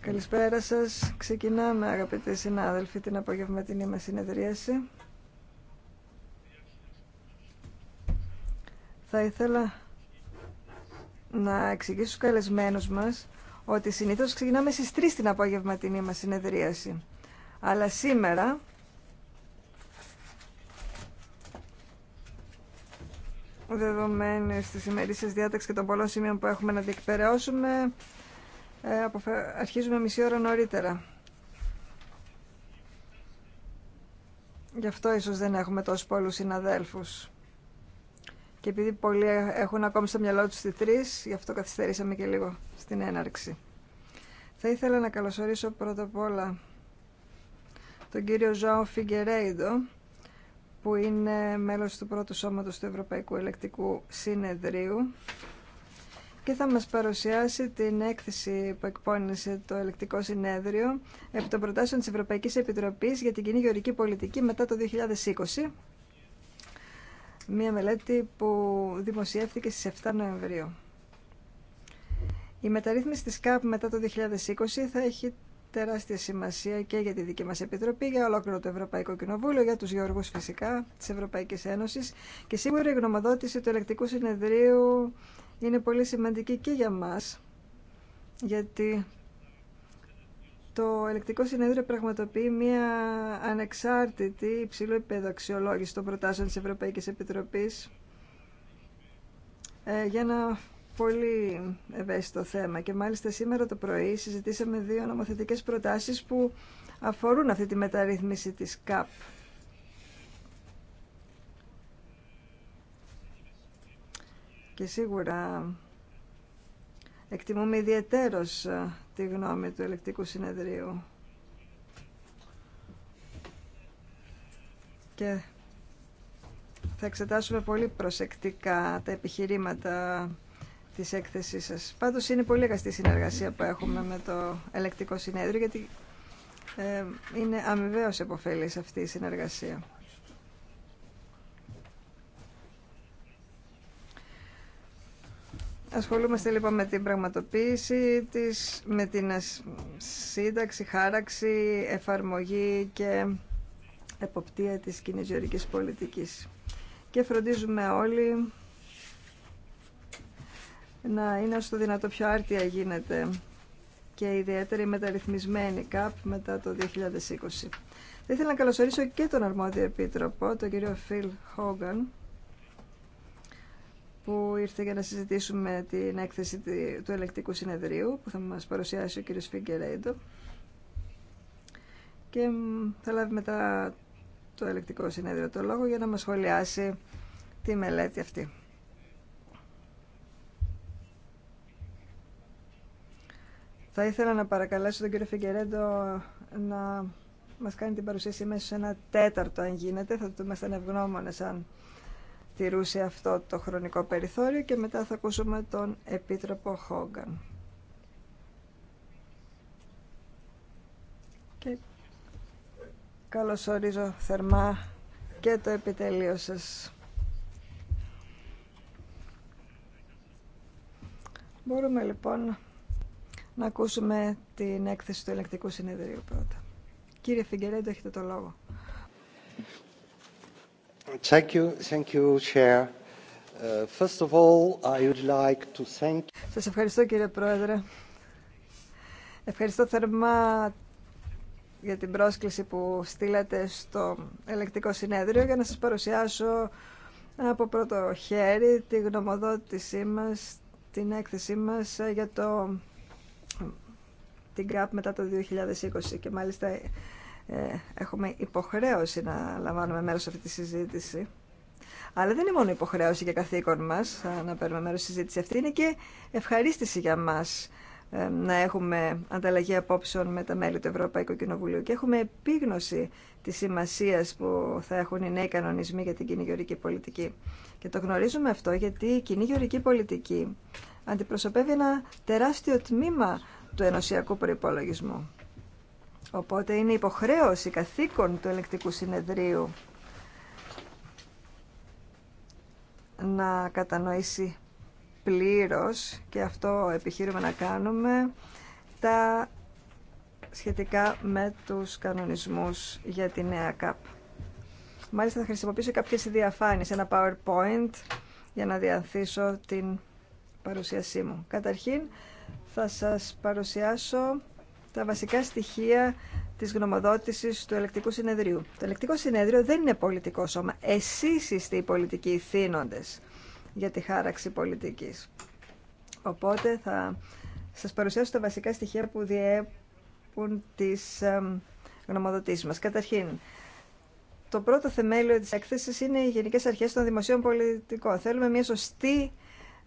Καλησπέρα σας. Ξεκινάμε αγαπητοί συνάδελφοι την απογευματινή μα συνεδρίαση. Θα ήθελα να εξηγήσω στους καλεσμένους μας ότι συνήθως ξεκινάμε στις 3 την απογευματινή μας συνεδρίαση. Αλλά σήμερα δεδομένες της ημερήσιας διάταξης και των πολλών σημείων που έχουμε να διεκπαιρεώσουμε ε, αρχίζουμε μισή ώρα νωρίτερα. Γι' αυτό ίσως δεν έχουμε τόσο πολλούς συναδέλφους. Και επειδή πολλοί έχουν ακόμη στο μυαλό τους τη τρεις, γι' αυτό καθυστερήσαμε και λίγο στην έναρξη. Θα ήθελα να καλωσορίσω πρώτα απ' όλα τον κύριο Ζωάο Φιγκερέιντο, που είναι μέλος του πρώτου σώματος του Ευρωπαϊκού Ελεκτικού Συνεδρίου και θα μας παρουσιάσει την έκθεση που εκπώνησε το Ελεκτικό Συνέδριο επί των προτάσεων της Ευρωπαϊκής Επιτροπής για την κοινή γεωρική πολιτική μετά το 2020. Μία μελέτη που δημοσιεύθηκε στις 7 Νοεμβρίου. Η μεταρρύθμιση της ΚΑΠ μετά το 2020 θα έχει τεράστια σημασία και για τη δική μας Επιτροπή, για ολόκληρο το Ευρωπαϊκό Κοινοβούλιο, για τους γεωργούς φυσικά της Ευρωπαϊκής Ένωσης και σίγουρα η γνωμοδότηση του Ελεκτικού Συνεδρίου είναι πολύ σημαντική και για μας, γιατί το ελεκτικό συνέδριο πραγματοποιεί μια ανεξάρτητη υψηλό επίπεδο αξιολόγηση των προτάσεων της Ευρωπαϊκής Επιτροπής ε, για ένα πολύ ευαίσθητο θέμα. Και μάλιστα σήμερα το πρωί συζητήσαμε δύο νομοθετικές προτάσεις που αφορούν αυτή τη μεταρρύθμιση της ΚΑΠ και σίγουρα εκτιμούμε ιδιαίτερως ε, τη γνώμη του ελεκτικού συνεδρίου. Και θα εξετάσουμε πολύ προσεκτικά τα επιχειρήματα της έκθεσής σας. Πάντως είναι πολύ αγαστή συνεργασία που έχουμε με το ελεκτικό συνέδριο γιατί ε, είναι αμοιβαίως επωφέλης αυτή η συνεργασία. Ασχολούμαστε λοιπόν με την πραγματοποίηση της, με την σύνταξη, χάραξη, εφαρμογή και εποπτεία της κινηζιωρικής πολιτικής. Και φροντίζουμε όλοι να είναι στο δυνατό πιο άρτια γίνεται και ιδιαίτερη μεταρρυθμισμένη ΚΑΠ μετά το 2020. Θα ήθελα να καλωσορίσω και τον αρμόδιο επίτροπο, τον κύριο Φιλ Χόγκαν, που ήρθε για να συζητήσουμε την έκθεση του ελεκτικού συνεδρίου που θα μας παρουσιάσει ο κύριος Φιγκερέντο και θα λάβει μετά το ελεκτικό συνέδριο το λόγο για να μας σχολιάσει τη μελέτη αυτή. Θα ήθελα να παρακαλέσω τον κύριο Φιγκερέντο να μας κάνει την παρουσίαση μέσα σε ένα τέταρτο αν γίνεται. Θα το είμαστε ευγνώμονες αν τηρούσε αυτό το χρονικό περιθώριο και μετά θα ακούσουμε τον Επίτροπο Χόγκαν. Και καλωσορίζω θερμά και το επιτελείο σας. Μπορούμε λοιπόν να ακούσουμε την έκθεση του ελεκτικού συνεδρίου πρώτα. Κύριε Φιγκερέντο, έχετε το λόγο. Thank you, thank Chair. Uh, first all, I would like to thank... Σας ευχαριστώ κύριε Πρόεδρε. Ευχαριστώ θερμά για την πρόσκληση που στείλατε στο ελεκτικό συνέδριο για να σας παρουσιάσω από πρώτο χέρι τη γνωμοδότησή μας, την έκθεσή μας για το την ΚΑΠ μετά το 2020 και μάλιστα ε, έχουμε υποχρέωση να λαμβάνουμε μέρος σε αυτή τη συζήτηση. Αλλά δεν είναι μόνο υποχρέωση και καθήκον μας να παίρνουμε μέρος στη συζήτηση αυτή, είναι και ευχαρίστηση για μας ε, να έχουμε ανταλλαγή απόψεων με τα μέλη του Ευρωπαϊκού Κοινοβουλίου και έχουμε επίγνωση της σημασίας που θα έχουν οι νέοι κανονισμοί για την κοινή γεωρική πολιτική. Και το γνωρίζουμε αυτό γιατί η κοινή γεωρική πολιτική αντιπροσωπεύει ένα τεράστιο τμήμα του ενωσιακού προπολογισμού. Οπότε είναι υποχρέωση καθήκον του ελεκτικού συνεδρίου να κατανοήσει πλήρως και αυτό επιχείρημα να κάνουμε τα σχετικά με τους κανονισμούς για τη νέα ΚΑΠ. Μάλιστα θα χρησιμοποιήσω κάποιες διαφάνειες, ένα PowerPoint για να διανθίσω την παρουσίασή μου. Καταρχήν θα σας παρουσιάσω τα βασικά στοιχεία της γνωμοδότηση του Ελεκτικού Συνεδρίου. Το Ελεκτικό Συνέδριο δεν είναι πολιτικό σώμα. Εσείς είστε οι πολιτικοί θύνοντες για τη χάραξη πολιτικής. Οπότε θα σας παρουσιάσω τα βασικά στοιχεία που διέπουν τις γνωμοδοτήσεις μας. Καταρχήν, το πρώτο θεμέλιο της έκθεσης είναι οι γενικές αρχές των δημοσίων πολιτικών. Θέλουμε μια σωστή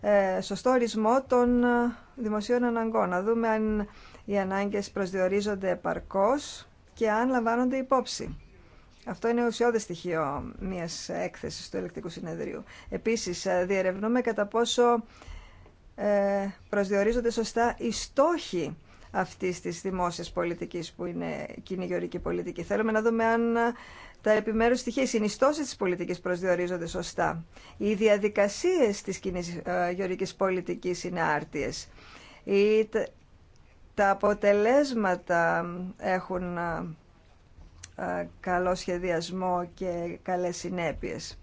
ε, σωστό ορισμό των ε, δημοσίων αναγκών. Να δούμε αν οι ανάγκες προσδιορίζονται επαρκώς και αν λαμβάνονται υπόψη. Αυτό είναι ουσιώδη στοιχείο μιας έκθεσης του ελεκτικού συνεδρίου. Επίσης, ε, διερευνούμε κατά πόσο προσδιορίζονται σωστά οι στόχοι αυτής της δημόσιας πολιτικής που είναι κοινή γεωρική πολιτική. Θέλουμε να δούμε αν τα επιμέρους στοιχεία, οι συνιστώσεις της πολιτικής προσδιορίζονται σωστά. Οι διαδικασίες της κοινή ε, γεωργικής πολιτικής είναι άρτιες. τα αποτελέσματα έχουν ε, ε, καλό σχεδιασμό και καλές συνέπειες.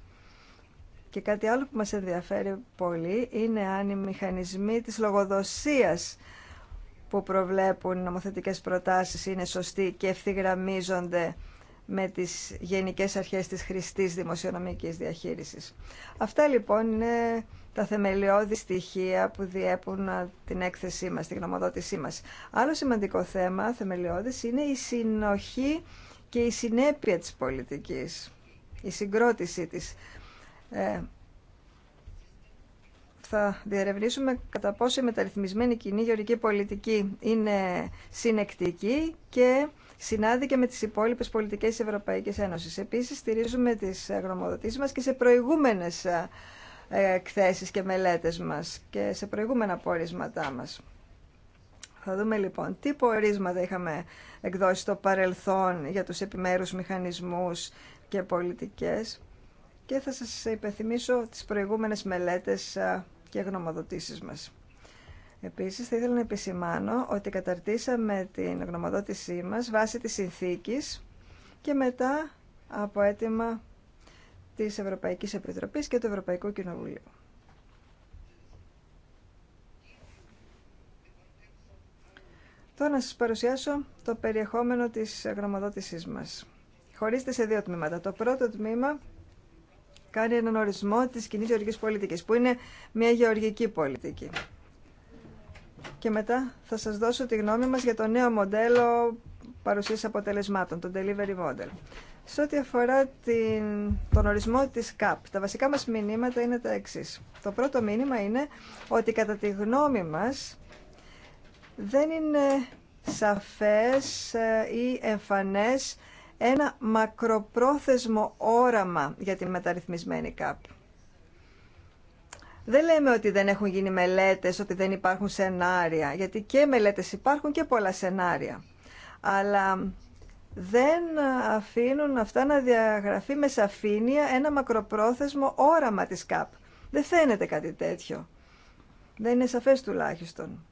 Και κάτι άλλο που μας ενδιαφέρει πολύ είναι αν οι μηχανισμοί της λογοδοσίας που προβλέπουν νομοθετικές προτάσεις είναι σωστοί και ευθυγραμμίζονται με τις γενικές αρχές της χρηστής δημοσιονομικής διαχείρισης. Αυτά λοιπόν είναι τα θεμελιώδη στοιχεία που διέπουν την έκθεσή μας, την γνωμοδότησή μας. Άλλο σημαντικό θέμα θεμελιώδης είναι η συνοχή και η συνέπεια της πολιτικής, η συγκρότησή της. Ε, θα διερευνήσουμε κατά πόσο η μεταρρυθμισμένη κοινή γεωρική πολιτική είναι συνεκτική και συνάδει και με τις υπόλοιπε πολιτικές της Ευρωπαϊκής Ένωσης. Επίσης, στηρίζουμε τις γνωμοδοτήσεις μας και σε προηγούμενες ε, ε, εκθέσει και μελέτες μας και σε προηγούμενα πόρισματά μας. Θα δούμε λοιπόν τι πορίσματα είχαμε εκδώσει στο παρελθόν για τους επιμέρους μηχανισμούς και πολιτικές και θα σας υπενθυμίσω τις προηγούμενες μελέτες ε, και γνωμοδοτήσεις μας. Επίσης, θα ήθελα να επισημάνω ότι καταρτήσαμε την γνωμοδότησή μας βάσει της συνθήκης και μετά από αίτημα της Ευρωπαϊκής Επιτροπής και του Ευρωπαϊκού Κοινοβουλίου. Τώρα να σας παρουσιάσω το περιεχόμενο της γνωμοδότησής μας. Χωρίστε σε δύο τμήματα. Το πρώτο τμήμα κάνει έναν ορισμό της κοινή γεωργικής πολιτικής, που είναι μια γεωργική πολιτική και μετά θα σας δώσω τη γνώμη μας για το νέο μοντέλο παρουσίαση αποτελεσμάτων, το delivery model. Σε ό,τι αφορά την, τον ορισμό της CAP. τα βασικά μας μηνύματα είναι τα εξής. Το πρώτο μήνυμα είναι ότι κατά τη γνώμη μας δεν είναι σαφές ε, ή εμφανές ένα μακροπρόθεσμο όραμα για τη μεταρρυθμισμένη ΚΑΠ. Δεν λέμε ότι δεν έχουν γίνει μελέτες, ότι δεν υπάρχουν σενάρια, γιατί και μελέτες υπάρχουν και πολλά σενάρια. Αλλά δεν αφήνουν αυτά να διαγραφεί με σαφήνεια ένα μακροπρόθεσμο όραμα της ΚΑΠ. Δεν φαίνεται κάτι τέτοιο. Δεν είναι σαφές τουλάχιστον.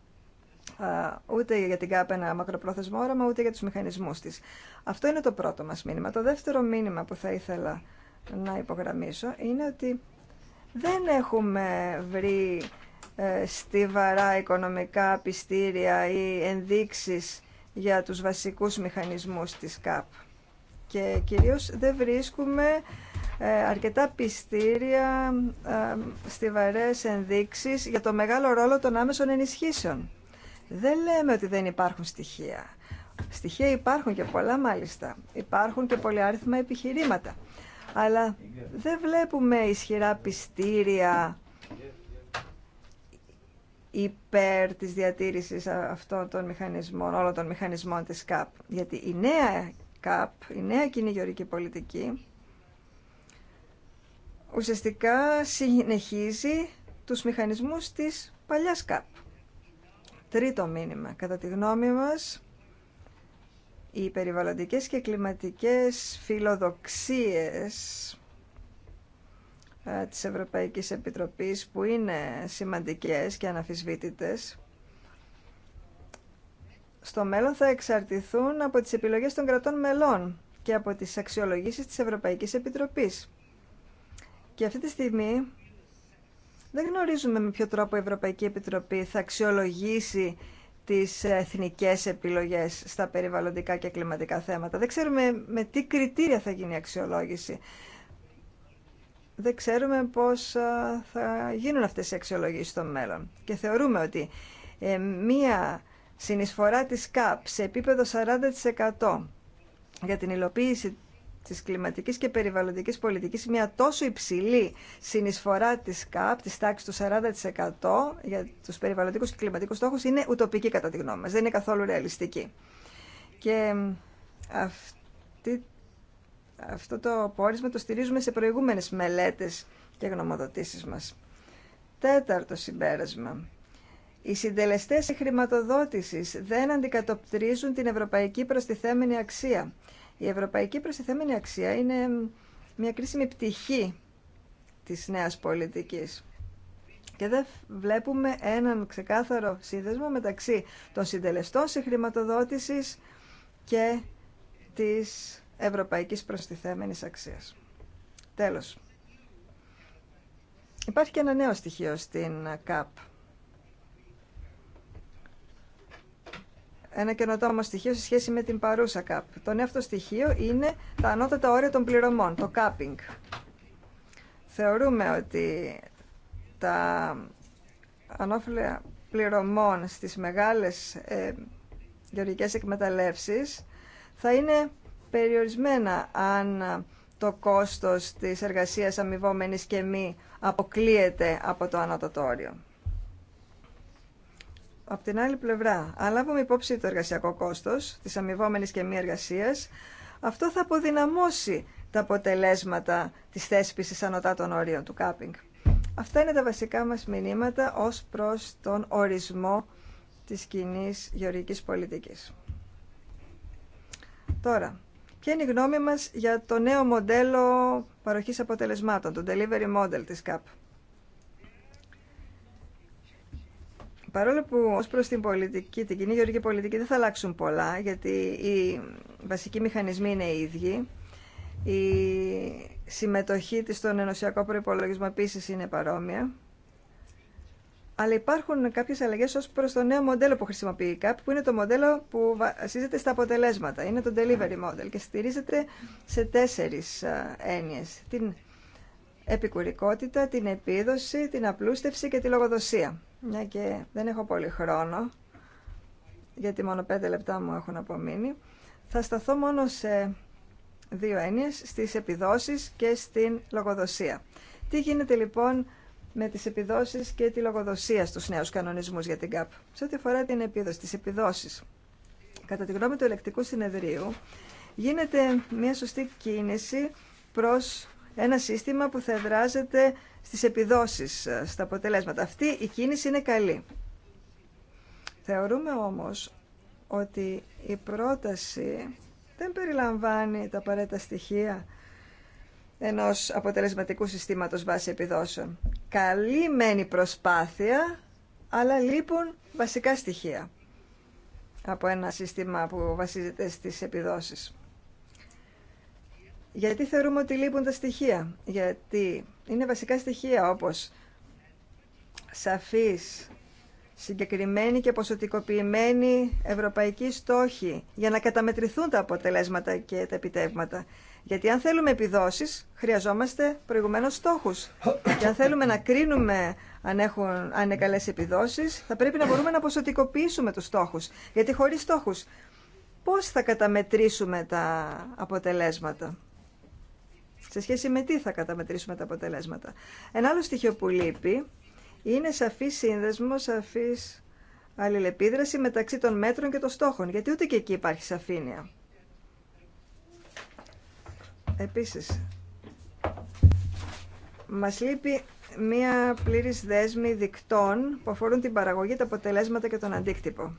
Ούτε για την ΚΑΠ ένα μακροπρόθεσμο όραμα, ούτε για τους μηχανισμούς της. Αυτό είναι το πρώτο μας μήνυμα. Το δεύτερο μήνυμα που θα ήθελα να υπογραμμίσω είναι ότι δεν έχουμε βρει ε, στιβαρά οικονομικά πιστήρια ή ενδείξεις για τους βασικούς μηχανισμούς της ΚΑΠ. Και κυρίως δεν βρίσκουμε ε, αρκετά πιστήρια, ε, στιβαρές ενδείξεις για το μεγάλο ρόλο των άμεσων ενισχύσεων. Δεν λέμε ότι δεν υπάρχουν στοιχεία. Στοιχεία υπάρχουν και πολλά μάλιστα. Υπάρχουν και πολλοί επιχειρήματα αλλά δεν βλέπουμε ισχυρά πιστήρια υπέρ της διατήρησης αυτών των μηχανισμών, όλων των μηχανισμών της ΚΑΠ. Γιατί η νέα ΚΑΠ, η νέα κοινή γεωρική πολιτική, ουσιαστικά συνεχίζει τους μηχανισμούς της παλιάς ΚΑΠ. Τρίτο μήνυμα. Κατά τη γνώμη μας, οι περιβαλλοντικές και κλιματικές φιλοδοξίες ε, της Ευρωπαϊκής Επιτροπής που είναι σημαντικές και αναφυσβήτητες στο μέλλον θα εξαρτηθούν από τις επιλογές των κρατών μελών και από τις αξιολογήσεις της Ευρωπαϊκής Επιτροπής. Και αυτή τη στιγμή δεν γνωρίζουμε με ποιο τρόπο η Ευρωπαϊκή Επιτροπή θα αξιολογήσει τις εθνικές επιλογές στα περιβαλλοντικά και κλιματικά θέματα. Δεν ξέρουμε με τι κριτήρια θα γίνει η αξιολόγηση. Δεν ξέρουμε πώς θα γίνουν αυτές οι αξιολογήσεις στο μέλλον. Και θεωρούμε ότι ε, μία συνεισφορά της ΚΑΠ σε επίπεδο 40% για την υλοποίηση Τη κλιματική και περιβαλλοντική πολιτική, μια τόσο υψηλή συνεισφορά της ΚΑΠ τη τάξη του 40% για τους περιβαλλοντικούς και κλιματικούς στόχους είναι ουτοπική κατά τη γνώμη μας, δεν είναι καθόλου ρεαλιστική. Και αυτό το πόρισμα το στηρίζουμε σε προηγούμενες μελέτες και γνωμοδοτήσεις μας. Τέταρτο συμπέρασμα. Οι συντελεστές χρηματοδότησης δεν αντικατοπτρίζουν την ευρωπαϊκή προστιθέμενη αξία. Η ευρωπαϊκή προστιθέμενη αξία είναι μια κρίσιμη πτυχή της νέας πολιτικής. Και δεν βλέπουμε έναν ξεκάθαρο σύνδεσμο μεταξύ των συντελεστών σε χρηματοδότησης και της ευρωπαϊκής προστιθέμενης αξίας. Τέλος. Υπάρχει και ένα νέο στοιχείο στην ΚΑΠ ένα καινοτόμο στοιχείο σε σχέση με την παρούσα ΚΑΠ. Το νέο αυτό στοιχείο είναι τα ανώτατα όρια των πληρωμών, το κάπινγκ. Θεωρούμε ότι τα ανώφυλα πληρωμών στις μεγάλες ε, γεωργικές εκμεταλλεύσεις θα είναι περιορισμένα αν το κόστος της εργασίας αμοιβόμενης και μη αποκλείεται από το ανώτατο όριο από την άλλη πλευρά, αν λάβουμε υπόψη το εργασιακό κόστο, τη αμοιβόμενη και μη εργασίας, αυτό θα αποδυναμώσει τα αποτελέσματα της θέσπισης ανωτά των όριων του κάπινγκ. Αυτά είναι τα βασικά μας μηνύματα ως προς τον ορισμό της κοινή γεωργική πολιτικής. Τώρα, ποια είναι η γνώμη μας για το νέο μοντέλο παροχής αποτελεσμάτων, το delivery model της ΚΑΠ. παρόλο που ως προς την πολιτική, την κοινή γεωργική πολιτική δεν θα αλλάξουν πολλά, γιατί οι βασικοί μηχανισμοί είναι οι ίδιοι. Η συμμετοχή της στον ενωσιακό προϋπολογισμό επίση είναι παρόμοια. Αλλά υπάρχουν κάποιες αλλαγές ως προς το νέο μοντέλο που χρησιμοποιεί η ΚΑΠ, που είναι το μοντέλο που βασίζεται στα αποτελέσματα. Είναι το delivery model και στηρίζεται σε τέσσερις ε, έννοιες. Την επικουρικότητα, την επίδοση, την απλούστευση και τη λογοδοσία. Μια και δεν έχω πολύ χρόνο, γιατί μόνο πέντε λεπτά μου έχουν απομείνει, θα σταθώ μόνο σε δύο έννοιες, στις επιδόσεις και στην λογοδοσία. Τι γίνεται λοιπόν με τις επιδόσεις και τη λογοδοσία στους νέους κανονισμούς για την ΚΑΠ. Σε ό,τι αφορά την επίδοση, τις επιδόσεις. Κατά τη γνώμη του ελεκτικού συνεδρίου, γίνεται μια σωστή κίνηση προς ένα σύστημα που θα εδράζεται στις επιδόσεις, ε, στα αποτελέσματα. Αυτή η κίνηση είναι καλή. Θεωρούμε όμως ότι η πρόταση δεν περιλαμβάνει τα απαραίτητα στοιχεία ενός αποτελεσματικού συστήματος βάση επιδόσεων. Καλή μένει προσπάθεια, αλλά λείπουν βασικά στοιχεία από ένα σύστημα που βασίζεται στις επιδόσεις. Γιατί θεωρούμε ότι λείπουν τα στοιχεία. Γιατί είναι βασικά στοιχεία όπως σαφής, συγκεκριμένη και ποσοτικοποιημένη ευρωπαϊκή στόχοι για να καταμετρηθούν τα αποτελέσματα και τα επιτεύγματα. Γιατί αν θέλουμε επιδόσεις, χρειαζόμαστε προηγουμένως στόχους. Και αν θέλουμε να κρίνουμε αν, έχουν, αν είναι καλέ επιδόσεις, θα πρέπει να μπορούμε να ποσοτικοποιήσουμε τους στόχους. Γιατί χωρίς στόχους, πώς θα καταμετρήσουμε τα αποτελέσματα σε σχέση με τι θα καταμετρήσουμε τα αποτελέσματα. Ένα άλλο στοιχείο που λείπει είναι σαφή σύνδεσμο, σαφή αλληλεπίδραση μεταξύ των μέτρων και των στόχων, γιατί ούτε και εκεί υπάρχει σαφήνεια. Επίσης, μας λείπει μία πλήρης δέσμη δικτών που αφορούν την παραγωγή, τα αποτελέσματα και τον αντίκτυπο.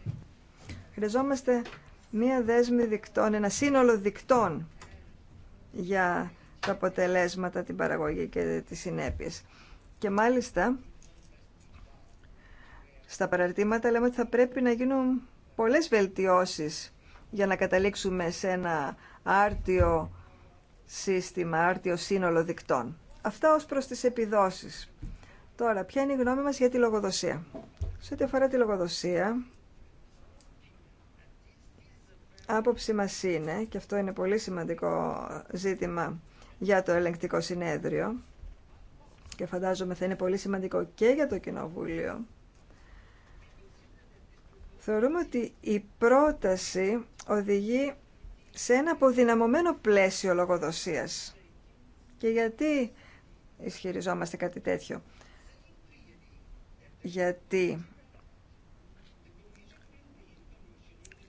Χρειαζόμαστε μία δέσμη δικτών, ένα σύνολο δικτών για τα αποτελέσματα, την παραγωγή και τις συνέπειες. Και μάλιστα στα παραρτήματα λέμε ότι θα πρέπει να γίνουν πολλές βελτιώσεις για να καταλήξουμε σε ένα άρτιο σύστημα, άρτιο σύνολο δικτών. Αυτά ως προς τις επιδόσεις. Τώρα, ποια είναι η γνώμη μας για τη λογοδοσία. Σε ό,τι αφορά τη λογοδοσία, άποψη μας είναι, και αυτό είναι πολύ σημαντικό ζήτημα για το ελεγκτικό συνέδριο και φαντάζομαι θα είναι πολύ σημαντικό και για το Κοινοβούλιο. Θεωρούμε ότι η πρόταση οδηγεί σε ένα αποδυναμωμένο πλαίσιο λογοδοσίας. Και γιατί ισχυριζόμαστε κάτι τέτοιο. Γιατί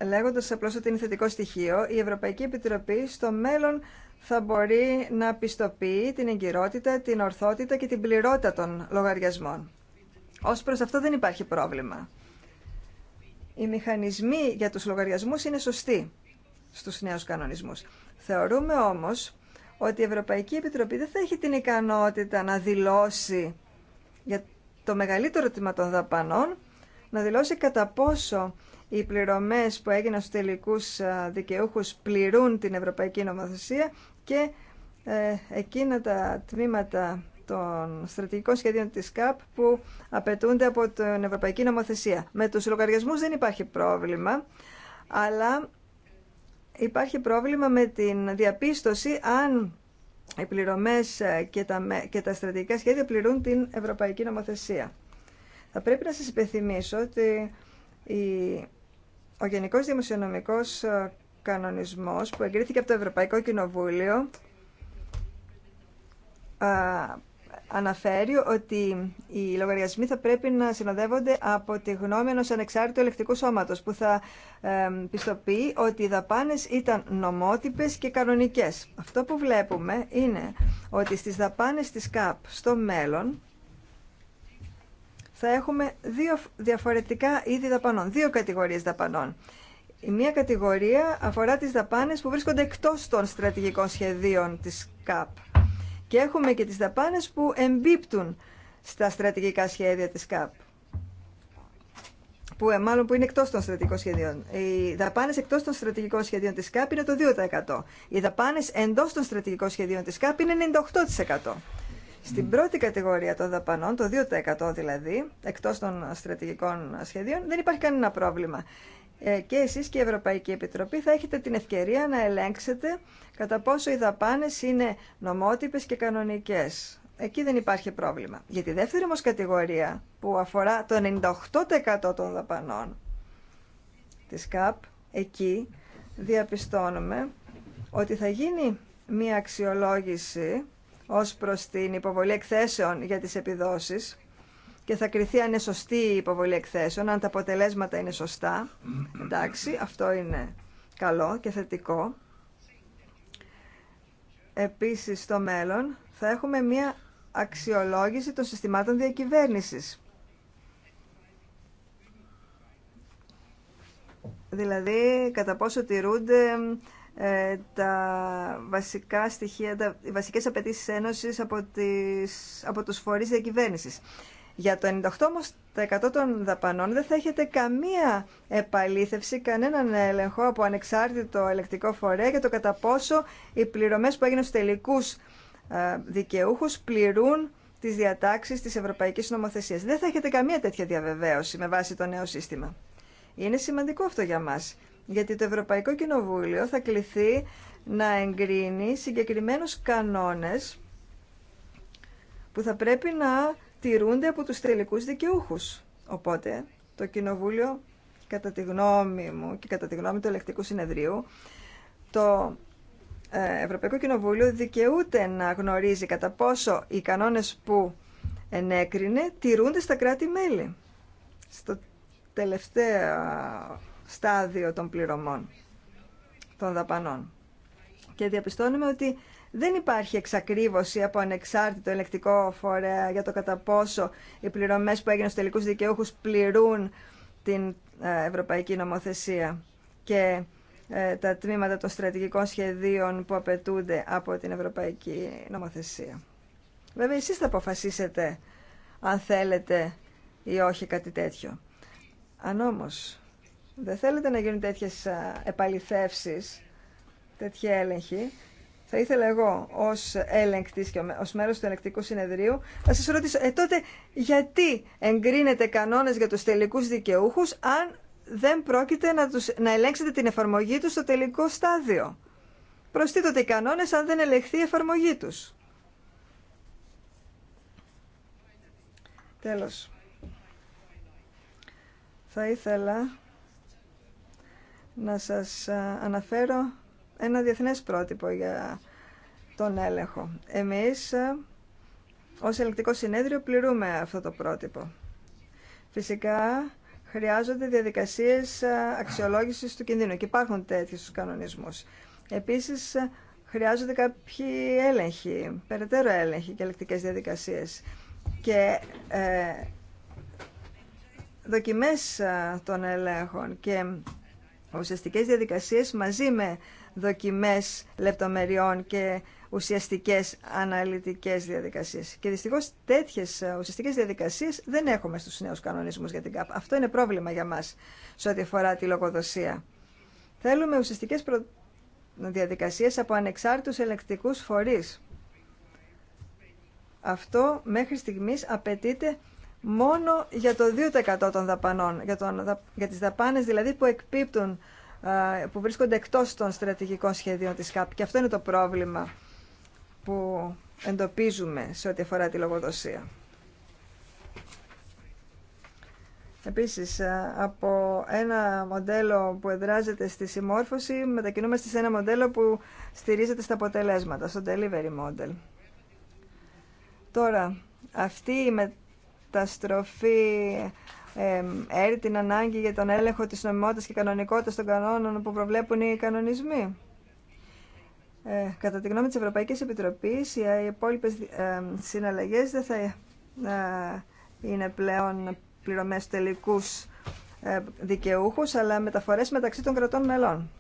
λέγοντας απλώς ότι είναι θετικό στοιχείο, η Ευρωπαϊκή Επιτροπή στο μέλλον θα μπορεί να πιστοποιεί την εγκυρότητα, την ορθότητα και την πληρότητα των λογαριασμών. Ως προς αυτό δεν υπάρχει πρόβλημα. Οι μηχανισμοί για τους λογαριασμούς είναι σωστοί στους νέους κανονισμούς. Θεωρούμε όμως ότι η Ευρωπαϊκή Επιτροπή δεν θα έχει την ικανότητα να δηλώσει για το μεγαλύτερο τμήμα των δαπανών να δηλώσει κατά πόσο οι πληρωμές που έγιναν στους τελικούς δικαιούχους πληρούν την Ευρωπαϊκή Νομοθεσία και ε, εκείνα τα τμήματα των στρατηγικών σχεδίων της ΚΑΠ που απαιτούνται από την Ευρωπαϊκή Νομοθεσία. Με τους λογαριασμούς δεν υπάρχει πρόβλημα, αλλά υπάρχει πρόβλημα με την διαπίστωση αν οι πληρωμές ε, και τα, και τα στρατηγικά σχέδια πληρούν την Ευρωπαϊκή Νομοθεσία. Θα πρέπει να σας υπενθυμίσω ότι ο Γενικός Δημοσιονομικός ε, Κανονισμός που εγκρίθηκε από το Ευρωπαϊκό Κοινοβούλιο ε, αναφέρει ότι οι λογαριασμοί θα πρέπει να συνοδεύονται από τη γνώμη ενός ανεξάρτητου ελεκτικού σώματος που θα ε, πιστοποιεί ότι οι δαπάνες ήταν νομότυπες και κανονικές. Αυτό που βλέπουμε είναι ότι στις δαπάνες της ΚΑΠ στο μέλλον θα έχουμε δύο διαφορετικά είδη δαπανών, δύο κατηγορίες δαπανών. Η μία κατηγορία αφορά τις δαπάνες που βρίσκονται εκτός των στρατηγικών σχεδίων της ΚΑΠ. Και έχουμε και τις δαπάνες που εμπίπτουν στα στρατηγικά σχέδια της ΚΑΠ. Που, ε, μάλλον που είναι εκτός των στρατηγικών σχεδίων. Οι δαπάνες εκτός των στρατηγικών σχεδίων της ΚΑΠ είναι το 2%. Οι δαπάνες εντός των στρατηγικών σχεδίων της ΚΑΠ είναι 98%. Στην πρώτη κατηγορία των δαπανών, το 2% δηλαδή, εκτός των στρατηγικών σχεδίων, δεν υπάρχει κανένα πρόβλημα. Ε, και εσείς και η Ευρωπαϊκή Επιτροπή θα έχετε την ευκαιρία να ελέγξετε κατά πόσο οι δαπάνες είναι νομότυπες και κανονικές. Εκεί δεν υπάρχει πρόβλημα. Για τη δεύτερη όμως κατηγορία που αφορά το 98% των δαπανών της ΚΑΠ, εκεί διαπιστώνουμε ότι θα γίνει μία αξιολόγηση ως προς την υποβολή εκθέσεων για τις επιδόσεις και θα κριθεί αν είναι σωστή η υποβολή εκθέσεων, αν τα αποτελέσματα είναι σωστά. Εντάξει, αυτό είναι καλό και θετικό. Επίσης, στο μέλλον θα έχουμε μία αξιολόγηση των συστημάτων διακυβέρνησης. Δηλαδή, κατά πόσο τηρούνται ε, τα βασικά στοιχεία, τα, οι βασικές απαιτήσεις ένωσης από, τις, από τους φορείς διακυβέρνησης. Για το 98% των δαπανών δεν θα έχετε καμία επαλήθευση, κανέναν έλεγχο από ανεξάρτητο ελεκτικό φορέα για το κατά πόσο οι πληρωμές που έγιναν στους τελικούς ε, δικαιούχους πληρούν τις διατάξεις της Ευρωπαϊκής Νομοθεσίας. Δεν θα έχετε καμία τέτοια διαβεβαίωση με βάση το νέο σύστημα. Είναι σημαντικό αυτό για μας γιατί το Ευρωπαϊκό Κοινοβούλιο θα κληθεί να εγκρίνει συγκεκριμένους κανόνες που θα πρέπει να τηρούνται από τους τελικούς δικαιούχους. Οπότε το Κοινοβούλιο, κατά τη γνώμη μου και κατά τη γνώμη του Ελεκτικού Συνεδρίου, το ε, Ευρωπαϊκό Κοινοβούλιο δικαιούται να γνωρίζει κατά πόσο οι κανόνες που ενέκρινε τηρούνται στα κράτη-μέλη. Στο τελευταίο στάδιο των πληρωμών, των δαπανών. Και διαπιστώνουμε ότι δεν υπάρχει εξακρίβωση από ανεξάρτητο ελεκτικό φορέα για το κατά πόσο οι πληρωμές που έγιναν στους τελικούς δικαιούχους πληρούν την ε, ευρωπαϊκή νομοθεσία και ε, τα τμήματα των στρατηγικών σχεδίων που απαιτούνται από την ευρωπαϊκή νομοθεσία. Βέβαια, εσείς θα αποφασίσετε αν θέλετε ή όχι κάτι τέτοιο. Αν όμως δεν θέλετε να γίνουν τέτοιες επαληθεύσεις, τέτοιοι έλεγχοι. Θα ήθελα εγώ ως έλεγκτης και ως μέρος του ελεκτικού συνεδρίου να σας ρωτήσω, ε, τότε γιατί εγκρίνετε κανόνες για τους τελικούς δικαιούχους αν δεν πρόκειται να, τους, να ελέγξετε την εφαρμογή τους στο τελικό στάδιο. Προστίτωτε οι κανόνες αν δεν ελεγχθεί η εφαρμογή τους. Τέλος. Θα ήθελα να σας αναφέρω ένα διεθνές πρότυπο για τον έλεγχο. Εμείς ως ελεκτικό συνέδριο πληρούμε αυτό το πρότυπο. Φυσικά χρειάζονται διαδικασίες αξιολόγησης του κινδύνου και υπάρχουν τέτοιες στους κανονισμούς. Επίσης χρειάζονται κάποιοι έλεγχοι, περαιτέρω έλεγχοι και ελεκτικές διαδικασίες και ε, δοκιμές των ελέγχων και ουσιαστικές διαδικασίες μαζί με δοκιμές λεπτομεριών και ουσιαστικές αναλυτικές διαδικασίες. Και δυστυχώς τέτοιες ε, ουσιαστικές διαδικασίες δεν έχουμε στους νέους κανονισμούς για την ΚΑΠ. Αυτό είναι πρόβλημα για μας σε ό,τι αφορά τη λογοδοσία. Θέλουμε ουσιαστικές προ... διαδικασίες από ανεξάρτητους ελεκτικούς φορείς. Αυτό μέχρι στιγμής απαιτείται μόνο για το 2% των δαπανών, για, τον, για τις δαπάνες δηλαδή που εκπίπτουν, που βρίσκονται εκτός των στρατηγικών σχεδίων της ΚΑΠ. Και αυτό είναι το πρόβλημα που εντοπίζουμε σε ό,τι αφορά τη λογοδοσία. Επίσης, από ένα μοντέλο που εδράζεται στη συμμόρφωση, μετακινούμαστε σε ένα μοντέλο που στηρίζεται στα αποτελέσματα, στο delivery model. Τώρα, αυτή η καταστροφή έρει την ανάγκη για τον έλεγχο της νομιμότητας και κανονικότητας των κανόνων που προβλέπουν οι κανονισμοί. Ε, κατά τη γνώμη της Ευρωπαϊκής Επιτροπής, οι υπόλοιπε ε, συναλλαγές δεν θα ε, είναι πλέον πληρωμές τελικούς ε, δικαιούχους, αλλά μεταφορές μεταξύ των κρατών μελών.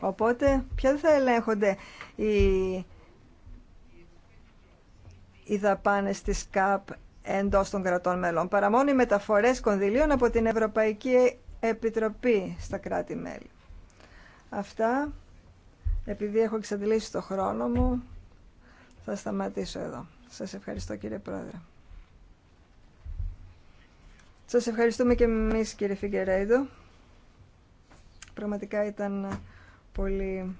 Οπότε, πια δεν θα ελέγχονται οι, οι δαπάνες της ΚΑΠ εντός των κρατών μελών, παρά μόνο οι μεταφορές κονδυλίων από την Ευρωπαϊκή Επιτροπή στα κράτη-μέλη. Αυτά, επειδή έχω εξαντλήσει το χρόνο μου, θα σταματήσω εδώ. Σας ευχαριστώ κύριε Πρόεδρε. Σας ευχαριστούμε και εμείς κύριε Φιγκερέιδο. Πραγματικά ήταν πολύ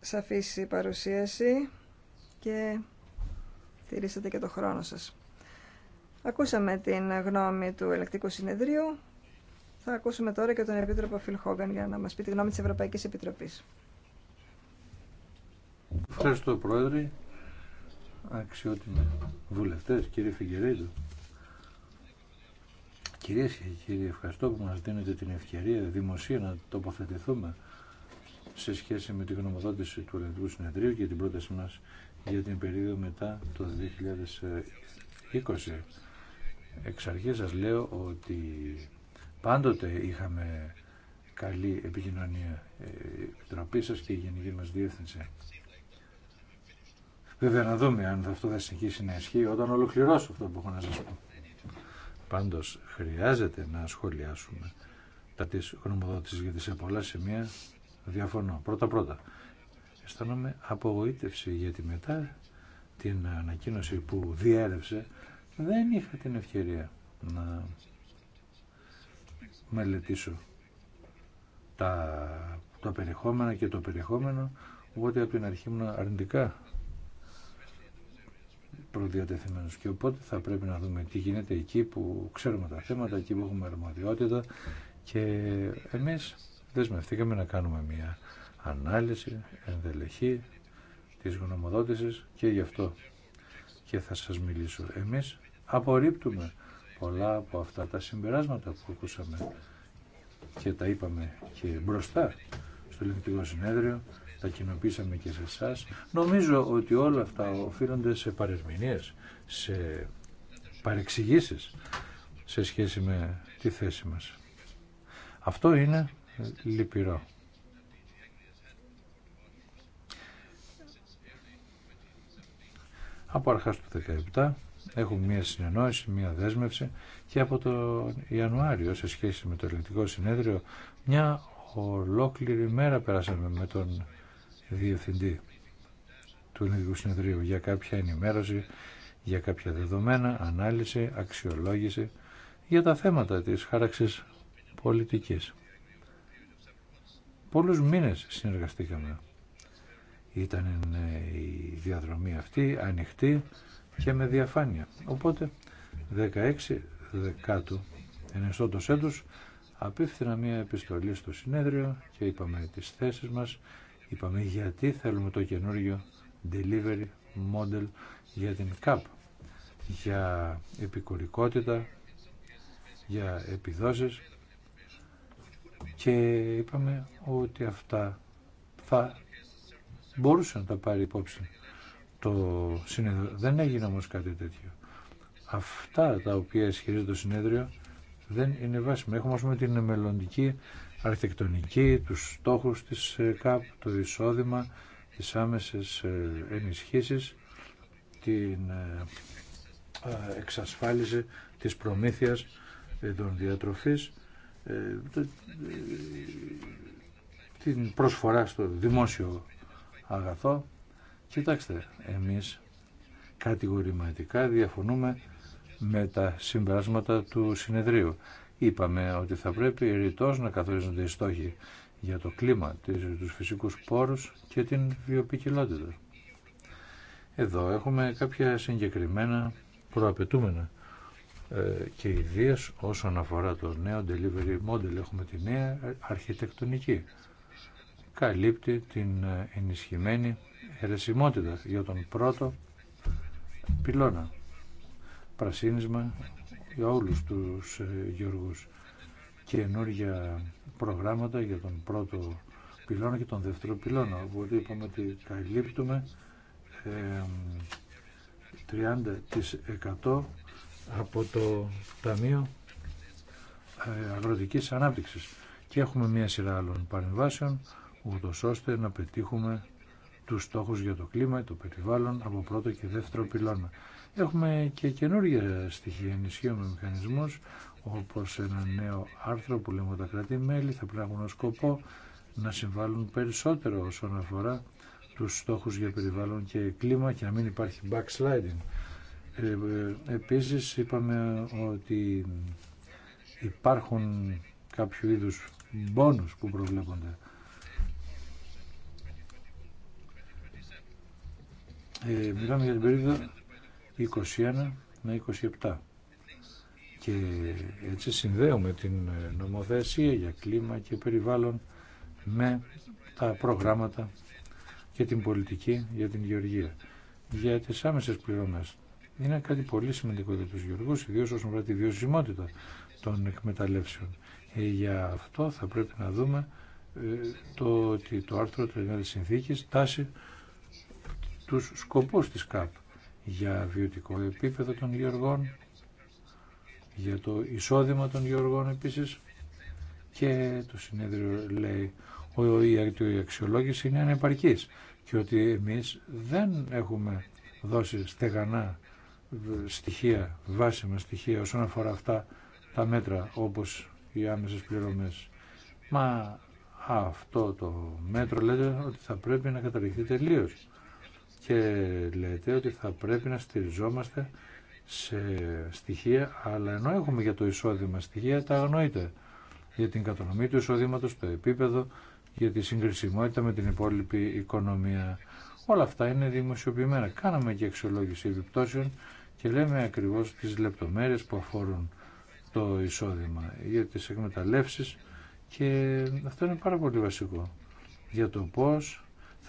σαφής η παρουσίαση και τηρήσατε και το χρόνο σας. Ακούσαμε την γνώμη του Ελεκτικού Συνεδρίου. Θα ακούσουμε τώρα και τον Επίτροπο Φιλ Χόγκαν για να μας πει τη γνώμη της Ευρωπαϊκής Επιτροπής. Ευχαριστώ Πρόεδρε, αξιότιμοι βουλευτές, κύριε Φιγκερίδου. Κυρίες και κύριοι, ευχαριστώ που μας δίνετε την ευκαιρία δημοσία να τοποθετηθούμε σε σχέση με τη γνωμοδότηση του Ελεκτικού Συνεδρίου και την πρόταση μας για την περίοδο μετά το 2020. Εξ αρχής σας λέω ότι πάντοτε είχαμε καλή επικοινωνία η ε, Επιτροπή σας και η Γενική μας Διεύθυνση. Βέβαια να δούμε αν αυτό θα συνεχίσει να ισχύει όταν ολοκληρώσω αυτό που έχω να σας πω. Πάντως χρειάζεται να σχολιάσουμε τα της γνωμοδότησης γιατί σε πολλά σημεία διαφωνώ. Πρώτα-πρώτα αισθάνομαι απογοήτευση γιατί μετά την ανακοίνωση που διέρευσε δεν είχα την ευκαιρία να μελετήσω τα, τα περιεχόμενα και το περιεχόμενο οπότε από την αρχή ήμουν αρνητικά προδιατεθειμένος και οπότε θα πρέπει να δούμε τι γίνεται εκεί που ξέρουμε τα θέματα, εκεί που έχουμε αρμοδιότητα και εμείς δεσμευτήκαμε να κάνουμε μια ανάλυση, ενδελεχή της γνωμοδότησης και γι' αυτό και θα σας μιλήσω. Εμείς απορρίπτουμε πολλά από αυτά τα συμπεράσματα που ακούσαμε και τα είπαμε και μπροστά στο Ελληνικό Συνέδριο, τα κοινοποίησαμε και σε εσά. Νομίζω ότι όλα αυτά οφείλονται σε παρερμηνίες, σε παρεξηγήσεις σε σχέση με τη θέση μας. Αυτό είναι λυπηρό. από αρχάς του 2017 έχουμε μία συνεννόηση, μία δέσμευση και από τον Ιανουάριο σε σχέση με το ελληνικό συνέδριο μια ολόκληρη μέρα περάσαμε με τον διευθυντή του ελληνικού συνεδρίου για κάποια ενημέρωση, για κάποια δεδομένα, ανάλυση, αξιολόγηση για τα θέματα της χάραξης πολιτικής. Πολλούς μήνες συνεργαστήκαμε ήταν ναι, η διαδρομή αυτή ανοιχτή και με διαφάνεια. Οπότε 16 δεκάτου ενεστώτος έτους απίφθηνα μια επιστολή στο συνέδριο και είπαμε τις θέσεις μας, είπαμε γιατί θέλουμε το καινούργιο delivery model για την ΚΑΠ, για επικουρικότητα, για επιδόσεις και είπαμε ότι αυτά θα μπορούσε να τα πάρει υπόψη το συνέδριο. Δεν έγινε όμως κάτι τέτοιο. Αυτά τα οποία ισχυρίζει το συνέδριο δεν είναι βάσιμα. Έχουμε ας με την μελλοντική αρχιτεκτονική, τους στόχους της ε, ΚΑΠ, το εισόδημα, τις άμεσες ε, ενισχύσεις, την ε, εξασφάλιση της προμήθειας των διατροφής, την προσφορά στο δημόσιο αγαθό. Κοιτάξτε, εμείς κατηγορηματικά διαφωνούμε με τα συμπεράσματα του συνεδρίου. Είπαμε ότι θα πρέπει ρητός να καθορίζονται οι στόχοι για το κλίμα, τους φυσικούς πόρους και την βιοποικιλότητα. Εδώ έχουμε κάποια συγκεκριμένα προαπαιτούμενα ε, και ιδίες όσον αφορά το νέο delivery model. Έχουμε τη νέα αρχιτεκτονική καλύπτει την ε, ενισχυμένη ερεσιμότητα για τον πρώτο πυλώνα. Πρασίνισμα για όλους τους και ε, καινούργια προγράμματα για τον πρώτο πυλώνα και τον δεύτερο πυλώνα. Οπότε είπαμε ότι καλύπτουμε 30% από το Ταμείο ε, Αγροτικής Ανάπτυξης. Και έχουμε μια σειρά άλλων παρεμβάσεων ούτως ώστε να πετύχουμε τους στόχους για το κλίμα, το περιβάλλον από πρώτο και δεύτερο πυλώνα. Έχουμε και καινούργια στοιχεία, με μηχανισμούς, όπως ένα νέο άρθρο που λέμε τα κράτη-μέλη θα πρέπει έχουν σκοπό να συμβάλλουν περισσότερο όσον αφορά τους στόχους για περιβάλλον και κλίμα και να μην υπάρχει backsliding. Ε, ε, επίσης είπαμε ότι υπάρχουν κάποιο είδους μπόνους που προβλέπονται ε, μιλάμε για την περίοδο 21 με 27 και έτσι συνδέουμε την ε, νομοθεσία για κλίμα και περιβάλλον με τα προγράμματα και την πολιτική για την γεωργία. Για τις άμεσες πληρωμές είναι κάτι πολύ σημαντικό για τους γεωργούς, ιδίως όσον αφορά τη βιωσιμότητα των εκμεταλλεύσεων. Ε, για αυτό θα πρέπει να δούμε ε, το ότι το άρθρο 39 της συνθήκης τάσει τους σκοπούς της ΚΑΠ για βιωτικό επίπεδο των γεωργών, για το εισόδημα των γεωργών επίσης και το συνέδριο λέει ότι η αξιολόγηση είναι ανεπαρκής και ότι εμείς δεν έχουμε δώσει στεγανά στοιχεία, βάσιμα στοιχεία όσον αφορά αυτά τα μέτρα όπως οι άμεσες πληρωμές. Μα αυτό το μέτρο λέτε ότι θα πρέπει να καταργηθεί τελείως και λέτε ότι θα πρέπει να στηριζόμαστε σε στοιχεία, αλλά ενώ έχουμε για το εισόδημα στοιχεία, τα αγνοείτε. για την κατανομή του εισοδήματο, το επίπεδο, για τη συγκρισιμότητα με την υπόλοιπη οικονομία. Όλα αυτά είναι δημοσιοποιημένα. Κάναμε και αξιολόγηση επιπτώσεων και λέμε ακριβώς τις λεπτομέρειες που αφορούν το εισόδημα για τις εκμεταλλεύσεις και αυτό είναι πάρα πολύ βασικό για το πώς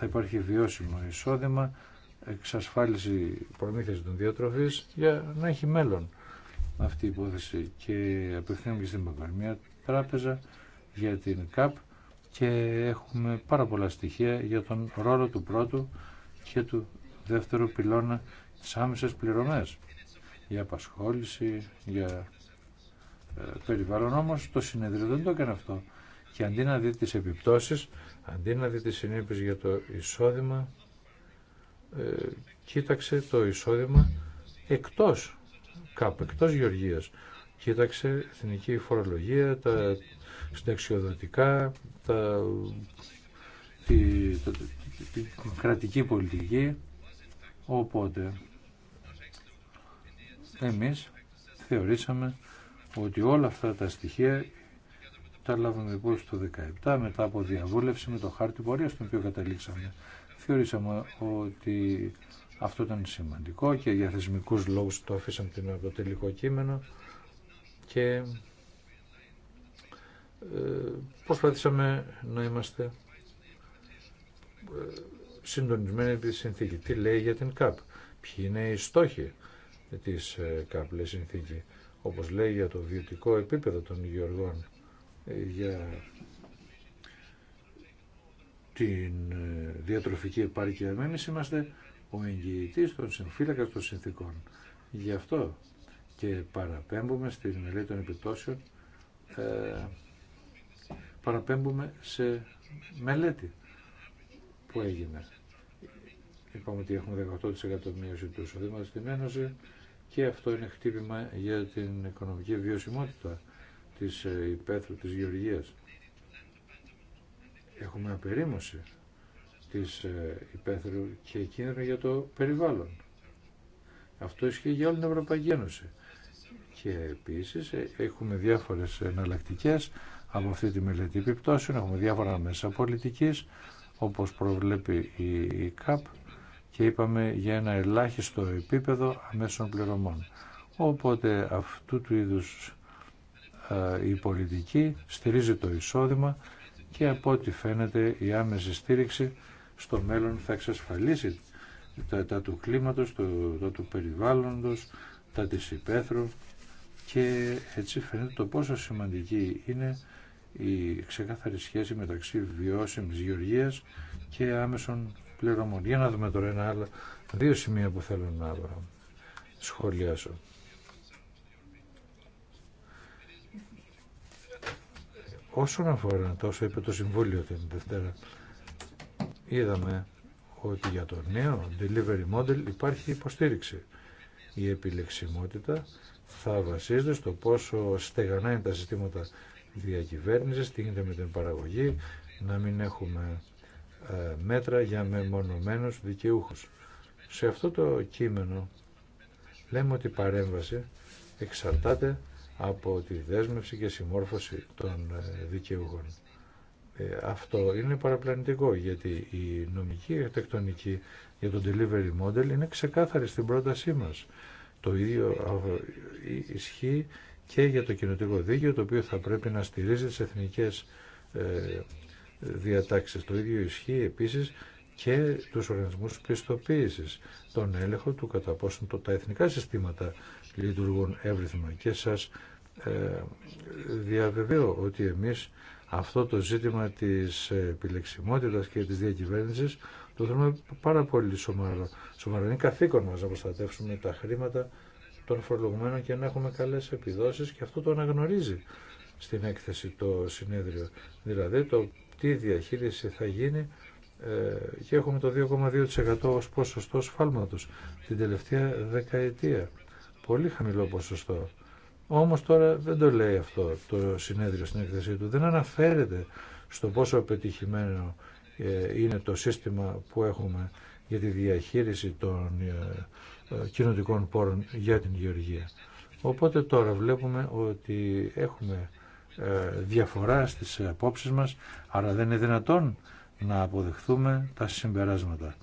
θα υπάρχει βιώσιμο εισόδημα, εξασφάλιση προμήθειας των διατροφής για να έχει μέλλον αυτή η υπόθεση και απευθύνομαι και στην Παγκοσμία Τράπεζα για την ΚΑΠ και έχουμε πάρα πολλά στοιχεία για τον ρόλο του πρώτου και του δεύτερου πυλώνα στι άμεσες πληρωμές για απασχόληση, για ε, περιβάλλον όμως το συνεδρίο δεν το έκανε αυτό και αντί να δει τις επιπτώσεις Αντί να δει τις για το εισόδημα, ε, κοίταξε το εισόδημα εκτός κάπου, εκτό γεωργίας. Κοίταξε εθνική φορολογία, τα συνταξιοδοτικά, τα, κρατική πολιτική. Οπότε, εμείς θεωρήσαμε ότι όλα αυτά τα στοιχεία τα λάβαμε υπόψη το 2017 μετά από διαβούλευση με το χάρτη πορεία στον οποίο καταλήξαμε. Θεωρήσαμε ότι αυτό ήταν σημαντικό και για θεσμικού λόγου το αφήσαμε την το τελικό κείμενο και ε, προσπαθήσαμε να είμαστε ε, συντονισμένοι επί τη συνθήκη. Τι λέει για την ΚΑΠ, ποιοι είναι οι στόχοι της ε, ΚΑΠ, λέει συνθήκη, όπως λέει για το βιωτικό επίπεδο των γεωργών, για την ε, διατροφική επάρκεια. Εμεί είμαστε ο εγγυητή των συμφύλακα των συνθήκων. Γι' αυτό και παραπέμπουμε στη μελέτη των επιπτώσεων, ε, παραπέμπουμε σε μελέτη που έγινε. Είπαμε ότι έχουμε 18% μείωση του εισοδήματο στην Ένωση και αυτό είναι χτύπημα για την οικονομική βιωσιμότητα της ε, υπαίθρου της γεωργίας. Έχουμε απερίμωση της ε, υπαίθρου και κίνδυνο για το περιβάλλον. Αυτό ισχύει για όλη την Ευρωπαϊκή Ένωση. Και επίσης ε, έχουμε διάφορες εναλλακτικέ από αυτή τη μελέτη επιπτώσεων, έχουμε διάφορα μέσα πολιτικής, όπως προβλέπει η ΚΑΠ και είπαμε για ένα ελάχιστο επίπεδο αμέσων πληρωμών. Οπότε αυτού του είδους ε, η πολιτική στηρίζει το εισόδημα και από ό,τι φαίνεται η άμεση στήριξη στο μέλλον θα εξασφαλίσει τα, τα του κλίματος, το, τα του περιβάλλοντος, τα της υπαίθρου και έτσι φαίνεται το πόσο σημαντική είναι η ξεκάθαρη σχέση μεταξύ βιώσιμης γεωργίας και άμεσων πληρωμών. Για να δούμε τώρα ένα άλλο, δύο σημεία που θέλω να σχολιάσω. Όσον αφορά τόσο είπε το Συμβούλιο την Δευτέρα, είδαμε ότι για το νέο delivery model υπάρχει υποστήριξη. Η επιλεξιμότητα θα βασίζεται στο πόσο στεγανά είναι τα συστήματα διακυβέρνησης, τι γίνεται με την παραγωγή, να μην έχουμε ε, μέτρα για μεμονωμένους δικαιούχους. Σε αυτό το κείμενο λέμε ότι η παρέμβαση εξαρτάται από τη δέσμευση και συμμόρφωση των ε, δικαιούχων. Ε, αυτό είναι παραπλανητικό γιατί η νομική αρχιτεκτονική για το delivery model είναι ξεκάθαρη στην πρότασή μας. Το ίδιο ισχύει και για το κοινωτικό δίκαιο το οποίο θα πρέπει να στηρίζει τις εθνικές ε, διατάξεις. Το ίδιο ισχύει επίσης και τους οργανισμούς πιστοποίησης, τον έλεγχο του κατά πόσον τα εθνικά συστήματα λειτουργούν εύρυθμα και σας ε, διαβεβαίω ότι εμείς αυτό το ζήτημα της επιλεξιμότητας και της διακυβέρνησης το θέλουμε πάρα πολύ σομάρο Σοβαρό είναι καθήκον μας να προστατεύσουμε τα χρήματα των φορολογουμένων και να έχουμε καλές επιδόσεις και αυτό το αναγνωρίζει στην έκθεση το συνέδριο. Δηλαδή το τι διαχείριση θα γίνει ε, και έχουμε το 2,2% ως ποσοστό σφάλματος την τελευταία δεκαετία. Πολύ χαμηλό ποσοστό. Όμως τώρα δεν το λέει αυτό το συνέδριο στην έκθεσή του. Δεν αναφέρεται στο πόσο πετυχημένο ε, είναι το σύστημα που έχουμε για τη διαχείριση των ε, ε, κοινωτικών πόρων για την γεωργία. Οπότε τώρα βλέπουμε ότι έχουμε διαφορά στις απόψεις μας, αλλά δεν είναι δυνατόν να αποδεχθούμε τα συμπεράσματα.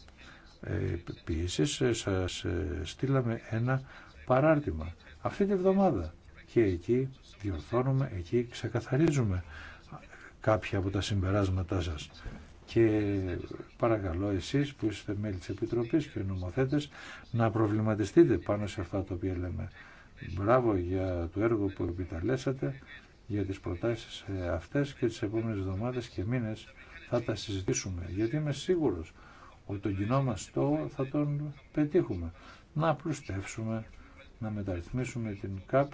Επίσης σας στείλαμε ένα παράρτημα αυτή τη εβδομάδα και εκεί διορθώνουμε, εκεί ξεκαθαρίζουμε κάποια από τα συμπεράσματά σας. Και παρακαλώ εσείς που είστε μέλη της Επιτροπής και νομοθέτες να προβληματιστείτε πάνω σε αυτά τα οποία λέμε. Μπράβο για το έργο που επιταλέσατε, για τις προτάσεις ε, αυτές και τις επόμενες εβδομάδες και μήνες θα τα συζητήσουμε. Γιατί είμαι σίγουρος ότι τον κοινό μας στόχο θα τον πετύχουμε. Να απλουστεύσουμε, να μεταρρυθμίσουμε την ΚΑΠ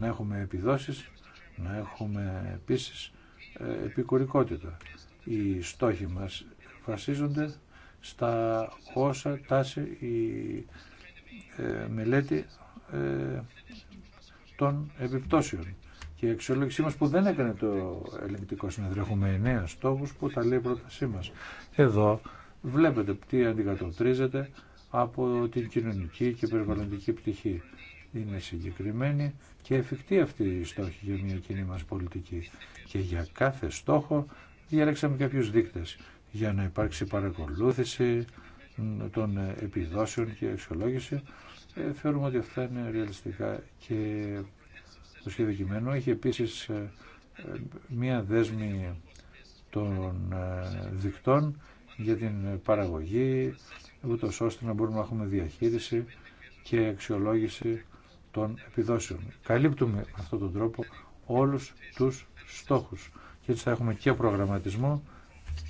να έχουμε επιδόσεις, να έχουμε επίσης ε, επικουρικότητα. Οι στόχοι μας βασίζονται στα όσα τάση η ε, μελέτη ε, των επιπτώσεων. Και η αξιολόγησή μας που δεν έκανε το ελεγκτικό συνεδρίο, έχουμε εννέα στόχους που τα λέει η πρότασή μας. Εδώ βλέπετε τι αντικατοπτρίζεται από την κοινωνική και περιβαλλοντική πτυχή είναι συγκεκριμένη και εφικτή αυτή η στόχη για μια κοινή μας πολιτική. Και για κάθε στόχο διαλέξαμε κάποιους δείκτες για να υπάρξει παρακολούθηση των επιδόσεων και αξιολόγηση. Ε, θεωρούμε ότι αυτά είναι ρεαλιστικά και το σχέδιο κειμένου έχει επίσης ε, μία δέσμη των ε, δικτών για την παραγωγή, ούτω ώστε να μπορούμε να έχουμε διαχείριση και αξιολόγηση των επιδόσεων. Καλύπτουμε με αυτόν τον τρόπο όλους τους στόχους και έτσι θα έχουμε και προγραμματισμό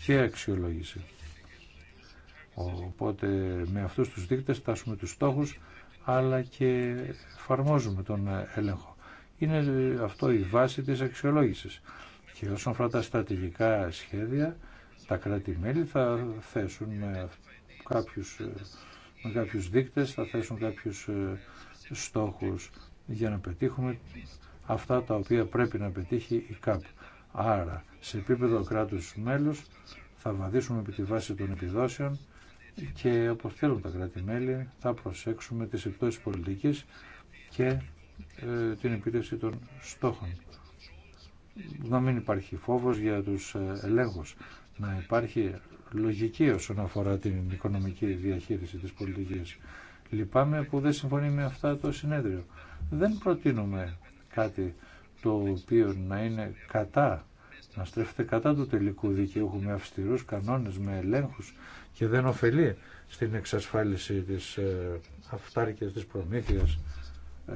και αξιολόγηση. Οπότε με αυτούς τους δείκτες φτάσουμε τους στόχους αλλά και εφαρμόζουμε τον έλεγχο. Είναι αυτό η βάση της αξιολόγησης. Και όσον αφορά τα στρατηγικά σχέδια, τα κράτη-μέλη θα θέσουν με κάποιους, με κάποιους δείκτες, θα θέσουν κάποιους ε, στόχους για να πετύχουμε αυτά τα οποία πρέπει να πετύχει η ΚΑΠ. Άρα, σε επίπεδο κράτους μέλους θα βαδίσουμε επί τη βάση των επιδόσεων και όπως θέλουν τα κράτη-μέλη θα προσέξουμε τις επιπτώσεις πολιτικής και ε, την επίτευξη των στόχων. Να μην υπάρχει φόβος για τους ε, ελέγχους. Να υπάρχει λογική όσον αφορά την οικονομική διαχείριση της πολιτικής. Λυπάμαι που δεν συμφωνεί με αυτά το συνέδριο. Δεν προτείνουμε κάτι το οποίο να είναι κατά, να στρέφεται κατά του τελικού δικαίου με αυστηρούς κανόνες, με ελέγχους και δεν ωφελεί στην εξασφάλιση της ε, αυτάρκειας της προμήθειας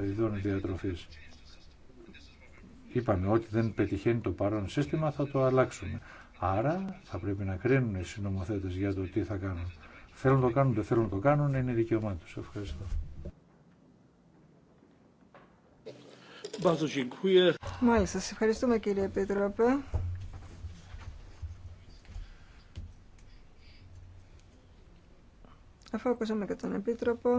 ε, ειδών διατροφής. Είπαμε ότι δεν πετυχαίνει το παρόν σύστημα θα το αλλάξουμε. Άρα θα πρέπει να κρίνουν οι συνομοθέτες για το τι θα κάνουν. Θέλουν να το κάνουν, δεν θέλουν να το κάνουν, είναι δικαιωμά Ευχαριστώ. Μάλιστα, σας ευχαριστούμε κύριε Επίτροπε. Αφού ακούσαμε και τον Επίτροπο,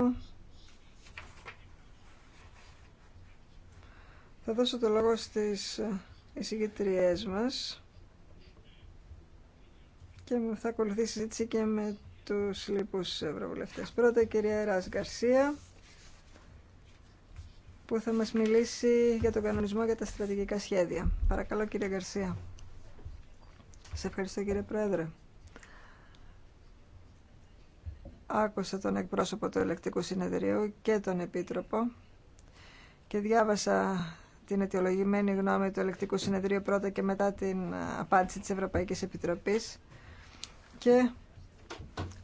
θα δώσω το λόγο στις εισηγητριές μας και θα ακολουθεί η συζήτηση και με τους λοιπούς ευρωβουλευτές. Πρώτα η κυρία Ράς Γκαρσία που θα μας μιλήσει για τον κανονισμό για τα στρατηγικά σχέδια. Παρακαλώ κύριε Γκαρσία. Σε ευχαριστώ κύριε Πρόεδρε. Άκουσα τον εκπρόσωπο του Ελεκτικού Συνεδρίου και τον Επίτροπο και διάβασα την αιτιολογημένη γνώμη του Ελεκτικού Συνεδρίου πρώτα και μετά την ε, απάντηση της Ευρωπαϊκής Επιτροπής και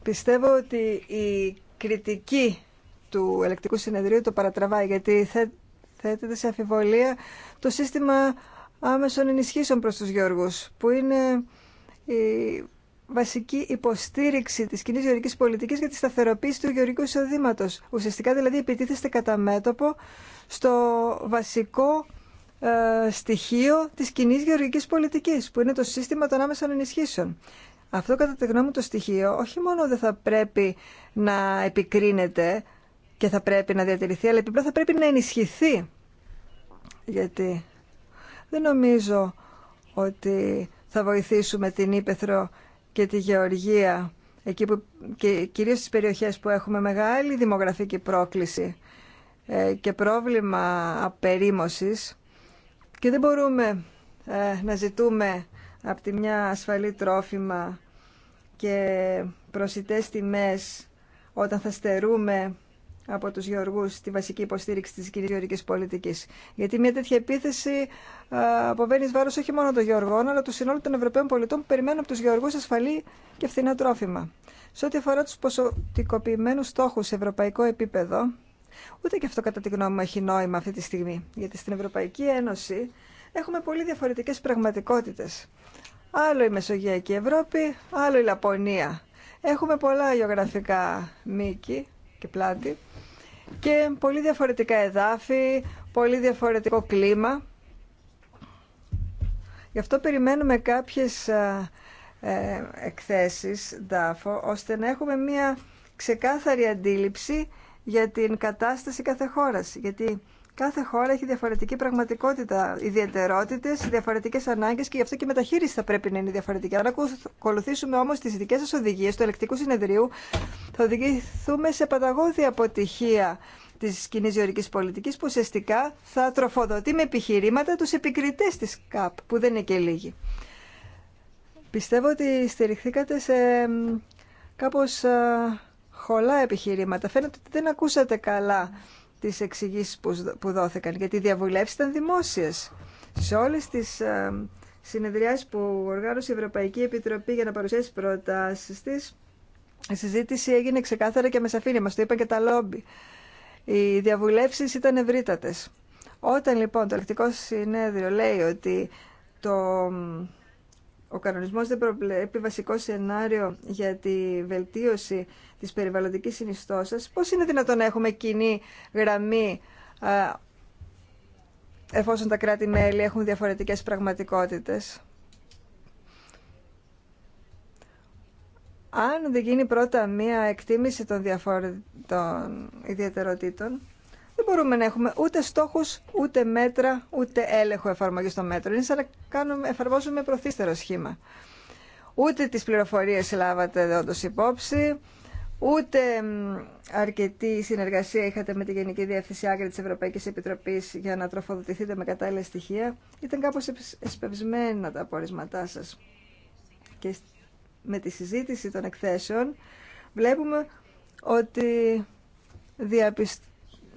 Πιστεύω ότι η κριτική του ελεκτικού συνεδρίου το παρατραβάει, γιατί θέτεται σε αφιβολία το σύστημα άμεσων ενισχύσεων προς τους Γιώργους, που είναι η βασική υποστήριξη της κοινή γεωργικής πολιτικής για τη σταθεροποίηση του γεωργικού εισοδήματο. Ουσιαστικά δηλαδή επιτίθεστε κατά μέτωπο στο βασικό ε, στοιχείο της κοινή γεωργικής πολιτικής, που είναι το σύστημα των άμεσων ενισχύσεων. Αυτό κατά τη γνώμη μου το στοιχείο όχι μόνο δεν θα πρέπει να επικρίνεται και θα πρέπει να διατηρηθεί, αλλά επιπλέον θα πρέπει να ενισχυθεί. Γιατί δεν νομίζω ότι θα βοηθήσουμε την Ήπεθρο και τη Γεωργία, εκεί που, και κυρίως στις περιοχές που έχουμε μεγάλη δημογραφική πρόκληση ε, και πρόβλημα απερίμωσης και δεν μπορούμε ε, να ζητούμε από τη μια ασφαλή τρόφιμα και προσιτές τιμές όταν θα στερούμε από τους γεωργούς τη βασική υποστήριξη της κοινής γεωργικής πολιτικής. Γιατί μια τέτοια επίθεση αποβαίνει βάρος όχι μόνο των γεωργών, αλλά του συνόλου των Ευρωπαίων πολιτών που περιμένουν από τους γεωργούς ασφαλή και φθηνά τρόφιμα. Σε ό,τι αφορά τους ποσοτικοποιημένους στόχους σε ευρωπαϊκό επίπεδο, ούτε και αυτό κατά τη γνώμη μου έχει νόημα αυτή τη στιγμή. Γιατί στην Ευρωπαϊκή Ένωση έχουμε πολύ διαφορετικές πραγματικότητες. Άλλο η Μεσογειακή Ευρώπη, άλλο η Λαπωνία. Έχουμε πολλά γεωγραφικά μήκη και πλάτη και πολύ διαφορετικά εδάφη, πολύ διαφορετικό κλίμα. Γι' αυτό περιμένουμε κάποιες ε, ε εκθέσεις, δάφο, ώστε να έχουμε μια ξεκάθαρη αντίληψη για την κατάσταση κάθε χώρας. Γιατί Κάθε χώρα έχει διαφορετική πραγματικότητα, ιδιαιτερότητε, διαφορετικέ ανάγκε και γι' αυτό και η μεταχείριση θα πρέπει να είναι διαφορετική. Αν ακολουθήσουμε όμω τι δικέ σα οδηγίε του ελεκτικού συνεδρίου, θα οδηγηθούμε σε παταγώδη αποτυχία τη κοινή γεωρική πολιτική που ουσιαστικά θα τροφοδοτεί με επιχειρήματα του επικριτέ τη ΚΑΠ, που δεν είναι και λίγοι. Πιστεύω ότι στηριχθήκατε σε κάπως χολά επιχειρήματα. Φαίνεται ότι δεν ακούσατε καλά τις εξηγήσεις που δόθηκαν, γιατί οι διαβουλεύσεις ήταν δημόσιες. Σε όλες τις ε, συνεδριάσεις που οργάνωσε η Ευρωπαϊκή Επιτροπή για να παρουσιάσει προτάσεις της, η συζήτηση έγινε ξεκάθαρα και με σαφήνεια, μας το είπαν και τα λόμπι. Οι διαβουλεύσεις ήταν ευρύτατες. Όταν λοιπόν το ελεκτικό συνέδριο λέει ότι το ο κανονισμός δεν προβλέπει βασικό σενάριο για τη βελτίωση της περιβαλλοντικής συνιστώσας, πώς είναι δυνατόν να έχουμε κοινή γραμμή εφόσον τα κράτη-μέλη έχουν διαφορετικές πραγματικότητες. Αν δεν γίνει πρώτα μία εκτίμηση των, διαφορε... των ιδιαιτεροτήτων, δεν μπορούμε να έχουμε ούτε στόχους, ούτε μέτρα, ούτε έλεγχο εφαρμογής των μέτρων. Είναι σαν να κάνουμε, εφαρμόζουμε προθύστερο σχήμα. Ούτε τις πληροφορίες λάβατε όντως υπόψη, ούτε αρκετή συνεργασία είχατε με τη Γενική Διεύθυνση Άγκρη της Ευρωπαϊκής Επιτροπής για να τροφοδοτηθείτε με κατάλληλα στοιχεία. Ήταν κάπως εσπευσμένα τα απορίσματά σας. Και με τη συζήτηση των εκθέσεων βλέπουμε ότι διαπιστώ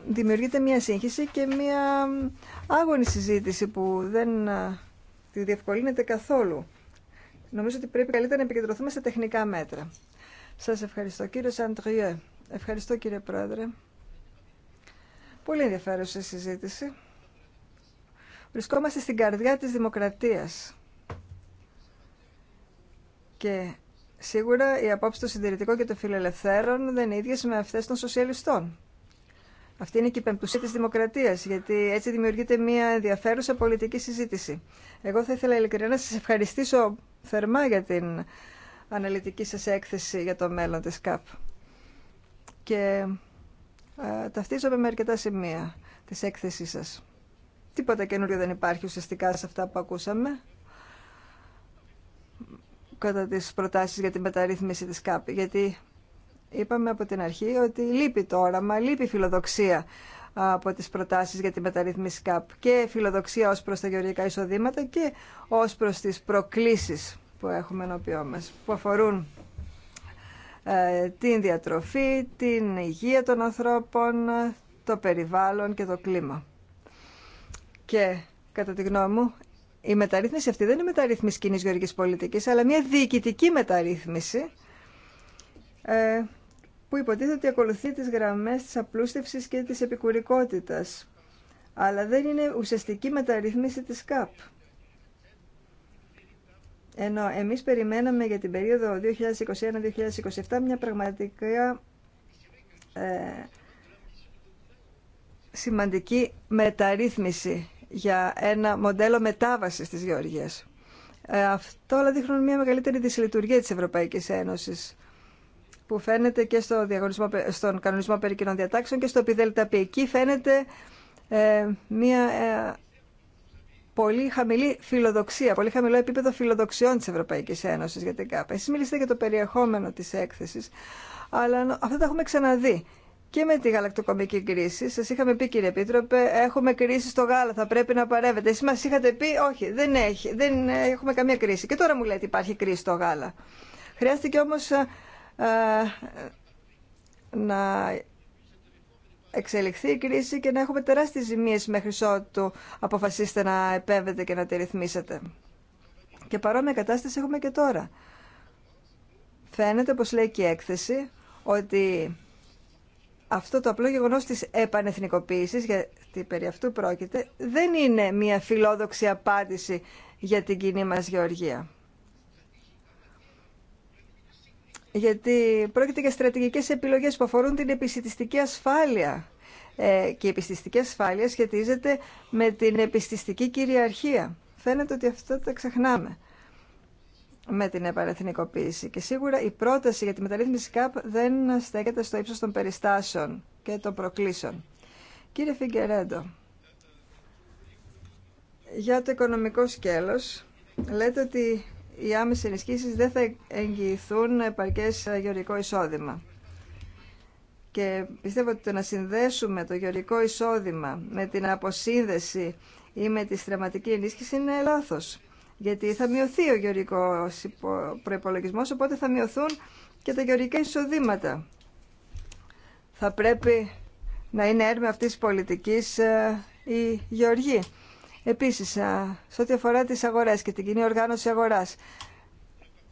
δημιουργείται μια σύγχυση και μια άγονη συζήτηση που δεν ε, τη διευκολύνεται καθόλου. Νομίζω ότι πρέπει καλύτερα να επικεντρωθούμε στα τεχνικά μέτρα. Σας ευχαριστώ. κύριε Σαντριέ. Ευχαριστώ κύριε Πρόεδρε. Πολύ ενδιαφέρουσα συζήτηση. Βρισκόμαστε στην καρδιά της δημοκρατίας. Και σίγουρα η απόψη των συντηρητικών και των φιλελευθέρων δεν είναι ίδιες με αυτές των σοσιαλιστών. Αυτή είναι και η πεμπτουσία τη δημοκρατία, γιατί έτσι δημιουργείται μια ενδιαφέρουσα πολιτική συζήτηση. Εγώ θα ήθελα ειλικρινά να σας ευχαριστήσω θερμά για την αναλυτική σας έκθεση για το μέλλον της ΚΑΠ. Και ε, ταυτίζομαι με αρκετά σημεία της έκθεσής σας. Τίποτα καινούριο δεν υπάρχει ουσιαστικά σε αυτά που ακούσαμε κατά τις προτάσεις για την μεταρρύθμιση της ΚΑΠ, γιατί Είπαμε από την αρχή ότι λείπει το όραμα, λείπει φιλοδοξία από τις προτάσεις για τη μεταρρύθμιση ΚΑΠ και φιλοδοξία ως προς τα γεωργικά εισοδήματα και ως προς τις προκλήσεις που έχουμε ενώπιό μας, που αφορούν ε, την διατροφή, την υγεία των ανθρώπων, το περιβάλλον και το κλίμα. Και κατά τη γνώμη μου, η μεταρρύθμιση αυτή δεν είναι μεταρρύθμιση κοινή γεωργικής πολιτικής, αλλά μια διοικητική μεταρρύθμιση ε, που υποτίθεται ότι ακολουθεί τις γραμμές της απλούστευσης και της επικουρικότητας, αλλά δεν είναι ουσιαστική μεταρρύθμιση της ΚΑΠ. Ενώ εμείς περιμέναμε για την περίοδο 2021-2027 μια πραγματικά ε, σημαντική μεταρρύθμιση για ένα μοντέλο μετάβασης της γεωργίας. Ε, αυτό όλα δείχνουν μια μεγαλύτερη δυσλειτουργία της Ευρωπαϊκής Ένωσης που φαίνεται και στο διαγωνισμό, στον κανονισμό περί κοινών διατάξεων και στο πι. Εκεί φαίνεται ε, μια ε, πολύ χαμηλή φιλοδοξία, πολύ χαμηλό επίπεδο φιλοδοξιών της Ευρωπαϊκής Ένωσης για την ΚΑΠΑ. Εσείς μιλήσατε για το περιεχόμενο της έκθεσης, αλλά αυτό το έχουμε ξαναδεί. Και με τη γαλακτοκομική κρίση, σα είχαμε πει κύριε Επίτροπε, έχουμε κρίση στο γάλα, θα πρέπει να παρεύετε. Εσεί μα είχατε πει, όχι, δεν, έχει, δεν έχουμε καμία κρίση. Και τώρα μου λέτε υπάρχει κρίση στο γάλα. Χρειάστηκε όμως ε, ε, να εξελιχθεί η κρίση και να έχουμε τεράστιες ζημίες μέχρι ότου αποφασίστε να επέμβετε και να τη ρυθμίσετε. Και παρόμοια κατάσταση έχουμε και τώρα. Φαίνεται, όπως λέει και η έκθεση, ότι αυτό το απλό γεγονός της επανεθνικοποίησης, γιατί περί αυτού πρόκειται, δεν είναι μια φιλόδοξη απάντηση για την κοινή μας γεωργία. γιατί πρόκειται για στρατηγικές επιλογές που αφορούν την επιστηστική ασφάλεια ε, και η επιστηστική ασφάλεια σχετίζεται με την επιστηστική κυριαρχία. Φαίνεται ότι αυτό το ξεχνάμε με την επαρεθνικοποίηση. Και σίγουρα η πρόταση για τη μεταρρύθμιση ΚΑΠ δεν στέκεται στο ύψος των περιστάσεων και των προκλήσεων. Κύριε Φιγκερέντο, για το οικονομικό σκέλος, λέτε ότι οι άμεσε ενισχύσει δεν θα εγγυηθούν επαρκές γεωργικό εισόδημα. Και πιστεύω ότι το να συνδέσουμε το γεωργικό εισόδημα με την αποσύνδεση ή με τη στραματική ενίσχυση είναι λάθος. Γιατί θα μειωθεί ο γεωργικός προπολογισμό, οπότε θα μειωθούν και τα γεωργικά εισοδήματα. Θα πρέπει να είναι έρμη αυτής της πολιτικής η ε, γεωργή. Επίσης, σε ό,τι αφορά τις αγορές και την κοινή οργάνωση αγοράς,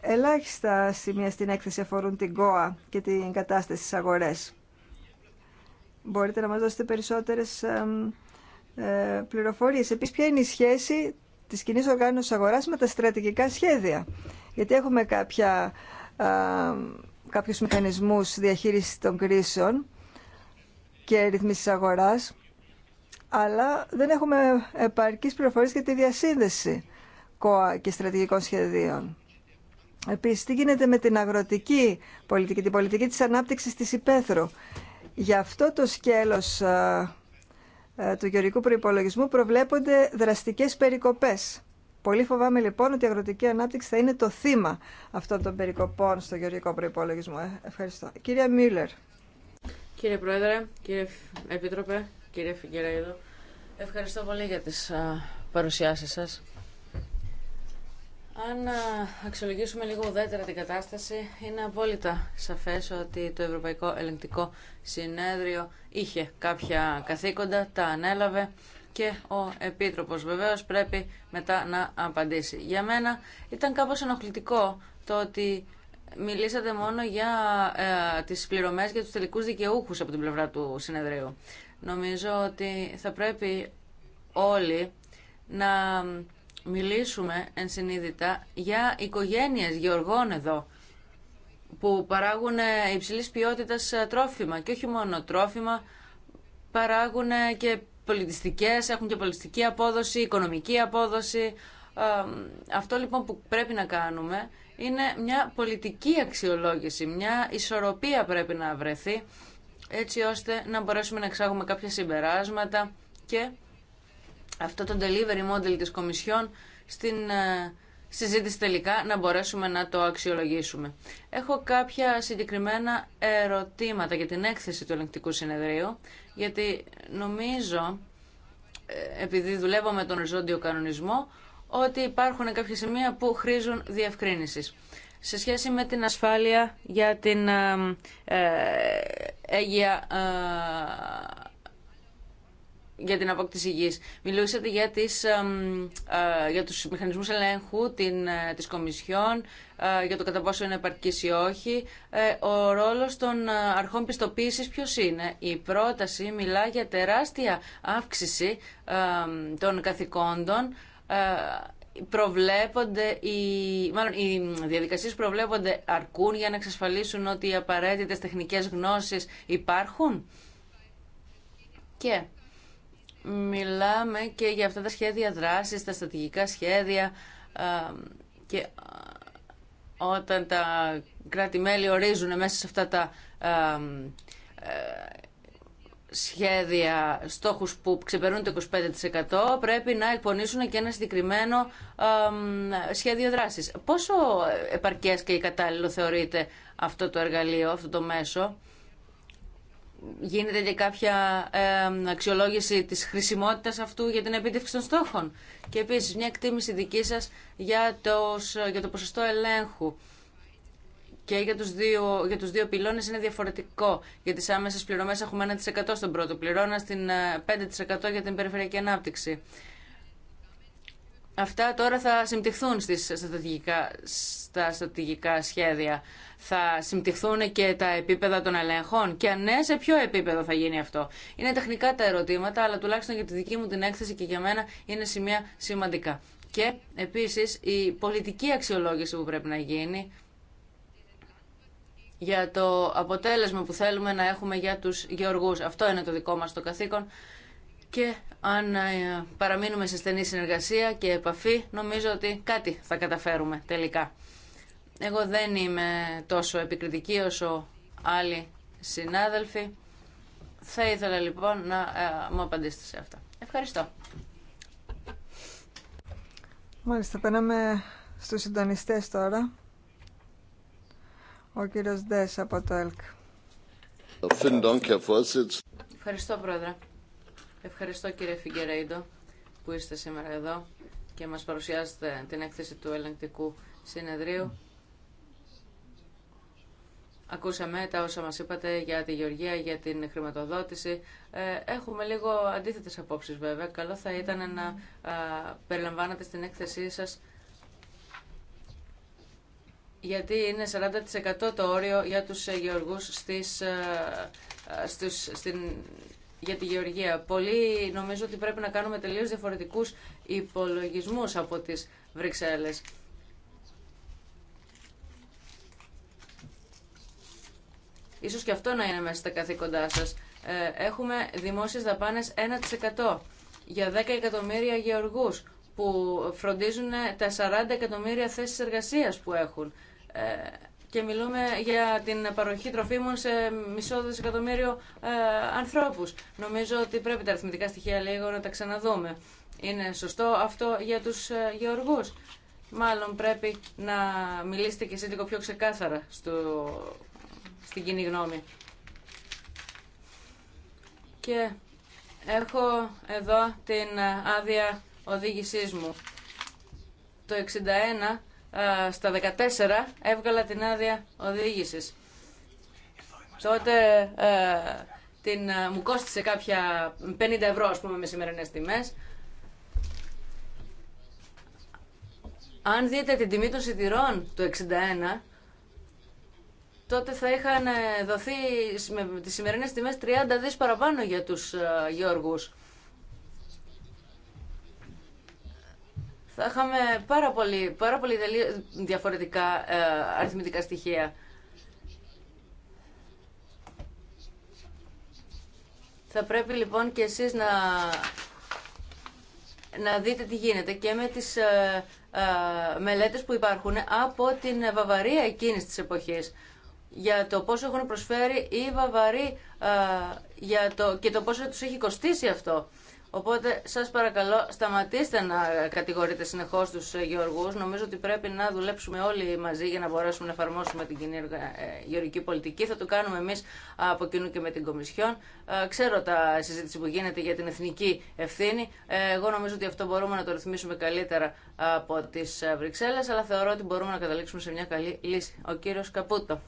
ελάχιστα σημεία στην έκθεση αφορούν την ΚΟΑ και την κατάσταση στις αγορές. Μπορείτε να μας δώσετε περισσότερες ε, πληροφορίες. Επίσης, ποια είναι η σχέση της κοινή οργάνωσης αγοράς με τα στρατηγικά σχέδια. Γιατί έχουμε κάποια, α, κάποιους μηχανισμούς διαχείρισης των κρίσεων και ρυθμίσης αγοράς αλλά δεν έχουμε επαρκείς πληροφορίες για τη διασύνδεση ΚΟΑ και στρατηγικών σχεδίων. Επίσης, τι γίνεται με την αγροτική πολιτική, την πολιτική της ανάπτυξης της υπαίθρου. Γι' αυτό το σκέλος ε, ε, του γεωργικού προϋπολογισμού προβλέπονται δραστικές περικοπές. Πολύ φοβάμαι λοιπόν ότι η αγροτική ανάπτυξη θα είναι το θύμα αυτών των περικοπών στο γεωργικό προϋπολογισμό. Ε, ευχαριστώ. Κύριε Μίλλερ. Κύριε Πρόεδρε, κύριε Επίτροπε, κύριε Φιγκεραίδο. Ευχαριστώ πολύ για τις παρουσιάσεις σας. Αν αξιολογήσουμε λίγο ουδέτερα την κατάσταση, είναι απόλυτα σαφές ότι το Ευρωπαϊκό Ελεγκτικό Συνέδριο είχε κάποια καθήκοντα, τα ανέλαβε και ο Επίτροπος βεβαίως πρέπει μετά να απαντήσει. Για μένα ήταν κάπως ενοχλητικό το ότι μιλήσατε μόνο για ε, τις πληρωμές για τους τελικούς δικαιούχους από την πλευρά του συνεδρίου. Νομίζω ότι θα πρέπει όλοι να μιλήσουμε ενσυνείδητα για οικογένειες γεωργών εδώ που παράγουν υψηλής ποιότητας τρόφιμα και όχι μόνο τρόφιμα, παράγουν και πολιτιστικές, έχουν και πολιτιστική απόδοση, οικονομική απόδοση. Αυτό λοιπόν που πρέπει να κάνουμε είναι μια πολιτική αξιολόγηση, μια ισορροπία πρέπει να βρεθεί έτσι ώστε να μπορέσουμε να εξάγουμε κάποια συμπεράσματα και αυτό το delivery model της Κομισιόν στην ε, συζήτηση τελικά να μπορέσουμε να το αξιολογήσουμε. Έχω κάποια συγκεκριμένα ερωτήματα για την έκθεση του ελεγκτικού συνεδρίου, γιατί νομίζω, ε, επειδή δουλεύω με τον οριζόντιο κανονισμό, ότι υπάρχουν κάποια σημεία που χρήζουν διευκρίνησης σε σχέση με την ασφάλεια για την ε, ε, ε, για την απόκτηση γης. Μιλούσατε για, τις, για τους μηχανισμούς ελέγχου την, της Κομισιόν, για το κατά πόσο είναι επαρκής ή όχι. Ο ρόλος των αρχών πιστοποίησης ποιος είναι. Η πρόταση μιλά για τεράστια αύξηση των καθηκόντων προβλέπονται οι, μάλλον, οι διαδικασίες προβλέπονται αρκούν για να εξασφαλίσουν ότι οι απαραίτητες τεχνικές γνώσεις υπάρχουν. Και μιλάμε και για αυτά τα σχέδια δράσης, τα στρατηγικά σχέδια και όταν τα κράτη-μέλη ορίζουν μέσα σε αυτά τα ε, σχέδια, στόχους που ξεπερνούν το 25% πρέπει να εκπονήσουν και ένα συγκεκριμένο σχέδιο δράσης. Πόσο επαρκές και κατάλληλο θεωρείτε αυτό το εργαλείο, αυτό το μέσο. Γίνεται και κάποια αξιολόγηση της χρησιμότητας αυτού για την επίτευξη των στόχων. Και επίσης μια εκτίμηση δική σας για για το ποσοστό ελέγχου και για τους, δύο, για τους δύο πυλώνες είναι διαφορετικό. Για τις άμεσες πληρωμές έχουμε 1% στον πρώτο πληρώνα, στην 5% ε, για την περιφερειακή ανάπτυξη. Αυτά τώρα θα συμπτυχθούν στις στρατηγικά, στα στρατηγικά σχέδια. Θα συμπτυχθούν και τα επίπεδα των ελέγχων. Και αν ναι, σε ποιο επίπεδο θα γίνει αυτό. Είναι τεχνικά τα ερωτήματα, αλλά τουλάχιστον για τη δική μου την έκθεση και για μένα είναι σημεία σημαντικά. Και επίσης η πολιτική αξιολόγηση που πρέπει να γίνει για το αποτέλεσμα που θέλουμε να έχουμε για τους γεωργούς. Αυτό είναι το δικό μας το καθήκον και αν ε, παραμείνουμε σε στενή συνεργασία και επαφή νομίζω ότι κάτι θα καταφέρουμε τελικά. Εγώ δεν είμαι τόσο επικριτική όσο άλλοι συνάδελφοι. Θα ήθελα λοιπόν να ε, μου απαντήσετε σε αυτά. Ευχαριστώ. Μάλιστα, περνάμε στους συντονιστές τώρα. Ο κύριος από το ΕΛΚ. Ευχαριστώ, Πρόεδρε. Ευχαριστώ, κύριε Φιγκερέιντο, που είστε σήμερα εδώ και μας παρουσιάζετε την έκθεση του ελεγκτικού συνεδρίου. Ακούσαμε τα όσα μας είπατε για τη Γεωργία, για την χρηματοδότηση. Ε, έχουμε λίγο αντίθετες απόψεις βέβαια. Καλό θα ήταν να περιλαμβάνετε στην έκθεσή σας γιατί είναι 40% το όριο για τους ε, γεωργούς στις, ε, ε, στην, για τη γεωργία. Πολλοί νομίζω ότι πρέπει να κάνουμε τελείως διαφορετικούς υπολογισμούς από τις Βρυξέλλες. Ίσως και αυτό να είναι μέσα στα καθήκοντά σας. Έχουμε δημόσιες δαπάνες 1% για 10 εκατομμύρια γεωργούς που φροντίζουν τα 40 εκατομμύρια θέσεις εργασίας που έχουν. Ε, και μιλούμε για την παροχή τροφίμων σε μισό δισεκατομμύριο ε, ανθρώπους. Νομίζω ότι πρέπει τα αριθμητικά στοιχεία λίγο να τα ξαναδούμε. Είναι σωστό αυτό για τους ε, γεωργούς. Μάλλον πρέπει να μιλήσετε και εσείς λίγο πιο ξεκάθαρα στο, στην κοινή γνώμη. Και έχω εδώ την άδεια οδήγησής μου. Το 61 στα 14 έβγαλα την άδεια οδήγησης. Τότε ε, την, ε, μου κόστησε κάποια 50 ευρώ, ας πούμε, με σημερινές τιμές. Αν δείτε την τιμή των σιτηρών του 61, τότε θα είχαν ε, δοθεί με τις σημερινές τιμές 30 δις παραπάνω για τους Γιώργους... θα είχαμε πάρα πολύ, πάρα πολύ διαφορετικά ε, αριθμητικά στοιχεία. Θα πρέπει λοιπόν και εσείς να, να δείτε τι γίνεται και με τις ε, ε μελέτες που υπάρχουν από την Βαβαρία εκείνης της εποχής για το πόσο έχουν προσφέρει η Βαβαροί ε, για το, και το πόσο τους έχει κοστίσει αυτό. Οπότε σας παρακαλώ σταματήστε να κατηγορείτε συνεχώς τους ε, γεωργούς. Νομίζω ότι πρέπει να δουλέψουμε όλοι μαζί για να μπορέσουμε να εφαρμόσουμε την κοινή ε, γεωργική πολιτική. Θα το κάνουμε εμείς από κοινού και με την Κομισιόν. Ε, ξέρω τα συζήτηση που γίνεται για την εθνική ευθύνη. Εγώ νομίζω ότι αυτό μπορούμε να το ρυθμίσουμε καλύτερα από τις Βρυξέλλες, αλλά θεωρώ ότι μπορούμε να καταλήξουμε σε μια καλή λύση. Ο κύριος Καπούτο.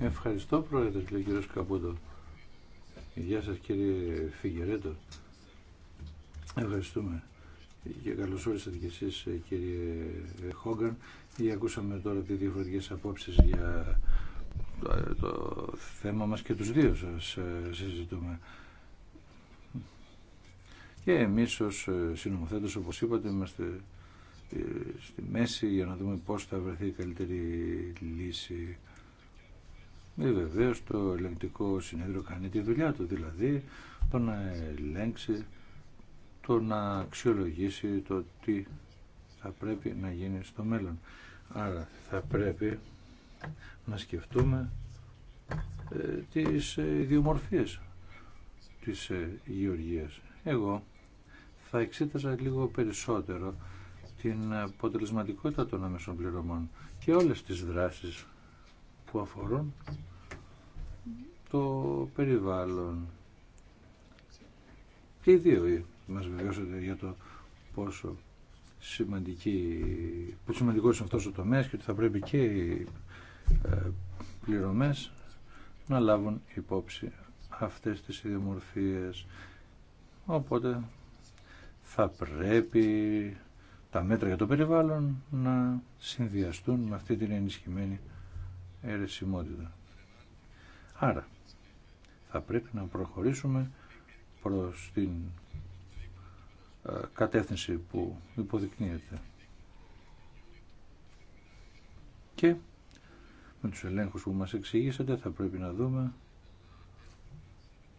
Ευχαριστώ, Πρόεδρε, κύριο Καπούτο. Γεια σας κύριε Φιγερέτο. Ευχαριστούμε. Και καλώ ήρθατε και εσείς ε, κύριε ε, Χόγκαν. Ακούσαμε τώρα τι διαφορετικέ απόψεις για ε, το θέμα μας και τους δύο σας συζητούμε. Και εμείς ως συνομοθέτες όπως είπατε είμαστε στη μέση για να δούμε πώς θα βρεθεί η καλύτερη λύση. Ε, βεβαίως το ελεγκτικό συνέδριο κάνει τη δουλειά του, δηλαδή το να ελέγξει το να αξιολογήσει το τι θα πρέπει να γίνει στο μέλλον. Άρα θα πρέπει να σκεφτούμε ε, τις ε, ιδιομορφίες της ε, Εγώ θα εξέταζα λίγο περισσότερο την αποτελεσματικότητα των αμέσων πληρωμών και όλες τις δράσεις που αφορούν το περιβάλλον. Και οι δύο μας βεβαιώσετε για το πόσο σημαντική, πόσο σημαντικός είναι αυτός ο τομέας και ότι θα πρέπει και οι ε, πληρωμές να λάβουν υπόψη αυτές τις ιδιομορφίες. Οπότε θα πρέπει τα μέτρα για το περιβάλλον να συνδυαστούν με αυτή την ενισχυμένη αιρεσιμότητα. Άρα θα πρέπει να προχωρήσουμε προς την ε, κατεύθυνση που υποδεικνύεται. Και με τους ελέγχους που μας εξηγήσατε θα πρέπει να δούμε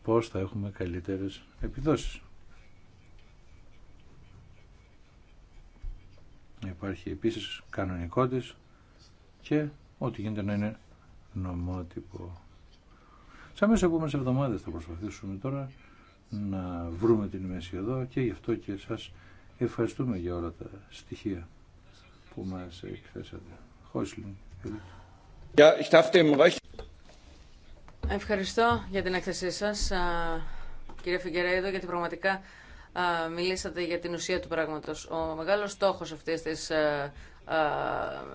πώς θα έχουμε καλύτερες επιδόσεις. Υπάρχει επίσης κανονικότης και ό,τι γίνεται να είναι νομότυπο. Σαν αμέσως επόμενες εβδομάδες θα προσπαθήσουμε τώρα να βρούμε την μέση εδώ και γι' αυτό και σας ευχαριστούμε για όλα τα στοιχεία που μας εκθέσατε. Χόσλιν. Ευχαριστώ για την έκθεσή σας, κύριε Φιγκερέιδο, γιατί πραγματικά μιλήσατε για την ουσία του πράγματος. Ο μεγάλος στόχος αυτής της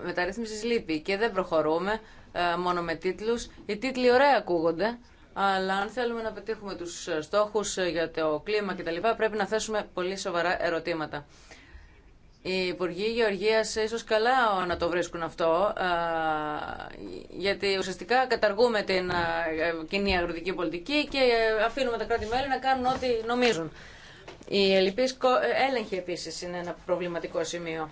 μεταρρύθμισης λείπει και δεν προχωρούμε μόνο με τίτλους. Οι τίτλοι ωραία ακούγονται, αλλά αν θέλουμε να πετύχουμε τους ε, στόχους ε, για το κλίμα κτλ. πρέπει να θέσουμε πολύ σοβαρά ερωτήματα. Οι Υπουργοί Γεωργίας ίσως καλά να το βρίσκουν αυτό, ε, γιατί ουσιαστικά καταργούμε την κοινή αγροτική πολιτική και αφήνουμε τα κράτη-μέλη να κάνουν ό,τι νομίζουν. Η ελληνική έλεγχη επίσης είναι ένα προβληματικό σημείο.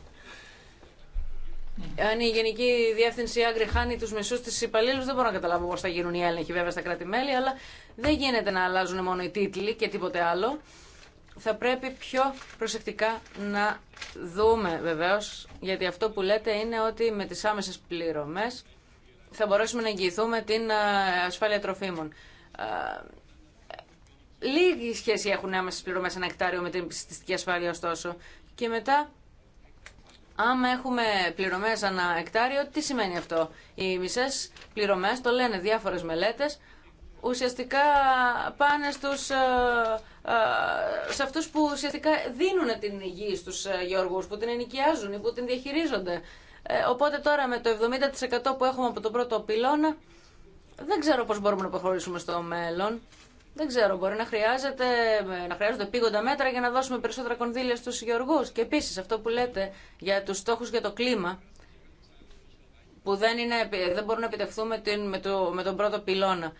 Αν η Γενική Διεύθυνση Άγκρη χάνει του μισού τη υπαλλήλου, δεν μπορώ να καταλάβω πώ θα γίνουν οι έλεγχοι βέβαια στα κράτη-μέλη, αλλά δεν γίνεται να αλλάζουν μόνο οι τίτλοι και τίποτε άλλο. Θα πρέπει πιο προσεκτικά να δούμε βεβαίω, γιατί αυτό που λέτε είναι ότι με τι άμεσε πληρωμέ θα μπορέσουμε να εγγυηθούμε την ε, ασφάλεια τροφίμων. Ε, λίγη σχέση έχουν άμεσε πληρωμέ ένα εκτάριο με την πιστιστική ασφάλεια, ωστόσο. Και μετά αν έχουμε πληρωμέ ανά εκτάριο, τι σημαίνει αυτό. Οι μισέ πληρωμέ, το λένε διάφορε μελέτε, ουσιαστικά πάνε στους, ε, ε, σε αυτούς που ουσιαστικά δίνουν την υγεία στους ε, γεωργού, που την ενοικιάζουν ή που την διαχειρίζονται. Οπότε τώρα με το 70% που έχουμε από τον πρώτο πυλώνα, δεν ξέρω πώς μπορούμε να προχωρήσουμε στο μέλλον. Δεν ξέρω, μπορεί να, χρειάζεται, να χρειάζονται πήγοντα μέτρα για να δώσουμε περισσότερα κονδύλια στους γεωργούς. Και επίση αυτό που λέτε για τους στόχους για το κλίμα, που δεν, είναι, δεν μπορούν να επιτευχθούν με, την, με, το, με τον πρώτο πυλώνα.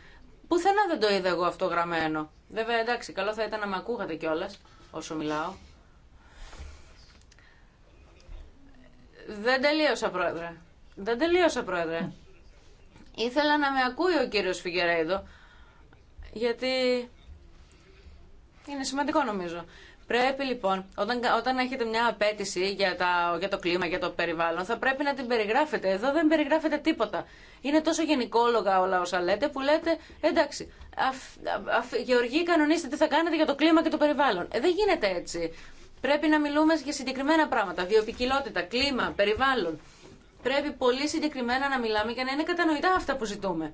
Πουθενά δεν το είδα εγώ αυτό γραμμένο. Βέβαια, εντάξει, καλό θα ήταν να με ακούγατε κιόλα όσο μιλάω. Δεν τελείωσα, πρόεδρε. Δεν τελείωσα, πρόεδρε. Ναι. Ήθελα να με ακούει ο κύριος Φιγερέιδο, γιατί είναι σημαντικό νομίζω. Πρέπει λοιπόν, όταν, όταν έχετε μια απέτηση για, τα, για το κλίμα, για το περιβάλλον, θα πρέπει να την περιγράφετε. Εδώ δεν περιγράφετε τίποτα. Είναι τόσο γενικόλογα όλα όσα λέτε που λέτε, εντάξει, αφ, αφ, γεωργοί κανονίστε τι θα κάνετε για το κλίμα και το περιβάλλον. Ε, δεν γίνεται έτσι. Πρέπει να μιλούμε για συγκεκριμένα πράγματα. Βιοπικιλότητα, κλίμα, περιβάλλον. Πρέπει πολύ συγκεκριμένα να μιλάμε για να είναι κατανοητά αυτά που ζητούμε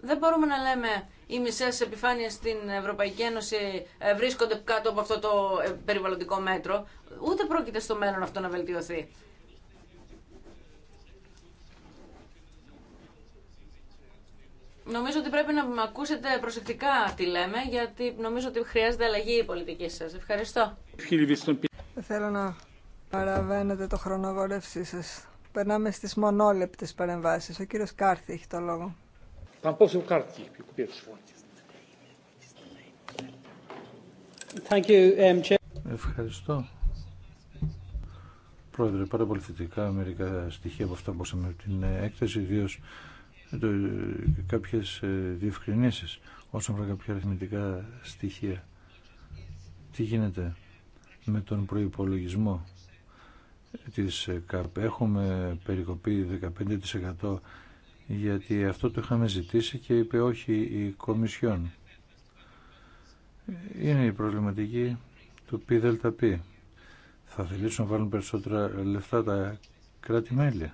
δεν μπορούμε να λέμε οι μισές επιφάνειες στην Ευρωπαϊκή Ένωση ε, βρίσκονται κάτω από αυτό το ε, περιβαλλοντικό μέτρο. Ούτε πρόκειται στο μέλλον αυτό να βελτιωθεί. Νομίζω ότι πρέπει να με ακούσετε προσεκτικά τι λέμε, γιατί νομίζω ότι χρειάζεται αλλαγή η πολιτική σας. Ευχαριστώ. Θέλω να παραβαίνετε το χρονοβόλευσή σα. Περνάμε στι μονόλεπτε παρεμβάσει. Ο κύριο Κάρθη έχει το λόγο. Thank you, um, Ευχαριστώ. Πρόεδρε, πάρα πολύ θετικά μερικά στοιχεία από αυτά που ακούσαμε την έκθεση, ιδίω ε, ε, κάποιε διευκρινήσει όσον αφορά κάποια αριθμητικά στοιχεία. Τι γίνεται με τον προϋπολογισμό της ΚΑΠ. Έχουμε περικοπή 15% γιατί αυτό το είχαμε ζητήσει και είπε όχι η Κομισιόν. Είναι η προβληματική του ΠΔΠ. Θα θελήσουν να βάλουν περισσότερα λεφτά τα κράτη-μέλη.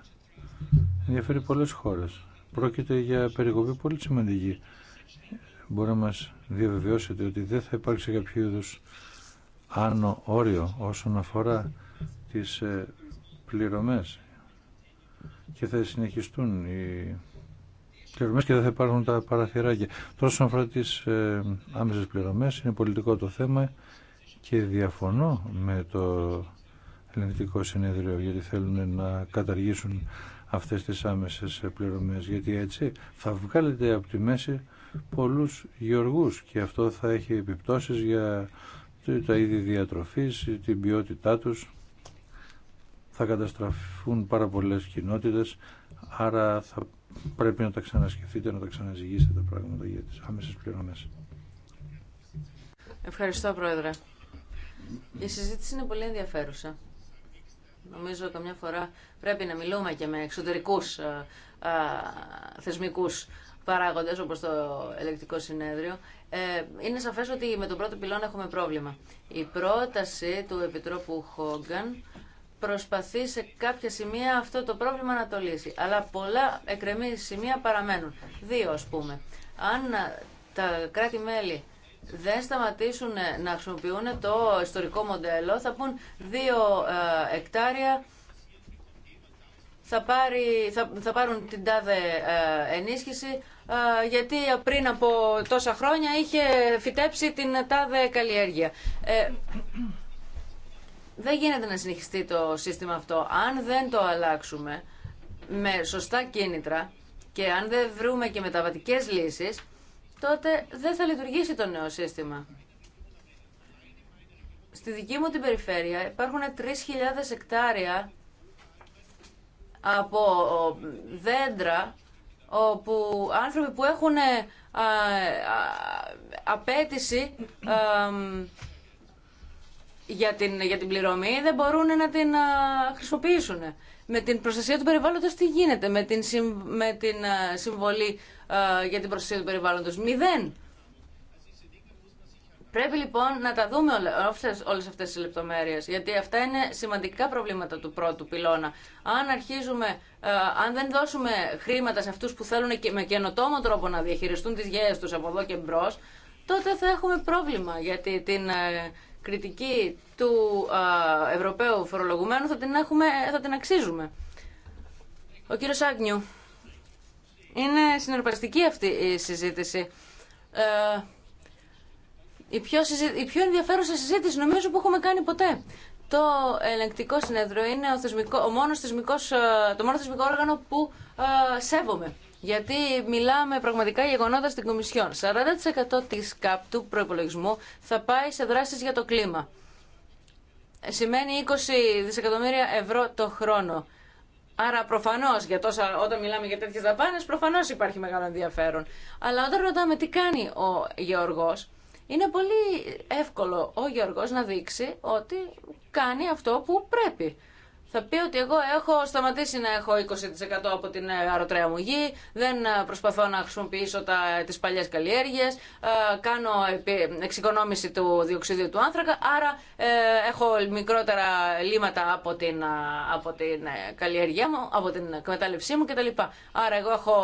Ενδιαφέρει πολλές χώρες. Πρόκειται για περικοπή πολύ σημαντική. Μπορεί να μας διαβεβαιώσετε ότι δεν θα υπάρξει κάποιο είδου άνω όριο όσον αφορά τις ε, πληρωμές και θα συνεχιστούν οι πληρωμές και δεν θα υπάρχουν τα παραθυράκια. Τώρα όσον αφορά τις ε, άμεσες πληρωμές είναι πολιτικό το θέμα και διαφωνώ με το Ελληνικό συνέδριο γιατί θέλουν να καταργήσουν αυτές τις άμεσες πληρωμές γιατί έτσι θα βγάλετε από τη μέση πολλούς γεωργούς και αυτό θα έχει επιπτώσεις για τα είδη διατροφής, την ποιότητά τους θα καταστραφούν πάρα πολλές κοινότητες, άρα θα πρέπει να τα ξανασκεφτείτε, να τα ξαναζυγίσετε τα πράγματα για τις άμεσες πληρωμές. Ευχαριστώ, Πρόεδρε. Η συζήτηση είναι πολύ ενδιαφέρουσα. Νομίζω καμιά φορά πρέπει να μιλούμε και με εξωτερικούς θεσμικού παράγοντε ε, θεσμικούς παράγοντες, όπως το ελεκτικό συνέδριο. Ε, είναι σαφές ότι με τον πρώτο πυλόν έχουμε πρόβλημα. Η πρόταση του Επιτρόπου Χόγκαν προσπαθεί σε κάποια σημεία αυτό το πρόβλημα να το λύσει. Αλλά πολλά εκρεμή σημεία παραμένουν. Δύο ας πούμε. Αν τα κράτη-μέλη δεν σταματήσουν να χρησιμοποιούν το ιστορικό μοντέλο, θα πούν δύο ε, εκτάρια θα, πάρει, θα, θα πάρουν την τάδε ε, ενίσχυση ε, γιατί πριν από τόσα χρόνια είχε φυτέψει την τάδε καλλιέργεια. Δεν γίνεται να συνεχιστεί το σύστημα αυτό. Αν δεν το αλλάξουμε με σωστά κίνητρα και αν δεν βρούμε και μεταβατικές λύσεις, τότε δεν θα λειτουργήσει το νέο σύστημα. Στη δική μου την περιφέρεια υπάρχουν 3.000 εκτάρια από δέντρα όπου άνθρωποι που έχουν ε, α, απέτηση ε, για την, για την πληρωμή δεν μπορούν να την χρησιμοποιήσουν. Με την προστασία του περιβάλλοντος τι γίνεται, με την, με την συμβολή για την προστασία του περιβάλλοντος. Μηδέν. Πρέπει λοιπόν να τα δούμε όλες αυτές τις λεπτομέρειες, γιατί αυτά είναι σημαντικά προβλήματα του πρώτου πυλώνα. Αν αρχίζουμε, αν δεν δώσουμε χρήματα σε αυτούς που θέλουν και με καινοτόμο τρόπο να διαχειριστούν τις γέες τους από εδώ και μπρος, τότε θα έχουμε πρόβλημα, γιατί την, ε, κριτική του Ευρωπαίου φορολογουμένου θα την, έχουμε, θα την αξίζουμε. Ο κύριος Άγνιου. Είναι συναρπαστική αυτή η συζήτηση. Ε, η, πιο συζή... η ενδιαφέρουσα συζήτηση νομίζω που έχουμε κάνει ποτέ. Το ελεγκτικό συνέδριο είναι ο, θεσμικό, ο μόνος ε, το μόνο θεσμικό όργανο που ε, σέβομαι. Γιατί μιλάμε πραγματικά γεγονότα στην Κομισιόν. 40% της ΚΑΠ του προπολογισμού θα πάει σε δράσεις για το κλίμα. Σημαίνει 20 δισεκατομμύρια ευρώ το χρόνο. Άρα προφανώ, όταν μιλάμε για τέτοιε δαπάνε, προφανώ υπάρχει μεγάλο ενδιαφέρον. Αλλά όταν ρωτάμε τι κάνει ο Γεωργό, είναι πολύ εύκολο ο Γεωργό να δείξει ότι κάνει αυτό που πρέπει θα πει ότι εγώ έχω σταματήσει να έχω 20% από την ε, αρωτρέα μου γη, δεν ε, προσπαθώ να χρησιμοποιήσω τα, τις παλιές καλλιέργειες, ε, κάνω εξοικονόμηση του διοξιδίου του άνθρακα, άρα έχω μικρότερα λίματα από την, από την καλλιέργειά μου, από την εκμετάλλευσή μου κτλ. Άρα εγώ έχω...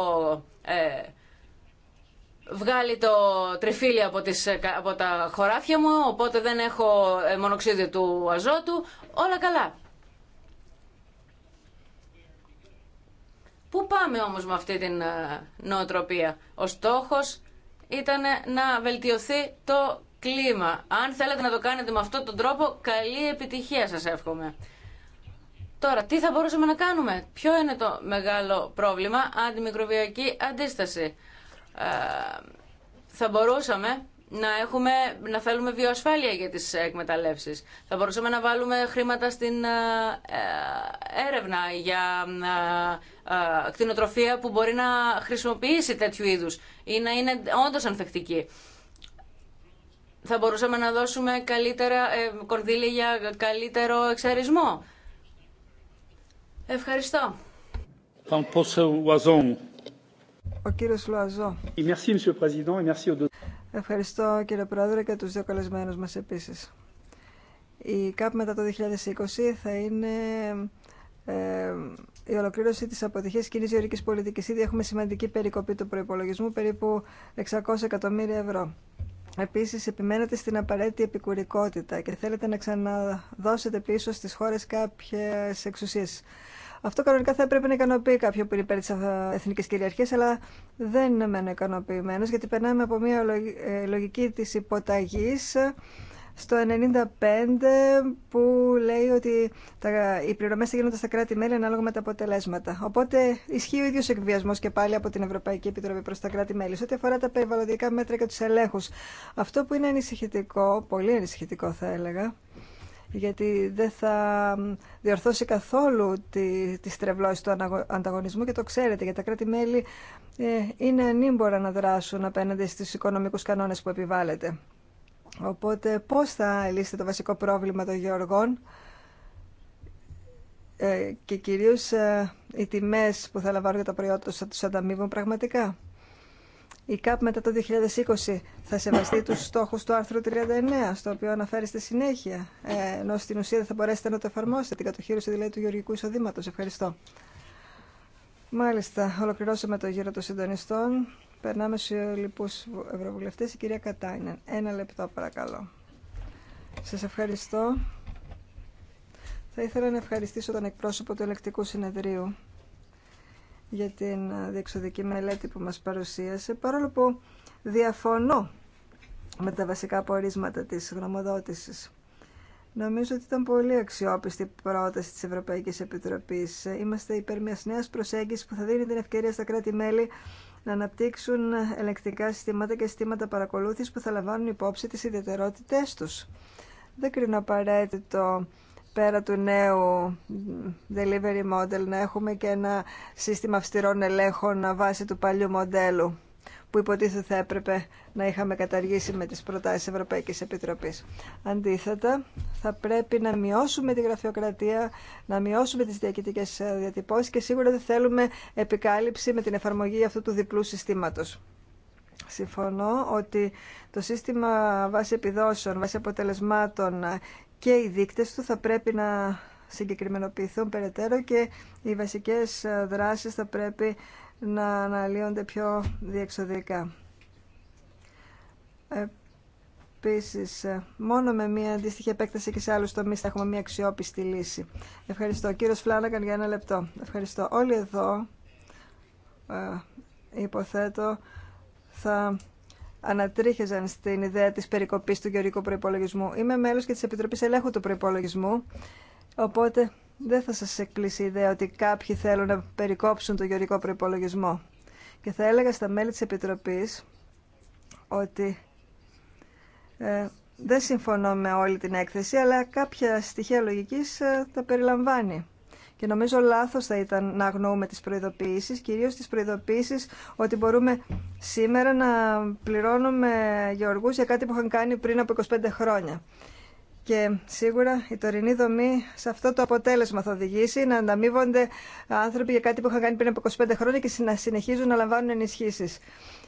βγάλει το τριφύλι από, τις, από τα χωράφια μου, οπότε δεν έχω μονοξίδιο του αζότου, όλα καλά. Πού πάμε όμως με αυτή την ε, νοοτροπία. Ο στόχος ήταν να βελτιωθεί το κλίμα. Αν θέλετε να το κάνετε με αυτόν τον τρόπο, καλή επιτυχία σας εύχομαι. Τώρα, τι θα μπορούσαμε να κάνουμε. Ποιο είναι το μεγάλο πρόβλημα, αντιμικροβιακή αντίσταση. Ε, θα μπορούσαμε να, έχουμε, να θέλουμε βιοασφάλεια για τις εκμεταλλεύσεις. Θα μπορούσαμε να βάλουμε χρήματα στην ε, ε, έρευνα για ε, κτηνοτροφία που μπορεί να χρησιμοποιήσει τέτοιου είδους ή να είναι όντως ανθεκτική. Θα μπορούσαμε να δώσουμε καλύτερα κορδίλια για καλύτερο εξαρισμό. Ευχαριστώ. Ο κύριος Ευχαριστώ κύριε Πρόεδρε και τους δύο καλεσμένους μας επίσης. Η ΚΑΠ μετά το 2020 θα είναι ε, η ολοκλήρωση της αποτυχίας κοινή γεωρικής πολιτικής. Ήδη έχουμε σημαντική περικοπή του προϋπολογισμού, περίπου 600 εκατομμύρια ευρώ. Επίσης, επιμένετε στην απαραίτητη επικουρικότητα και θέλετε να ξαναδώσετε πίσω στις χώρες κάποιες εξουσίες. Αυτό κανονικά θα έπρεπε να ικανοποιεί κάποιο που είναι υπέρ τη εθνική κυριαρχία, αλλά δεν είναι μένω ικανοποιημένο, γιατί περνάμε από μια ε, λογική τη υποταγή στο 95 που λέει ότι τα, οι πληρωμές θα γίνονται στα κράτη-μέλη ανάλογα με τα αποτελέσματα. Οπότε ισχύει ο ίδιος εκβιασμός και πάλι από την Ευρωπαϊκή Επιτροπή προς τα κράτη-μέλη. Σε ό,τι αφορά τα περιβαλλοντικά μέτρα και τους ελέγχους, αυτό που είναι ανησυχητικό, πολύ ανησυχητικό θα έλεγα, γιατί δεν θα διορθώσει καθόλου τη, τη στρεβλώση του ανταγωνισμού και το ξέρετε, γιατί τα κράτη-μέλη ε, είναι ανήμπορα να δράσουν απέναντι στους οικονομικούς κανόνες που επιβάλλεται. Οπότε πώς θα λύσετε το βασικό πρόβλημα των γεωργών ε, και κυρίως ε, οι τιμές που θα λαμβάνουν για τα προϊόντα τους θα τους ανταμείβουν πραγματικά η ΚΑΠ μετά το 2020 θα σεβαστεί τους στόχου του άρθρου 39, στο οποίο αναφέρει στη συνέχεια, ε, ενώ στην ουσία δεν θα μπορέσετε να το εφαρμόσετε, την κατοχήρωση δηλαδή του γεωργικού εισοδήματος. Ευχαριστώ. Μάλιστα, ολοκληρώσαμε το γύρο των συντονιστών. Περνάμε στου λοιπού ευρωβουλευτέ. Η κυρία Κατάινεν. Ένα λεπτό, παρακαλώ. Σα ευχαριστώ. Θα ήθελα να ευχαριστήσω τον εκπρόσωπο του Ελεκτικού Συνεδρίου για την ε, διεξοδική μελέτη που μας παρουσίασε, παρόλο που διαφωνώ με τα βασικά πορίσματα της γνωμοδότησης. Νομίζω ότι ήταν πολύ αξιόπιστη η πρόταση της Ευρωπαϊκής Επιτροπής. Είμαστε υπέρ μιας νέας προσέγγισης που θα δίνει την ευκαιρία στα κράτη-μέλη να αναπτύξουν ελεκτικά συστήματα και συστήματα παρακολούθησης που θα λαμβάνουν υπόψη τις ιδιαιτερότητές τους. Δεν κρίνω απαραίτητο πέρα του νέου delivery model να έχουμε και ένα σύστημα αυστηρών ελέγχων βάσει του παλιού μοντέλου που υποτίθεται θα έπρεπε να είχαμε καταργήσει με τις προτάσεις Ευρωπαϊκής Επιτροπής. Αντίθετα, θα πρέπει να μειώσουμε τη γραφειοκρατία, να μειώσουμε τις διακητικές διατυπώσεις και σίγουρα δεν θέλουμε επικάλυψη με την εφαρμογή αυτού του διπλού συστήματος. Συμφωνώ ότι το σύστημα βάση επιδόσεων, βάση αποτελεσμάτων και οι δείκτες του θα πρέπει να συγκεκριμενοποιηθούν περαιτέρω και οι βασικές ε, δράσεις θα πρέπει να αναλύονται πιο διεξοδικά. Επίση, ε, μόνο με μια αντίστοιχη επέκταση και σε άλλου τομεί. θα έχουμε μια αξιόπιστη λύση. Ευχαριστώ. κύριο Φλάνακαν για ένα λεπτό. Ευχαριστώ. Όλοι εδώ, ε, υποθέτω, θα ανατρίχεζαν στην ιδέα της περικοπής του γεωρικού προϋπολογισμού. Είμαι μέλος και της Επιτροπής Ελέγχου του Προϋπολογισμού, οπότε δεν θα σας εκκλείσει η ιδέα ότι κάποιοι θέλουν να περικόψουν το γεωρικό προϋπολογισμό. Και θα έλεγα στα μέλη της Επιτροπής ότι ε, δεν συμφωνώ με όλη την έκθεση, αλλά κάποια στοιχεία λογικής ε, τα περιλαμβάνει. Και νομίζω λάθος θα ήταν να αγνοούμε τις προειδοποίησει, κυρίως τις προειδοποιήσει ότι μπορούμε σήμερα να πληρώνουμε γεωργούς για κάτι που είχαν κάνει πριν από 25 χρόνια. Και σίγουρα η τωρινή δομή σε αυτό το αποτέλεσμα θα οδηγήσει να ανταμείβονται άνθρωποι για κάτι που είχαν κάνει πριν από 25 χρόνια και να συνεχίζουν να λαμβάνουν ενισχύσει.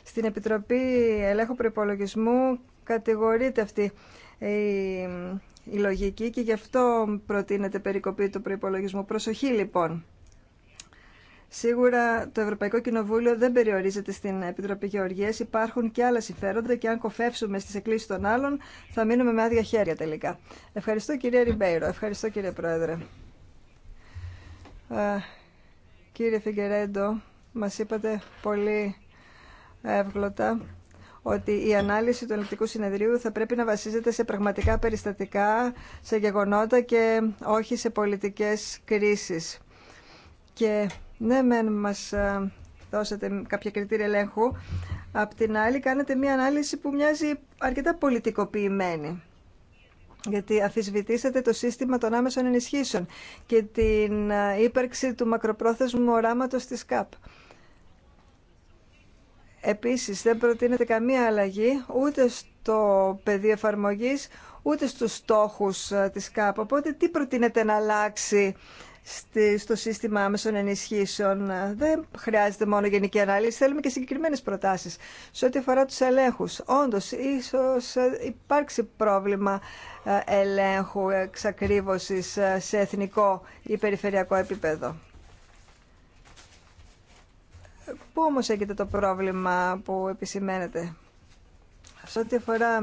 Στην Επιτροπή Ελέγχου Προπολογισμού κατηγορείται αυτή η η λογική και γι' αυτό προτείνεται περικοπή του προϋπολογισμού. Προσοχή λοιπόν. Σίγουρα το Ευρωπαϊκό Κοινοβούλιο δεν περιορίζεται στην Επιτροπή Γεωργία. Υπάρχουν και άλλα συμφέροντα και αν κοφεύσουμε στι εκκλήσει των άλλων, θα μείνουμε με άδεια χέρια τελικά. Ευχαριστώ κύριε Ριμπέιρο. Ευχαριστώ κύριε Πρόεδρε. Κύριε Φιγκερέντο, μας είπατε πολύ εύγλωτα ότι η ανάλυση του ελεκτικού συνεδρίου θα πρέπει να βασίζεται σε πραγματικά περιστατικά, σε γεγονότα και όχι σε πολιτικές κρίσεις. Και ναι, μεν μας ε, δώσατε κάποια κριτήρια ελέγχου, απ' την άλλη κάνετε μια ανάλυση που μοιάζει αρκετά πολιτικοποιημένη. Γιατί αφισβητήσατε το σύστημα των άμεσων ενισχύσεων και την ε, ύπαρξη του μακροπρόθεσμου οράματος της ΚΑΠ. Επίσης δεν προτείνεται καμία αλλαγή ούτε στο πεδίο εφαρμογή, ούτε στους στόχους ε, της ΚΑΠ. Οπότε τι προτείνεται να αλλάξει στο σύστημα άμεσων ενισχύσεων. Ε, δεν χρειάζεται μόνο γενική ανάλυση, θέλουμε και συγκεκριμένες προτάσεις. Σε ό,τι αφορά τους ελέγχους, όντως ίσως ε, υπάρξει πρόβλημα ελέγχου εξακρίβωσης σε εθνικό ή περιφερειακό επίπεδο. Πού όμως έγινε το πρόβλημα που επισημαίνεται. Σε ό,τι αφορά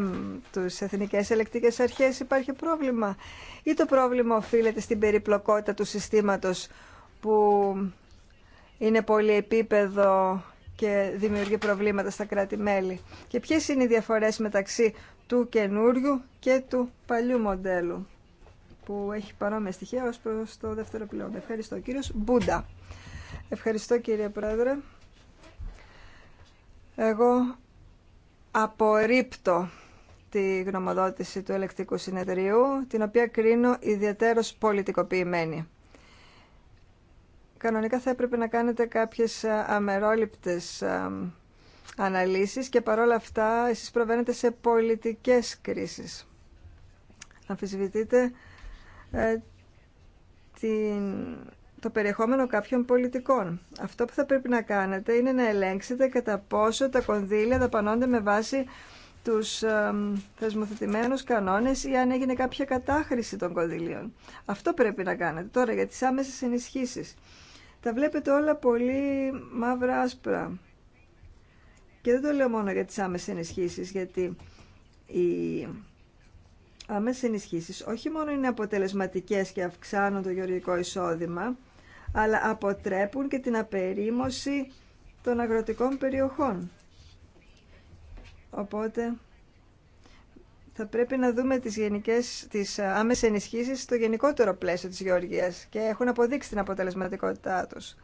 τις ελεκτρικέ αρχέ, υπάρχει πρόβλημα ή το πρόβλημα οφείλεται στην περιπλοκότητα του συστήματος που επισημαινετε σε οτι αφορα τους εθνικες ελεκτικες αρχες υπαρχει προβλημα η το προβλημα οφειλεται στην περιπλοκοτητα του συστηματος που ειναι πολυ επιπεδο και δημιουργεί προβλήματα στα κράτη-μέλη. Και ποιες είναι οι διαφορές μεταξύ του καινούριου και του παλιού μοντέλου που έχει παρόμοια στοιχεία ως προς το δεύτερο πλέον. Ευχαριστώ. Κύριος Μπούντα. Ευχαριστώ κύριε Πρόεδρε. Εγώ απορρίπτω τη γνωμοδότηση του ελεκτικού συνεδρίου, την οποία κρίνω ιδιαίτερος πολιτικοποιημένη. Κανονικά θα έπρεπε να κάνετε κάποιες ε, αμερόληπτες ε, αναλύσεις και παρόλα αυτά εσείς προβαίνετε σε πολιτικές κρίσεις. Αμφισβητείτε ε, την το περιεχόμενο κάποιων πολιτικών. Αυτό που θα πρέπει να κάνετε είναι να ελέγξετε κατά πόσο τα κονδύλια δαπανώνται με βάση τους θεσμοθετημένους κανόνες ή αν έγινε κάποια κατάχρηση των κονδυλίων. Αυτό πρέπει να κάνετε τώρα για τις άμεσες ενισχύσεις. Τα βλέπετε όλα πολύ μαύρα άσπρα. Και δεν το λέω μόνο για τις άμεσες ενισχύσεις, γιατί οι άμεσες ενισχύσεις όχι μόνο είναι αποτελεσματικές και αυξάνουν το γεωργικό εισόδημα, αλλά αποτρέπουν και την απερίμωση των αγροτικών περιοχών. Οπότε θα πρέπει να δούμε τις, γενικές, τις ε, άμεσες ενισχύσεις στο γενικότερο πλαίσιο της γεωργίας και έχουν αποδείξει την αποτελεσματικότητά τους.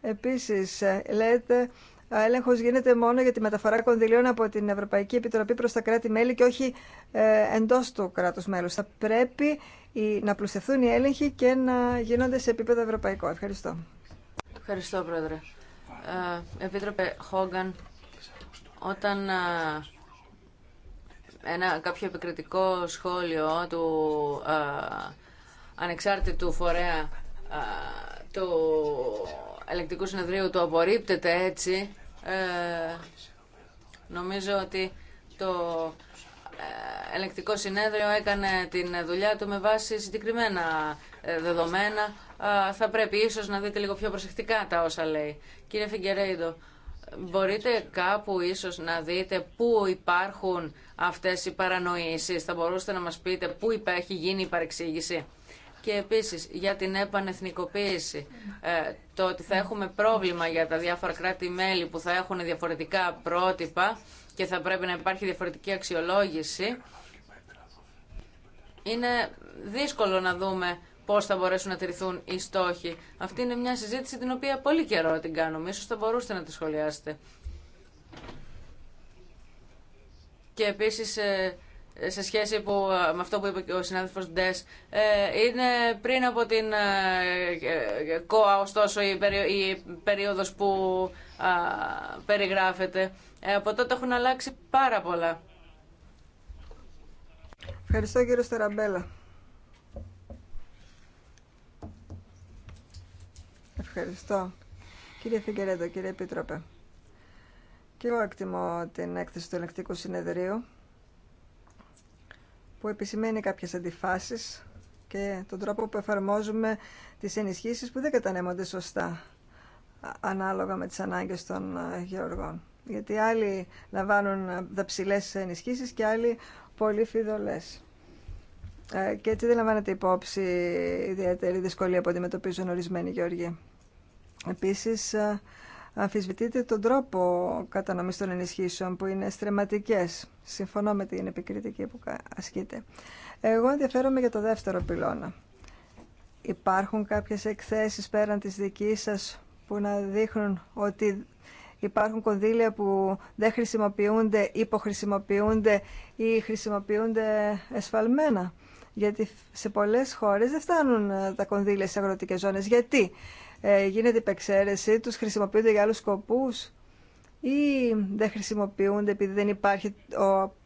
Επίσης, ε, λέτε έλεγχο γίνεται μόνο για τη μεταφορά κονδυλίων από την Ευρωπαϊκή Επιτροπή προ τα κράτη-μέλη και όχι ε, εντό του κράτου-μέλου. Θα πρέπει να πλουστευτούν οι έλεγχοι και να γίνονται σε επίπεδο ευρωπαϊκό. Ευχαριστώ. Ευχαριστώ, Πρόεδρε. Ε, Επίτροπε Χόγκαν, όταν ε, ένα κάποιο επικριτικό σχόλιο του ανεξάρτητου φορέα του ελεκτικού συνεδρίου το απορρίπτεται έτσι ε, νομίζω ότι το ε, ελεκτικό συνέδριο έκανε την δουλειά του με βάση συγκεκριμένα ε, δεδομένα. Θα πρέπει ίσως να δείτε λίγο πιο προσεκτικά τα όσα λέει. Κύριε Φιγκερέιντο, μπορείτε κάπου ίσως να δείτε πού υπάρχουν αυτές οι παρανοήσεις. Θα μπορούσατε να μας πείτε πού έχει γίνει η παρεξήγηση. Και επίσης για την επανεθνικοποίηση, ε, το ότι θα έχουμε πρόβλημα για τα διάφορα κράτη-μέλη που θα έχουν διαφορετικά πρότυπα και θα πρέπει να υπάρχει διαφορετική αξιολόγηση, είναι δύσκολο να δούμε πώ θα μπορέσουν να τηρηθούν οι στόχοι. Αυτή είναι μια συζήτηση την οποία πολύ καιρό την κάνουμε. σω θα μπορούσατε να τη σχολιάσετε. Και επίσης ε, σε σχέση που, με αυτό που είπε και ο συνάδελφος Ντες, ε, είναι πριν από την ε, ε, ΚΟΑ, ωστόσο, η, περίοδος που περιγράφεται. από τότε έχουν αλλάξει πάρα πολλά. Ευχαριστώ κύριο Σταραμπέλα. Ευχαριστώ. Κύριε Φιγκερέντο, κύριε Επίτροπε. Και εγώ εκτιμώ την έκθεση του ελεκτικού συνεδρίου που επισημαίνει κάποιες αντιφάσεις και τον τρόπο που εφαρμόζουμε τις ενισχύσεις που δεν κατανέμονται σωστά ανάλογα με τις ανάγκες των ε, γεωργών. Γιατί άλλοι λαμβάνουν ε, δαψιλές ενισχύσεις και άλλοι πολύ φιδωλές. Ε, και έτσι δεν λαμβάνεται υπόψη ιδιαίτερη δυσκολία που αντιμετωπίζουν ορισμένοι γεωργοί. Επίσης, αμφισβητείτε τον τρόπο κατανομής των ενισχύσεων που είναι στρεματικές. Συμφωνώ με την επικριτική που ασκείται. Εγώ ενδιαφέρομαι για το δεύτερο πυλώνα. Υπάρχουν κάποιες εκθέσεις πέραν της δικής σας που να δείχνουν ότι υπάρχουν κονδύλια που δεν χρησιμοποιούνται, υποχρησιμοποιούνται ή χρησιμοποιούνται εσφαλμένα. Γιατί σε πολλές χώρες δεν φτάνουν τα κονδύλια στις αγροτικές ζώνες. Γιατί ε, γίνεται υπεξαίρεση τους, χρησιμοποιούνται για άλλους σκοπούς ή δεν χρησιμοποιούνται επειδή δεν υπάρχει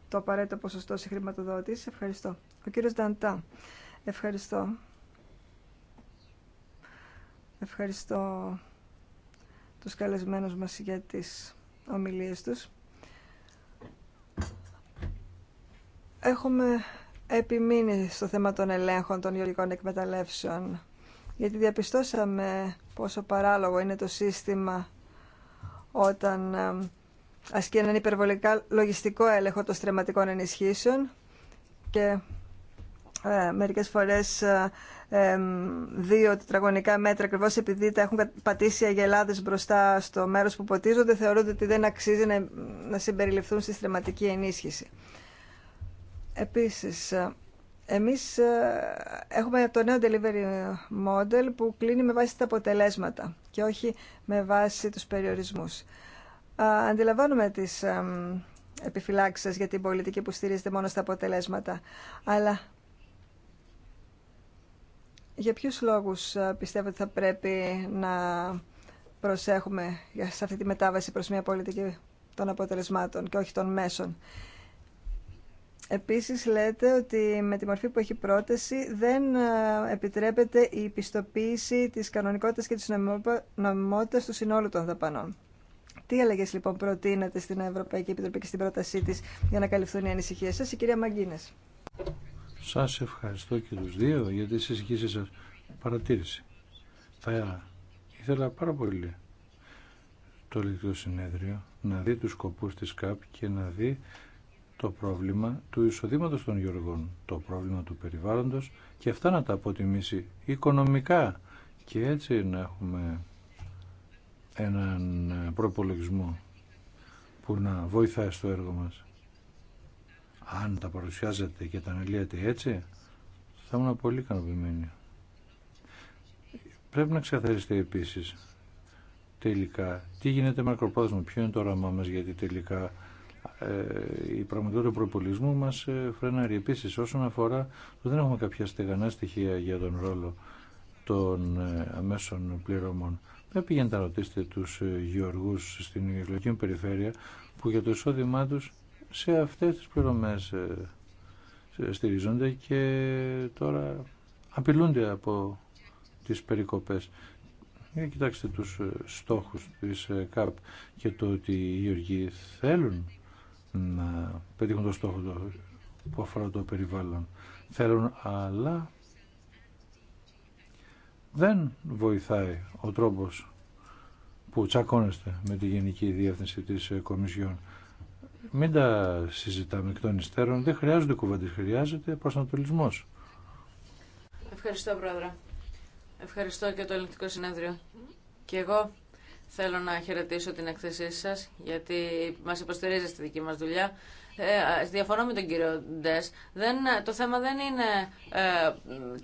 το απαραίτητο ποσοστό σε χρηματοδότηση. Ευχαριστώ. Ο κύριος Νταντά. Ευχαριστώ. Ευχαριστώ τους καλεσμένους μας για τις ομιλίες τους. Έχουμε επιμείνει στο θέμα των ελέγχων των γεωργικών εκμεταλλεύσεων, γιατί διαπιστώσαμε πόσο παράλογο είναι το σύστημα όταν ε, ασκεί έναν υπερβολικά λογιστικό έλεγχο των στρεματικών ενισχύσεων και ε, μερικές φορές ε, ε, δύο τετραγωνικά μέτρα ακριβώ επειδή τα έχουν πατήσει αγελάδες μπροστά στο μέρος που ποτίζονται θεωρούνται ότι δεν αξίζει να, να συμπεριληφθούν στη στρεματική ενίσχυση. Επίσης, εμείς ε, έχουμε το νέο delivery model που κλείνει με βάση τα αποτελέσματα και όχι με βάση τους περιορισμούς. Αντιλαμβάνουμε τις επιφυλάξεις για την πολιτική που στηρίζεται μόνο στα αποτελέσματα, αλλά για ποιους λόγους ε, ότι θα πρέπει να προσέχουμε σε αυτή τη μετάβαση προς μια πολιτική των αποτελεσμάτων και όχι των μέσων. Επίσης λέτε ότι με τη μορφή που έχει πρόταση δεν ε, επιτρέπεται η πιστοποίηση της κανονικότητας και της νομιμότητας του συνόλου των δαπανών. Τι αλλαγέ λοιπόν προτείνετε στην Ευρωπαϊκή Επιτροπή και στην πρότασή της για να καλυφθούν οι ανησυχίες σας, η κυρία Μαγκίνες. Σας ευχαριστώ και του δύο για τη συζητήσει σα παρατήρηση. Θα ήθελα πάρα πολύ το ηλεκτρικό συνέδριο να δει τους σκοπούς της ΚΑΠ και να δει το πρόβλημα του εισοδήματος των γεωργών, το πρόβλημα του περιβάλλοντος και αυτά να τα αποτιμήσει οικονομικά και έτσι να έχουμε έναν προπολογισμό που να βοηθάει στο έργο μας. Αν τα παρουσιάζετε και τα αναλύετε έτσι, θα ήμουν πολύ ικανοποιημένη. Πρέπει να ξεκαθαριστεί επίσης τελικά τι γίνεται μακροπρόθεσμα, ποιο είναι το όραμά μας, γιατί τελικά ε, η πραγματικότητα του προπολισμού μας ε, φρέναρει επίσης όσον αφορά το δεν έχουμε κάποια στεγανά στοιχεία για τον ρόλο των ε, αμέσων πληρωμών. Δεν πήγαινε να ρωτήσετε τους γεωργού στην εκλογική περιφέρεια που για το εισόδημά τους σε αυτέ τις πληρωμέ στηριζόνται και τώρα απειλούνται από τις περικοπές. Για κοιτάξτε τους στόχους της ΚΑΠ και το ότι οι γεωργοί θέλουν να πετύχουν το στόχο που αφορά το περιβάλλον. Θέλουν, αλλά δεν βοηθάει ο τρόπος που τσακώνεστε με τη Γενική Διεύθυνση της ε, Κομισιόν. Μην τα συζητάμε εκ των υστέρων, δεν χρειάζονται κουβέντες, χρειάζεται προσανατολισμός. Ευχαριστώ, Πρόεδρε. Ευχαριστώ και το ελληνικό συνέδριο. Και εγώ Θέλω να χαιρετήσω την εκθεσή σας, γιατί μας υποστηρίζει στη δική μας δουλειά. Ε, διαφωνώ με τον κύριο Ντε. το θέμα δεν είναι ε,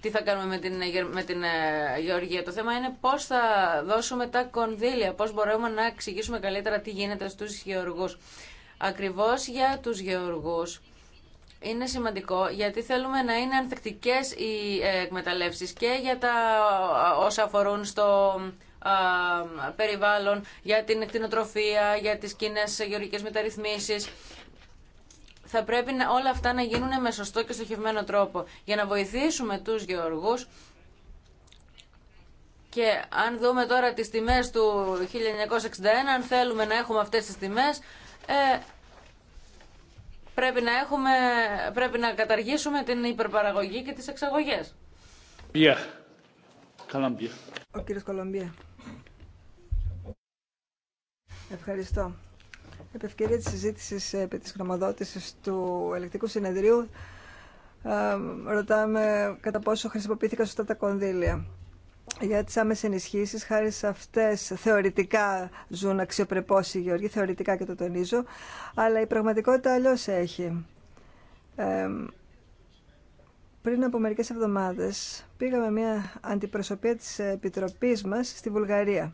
τι θα κάνουμε με την, με την ε, Γεωργία. Το θέμα είναι πώς θα δώσουμε τα κονδύλια, πώς μπορούμε να εξηγήσουμε καλύτερα τι γίνεται στους γεωργού. Ακριβώς για τους γεωργού είναι σημαντικό γιατί θέλουμε να είναι ανθεκτικές οι ε, εκμεταλλεύσεις και για τα όσα αφορούν στο περιβάλλον, για την εκτινοτροφία, για τις κοινέ γεωργικές μεταρρυθμίσεις. Θα πρέπει όλα αυτά να γίνουν με σωστό και στοχευμένο τρόπο για να βοηθήσουμε τους γεωργούς και αν δούμε τώρα τις τιμές του 1961, αν θέλουμε να έχουμε αυτές τις τιμές, ε, πρέπει, να έχουμε, πρέπει να καταργήσουμε την υπερπαραγωγή και τις εξαγωγές. Ο κύριος Κολομπία. Ευχαριστώ. Επ' ευκαιρία της συζήτησης ε, επί της του ελεκτικού συνεδρίου ε, ρωτάμε κατά πόσο χρησιμοποιήθηκαν σωστά τα κονδύλια. Για τι άμεσε ενισχύσει, χάρη σε αυτές θεωρητικά ζουν αξιοπρεπώς οι Γεωργοί, θεωρητικά και το τονίζω, αλλά η πραγματικότητα αλλιώ έχει. Ε, πριν από μερικές εβδομάδες πήγαμε μια αντιπροσωπεία της Επιτροπής μας στη Βουλγαρία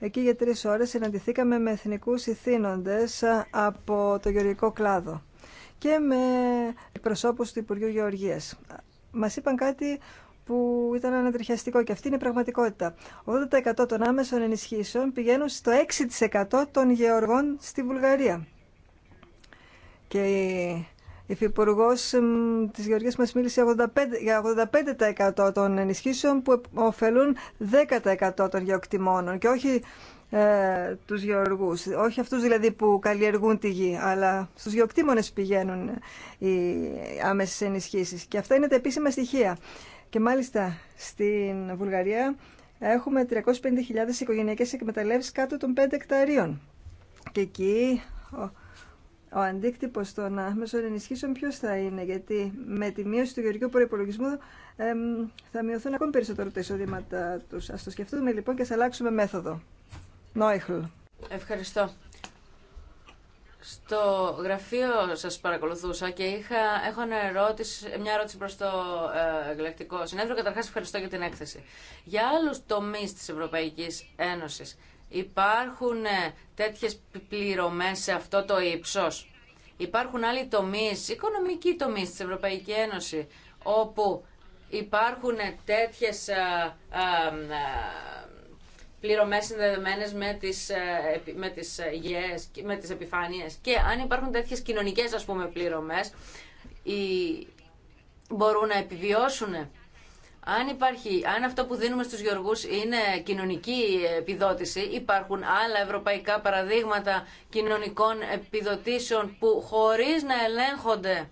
Εκεί για τρεις ώρες συναντηθήκαμε με εθνικούς ηθήνοντες ε, από το γεωργικό κλάδο και με προσώπους του Υπουργείου Γεωργίας. Μας είπαν κάτι που ήταν ανατριχιαστικό και αυτή είναι η πραγματικότητα. 80% των άμεσων ενισχύσεων πηγαίνουν στο 6% των γεωργών στη Βουλγαρία. Και Υφυπουργό τη Γεωργία μα μίλησε για 85% των ενισχύσεων που ωφελούν 10% των γεωκτημόνων και όχι ε, τους γεωργούς, όχι αυτούς δηλαδή που καλλιεργούν τη γη, αλλά στους γεωκτήμονες πηγαίνουν ε, οι άμεσες ενισχύσεις. Και αυτά είναι τα επίσημα στοιχεία. Και μάλιστα στην Βουλγαρία έχουμε 350.000 οικογενειακές εκμεταλλεύσεις κάτω των 5 εκταρίων. Και εκεί ο αντίκτυπο των άμεσων ενισχύσεων ποιο θα είναι, γιατί με τη μείωση του γεωργικού προπολογισμού θα μειωθούν ακόμη περισσότερο τα εισοδήματα τους. Α το σκεφτούμε λοιπόν και θα αλλάξουμε μέθοδο. Νόιχλ. Ευχαριστώ. Στο γραφείο σας παρακολουθούσα και είχα, έχω ένα μια ερώτηση προς το ε, εκλεκτικό συνέδριο. Καταρχάς ευχαριστώ για την έκθεση. Για άλλους τομείς της Ευρωπαϊκής Ένωσης, Υπάρχουν ε, τέτοιες πληρωμές σε αυτό το ύψος. Υπάρχουν άλλοι τομείς, οικονομικοί τομείς της Ευρωπαϊκή Ένωση, όπου υπάρχουν ε, τέτοιες ε, πληρωμές συνδεδεμένες με τις, με τις με τις επιφάνειες. Και αν υπάρχουν τέτοιες κοινωνικές, ας πούμε, πληρωμές, οι, μπορούν να επιβιώσουν αν, υπάρχει, αν αυτό που δίνουμε στους γεωργούς είναι κοινωνική επιδότηση, υπάρχουν άλλα ευρωπαϊκά παραδείγματα κοινωνικών επιδοτήσεων που χωρίς να ελέγχονται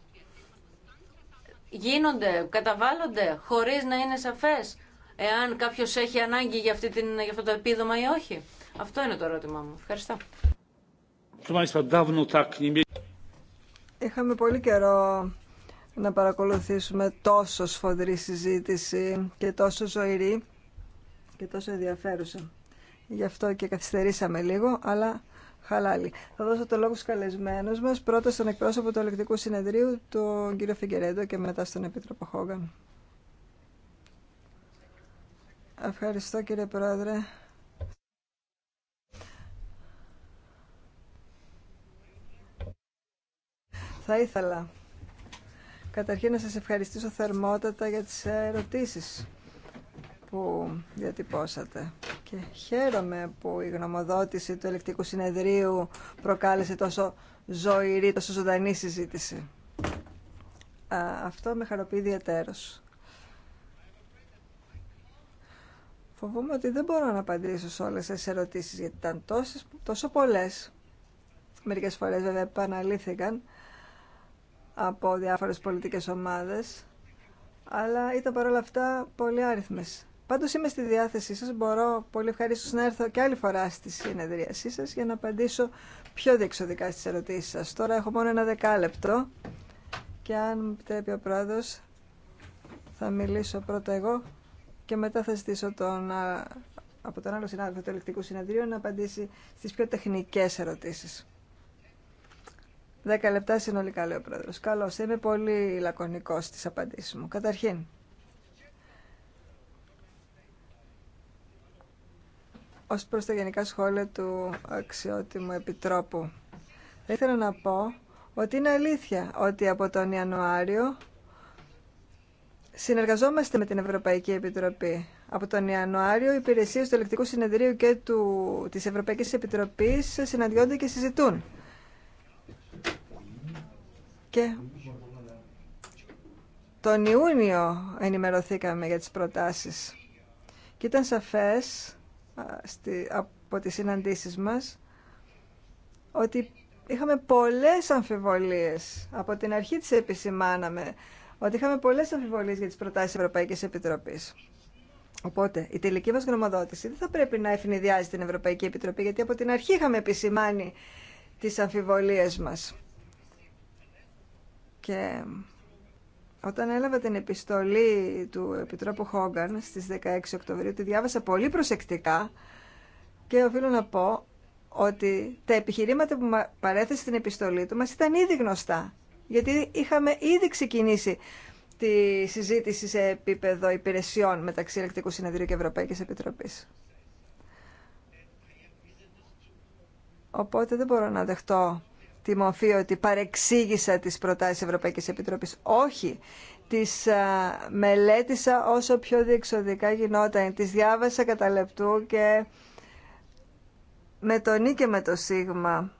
γίνονται, καταβάλλονται χωρίς να είναι σαφές εάν κάποιος έχει ανάγκη για, αυτή την, για αυτό το επίδομα ή όχι. Αυτό είναι το ερώτημά μου. Ευχαριστώ. Είχαμε πολύ καιρό να παρακολουθήσουμε τόσο σφοδρή συζήτηση και τόσο ζωηρή και τόσο ενδιαφέρουσα. Γι' αυτό και καθυστερήσαμε λίγο, αλλά χαλάλη. Θα δώσω το λόγο στους καλεσμένους μας, πρώτα στον εκπρόσωπο του Ελεκτικού Συνεδρίου, τον κύριο Φιγκερέντο και μετά στον Επίτροπο Χόγκαν. Ευχαριστώ κύριε Πρόεδρε. Θα ήθελα Καταρχήν να σας ευχαριστήσω θερμότατα για τις ερωτήσεις που διατυπώσατε. Και χαίρομαι που η γνωμοδότηση του Ελεκτικού Συνεδρίου προκάλεσε τόσο ζωηρή, τόσο ζωντανή συζήτηση. αυτό με χαροποιεί ιδιαίτερος. Φοβούμαι ότι δεν μπορώ να απαντήσω σε όλες τις ερωτήσεις, γιατί ήταν τόσες, τόσο πολλές. Μερικές φορές βέβαια επαναλήθηκαν, από διάφορες πολιτικές ομάδες, αλλά ήταν παρόλα αυτά πολύ άριθμες. Πάντως είμαι στη διάθεσή σας, μπορώ πολύ ευχαρίστως να έρθω και άλλη φορά στη συνεδρίασή σας για να απαντήσω πιο διεξοδικά στις ερωτήσεις σας. Τώρα έχω μόνο ένα δεκάλεπτο και αν μου επιτρέπει ο πρόεδρος θα μιλήσω πρώτα εγώ και μετά θα ζητήσω τον, από τον άλλο συνάδελφο του ελεκτικού συνεδρίου να απαντήσει στις πιο τεχνικές ερωτήσεις. Δέκα λεπτά συνολικά, λέει ο πρόεδρο. Καλώ, είμαι πολύ λακωνικό στι απαντήσει μου. Καταρχήν, ω προ τα γενικά σχόλια του αξιότιμου επιτρόπου, θα ήθελα να πω ότι είναι αλήθεια ότι από τον Ιανουάριο συνεργαζόμαστε με την Ευρωπαϊκή Επιτροπή. Από τον Ιανουάριο οι υπηρεσίε του Ελεκτικού Συνεδρίου και του, της Ευρωπαϊκής Επιτροπής συναντιόνται και συζητούν. Και τον Ιούνιο ενημερωθήκαμε για τις προτάσεις. Και ήταν σαφές από τις συναντήσεις μας ότι είχαμε πολλές αμφιβολίες. Από την αρχή τις επισημάναμε ότι είχαμε πολλές αμφιβολίες για τις προτάσεις της Ευρωπαϊκής Επιτροπής. Οπότε, η τελική μας γνωμοδότηση δεν θα πρέπει να ευνηδιάζει την Ευρωπαϊκή Επιτροπή, γιατί από την αρχή είχαμε επισημάνει τις αμφιβολίες μας. Και όταν έλαβα την επιστολή του Επιτρόπου Χόγκαν στις 16 Οκτωβρίου, τη διάβασα πολύ προσεκτικά και οφείλω να πω ότι τα επιχειρήματα που παρέθεσε την επιστολή του μας ήταν ήδη γνωστά. Γιατί είχαμε ήδη ξεκινήσει τη συζήτηση σε επίπεδο υπηρεσιών μεταξύ Ελεκτικού Συνεδρίου και Ευρωπαϊκής Επιτροπής. Οπότε δεν μπορώ να δεχτώ τη μορφή ότι παρεξήγησα τις προτάσεις Ευρωπαϊκής Επιτροπής. Όχι, τις μελέτησα όσο πιο διεξοδικά γινόταν. Τις διάβασα κατά λεπτού και με τον και με το σίγμα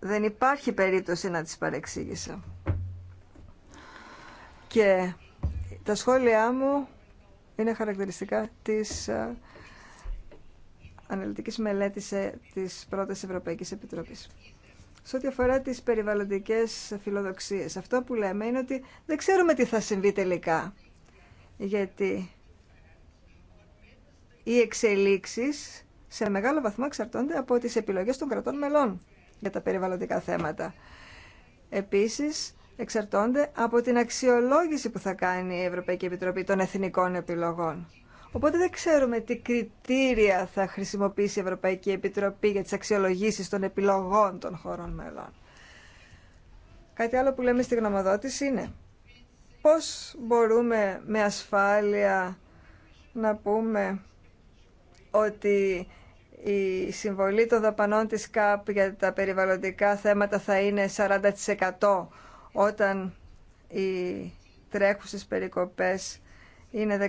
δεν υπάρχει περίπτωση να τις παρεξήγησα. Και τα σχόλιά μου είναι χαρακτηριστικά της αναλυτικής μελέτης ε, της πρώτης Ευρωπαϊκής Επιτροπής σε ό,τι αφορά τις περιβαλλοντικές φιλοδοξίες. Αυτό που λέμε είναι ότι δεν ξέρουμε τι θα συμβεί τελικά. Γιατί οι εξελίξεις σε μεγάλο βαθμό εξαρτώνται από τις επιλογές των κρατών μελών για τα περιβαλλοντικά θέματα. Επίσης, εξαρτώνται από την αξιολόγηση που θα κάνει η Ευρωπαϊκή Επιτροπή των Εθνικών Επιλογών. Οπότε δεν ξέρουμε τι κριτήρια θα χρησιμοποιήσει η Ευρωπαϊκή Επιτροπή για τις αξιολογήσεις των επιλογών των χωρών μελών. Κάτι άλλο που λέμε στη γνωμοδότηση είναι πώς μπορούμε με ασφάλεια να πούμε ότι η συμβολή των δαπανών της ΚΑΠ για τα περιβαλλοντικά θέματα θα είναι 40% όταν οι τρέχουσες περικοπές είναι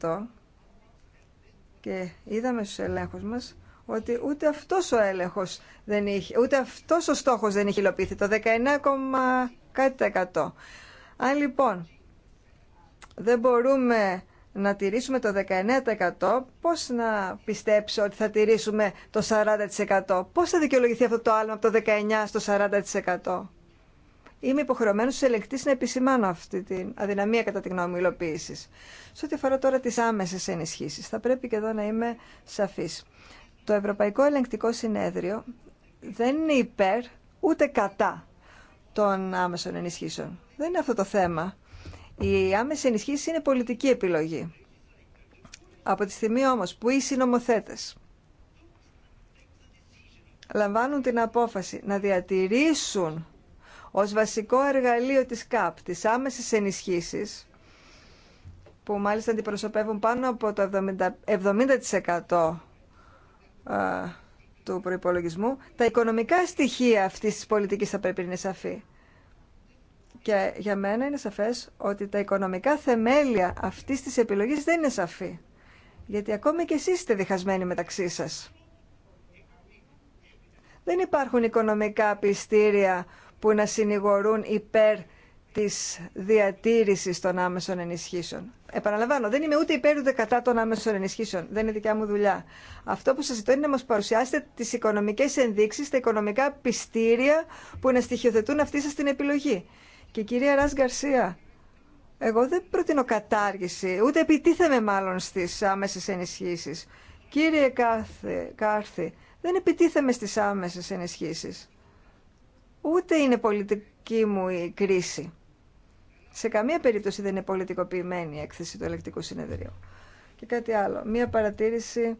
19,6% και είδαμε στους ελέγχους μας ότι ούτε αυτός ο έλεγχος δεν είχε, ούτε αυτός ο στόχος δεν είχε υλοποιηθεί, το 19,1%. Αν λοιπόν δεν μπορούμε να τηρήσουμε το 19%, πώς να πιστέψω ότι θα τηρήσουμε το 40%, πώς θα δικαιολογηθεί αυτό το άλμα από το 19% στο 40% είμαι υποχρεωμένο ω να επισημάνω αυτή την αδυναμία κατά τη γνώμη υλοποίηση. Σε ό,τι αφορά τώρα τι άμεσε ενισχύσει, θα πρέπει και εδώ να είμαι σαφή. Το Ευρωπαϊκό Ελεγκτικό Συνέδριο δεν είναι υπέρ ούτε κατά των άμεσων ενισχύσεων. Δεν είναι αυτό το θέμα. Οι άμεση ενισχύσει είναι πολιτική επιλογή. Από τη στιγμή όμω, που οι συνομοθέτε λαμβάνουν την απόφαση να διατηρήσουν ως βασικό εργαλείο της ΚΑΠ, της άμεσες ενισχύσεις, που μάλιστα αντιπροσωπεύουν πάνω από το 70% του προϋπολογισμού, τα οικονομικά στοιχεία αυτής της πολιτικής θα πρέπει να είναι σαφή. Και για μένα είναι σαφές ότι τα οικονομικά θεμέλια αυτής της επιλογής δεν είναι σαφή. Γιατί ακόμη και εσείς είστε διχασμένοι μεταξύ σας. Δεν υπάρχουν οικονομικά πιστήρια που να συνηγορούν υπέρ της διατήρησης των άμεσων ενισχύσεων. Επαναλαμβάνω, δεν είμαι ούτε υπέρ ούτε κατά των άμεσων ενισχύσεων. Δεν είναι δικιά μου δουλειά. Αυτό που σας ζητώ είναι να μας παρουσιάσετε τις οικονομικές ενδείξεις, τα οικονομικά πιστήρια που να στοιχειοθετούν αυτή σας την επιλογή. Και κυρία Ράς Γκαρσία, εγώ δεν προτείνω κατάργηση, ούτε επιτίθεμαι μάλλον στις άμεσες ενισχύσεις. Κύριε Κάρθη, δεν επιτίθεμαι στις άμεσες ενισχύσεις. Ούτε είναι πολιτική μου η κρίση. Σε καμία περίπτωση δεν είναι πολιτικοποιημένη η έκθεση του ελεκτικού συνεδρίου. Και κάτι άλλο. Μία παρατήρηση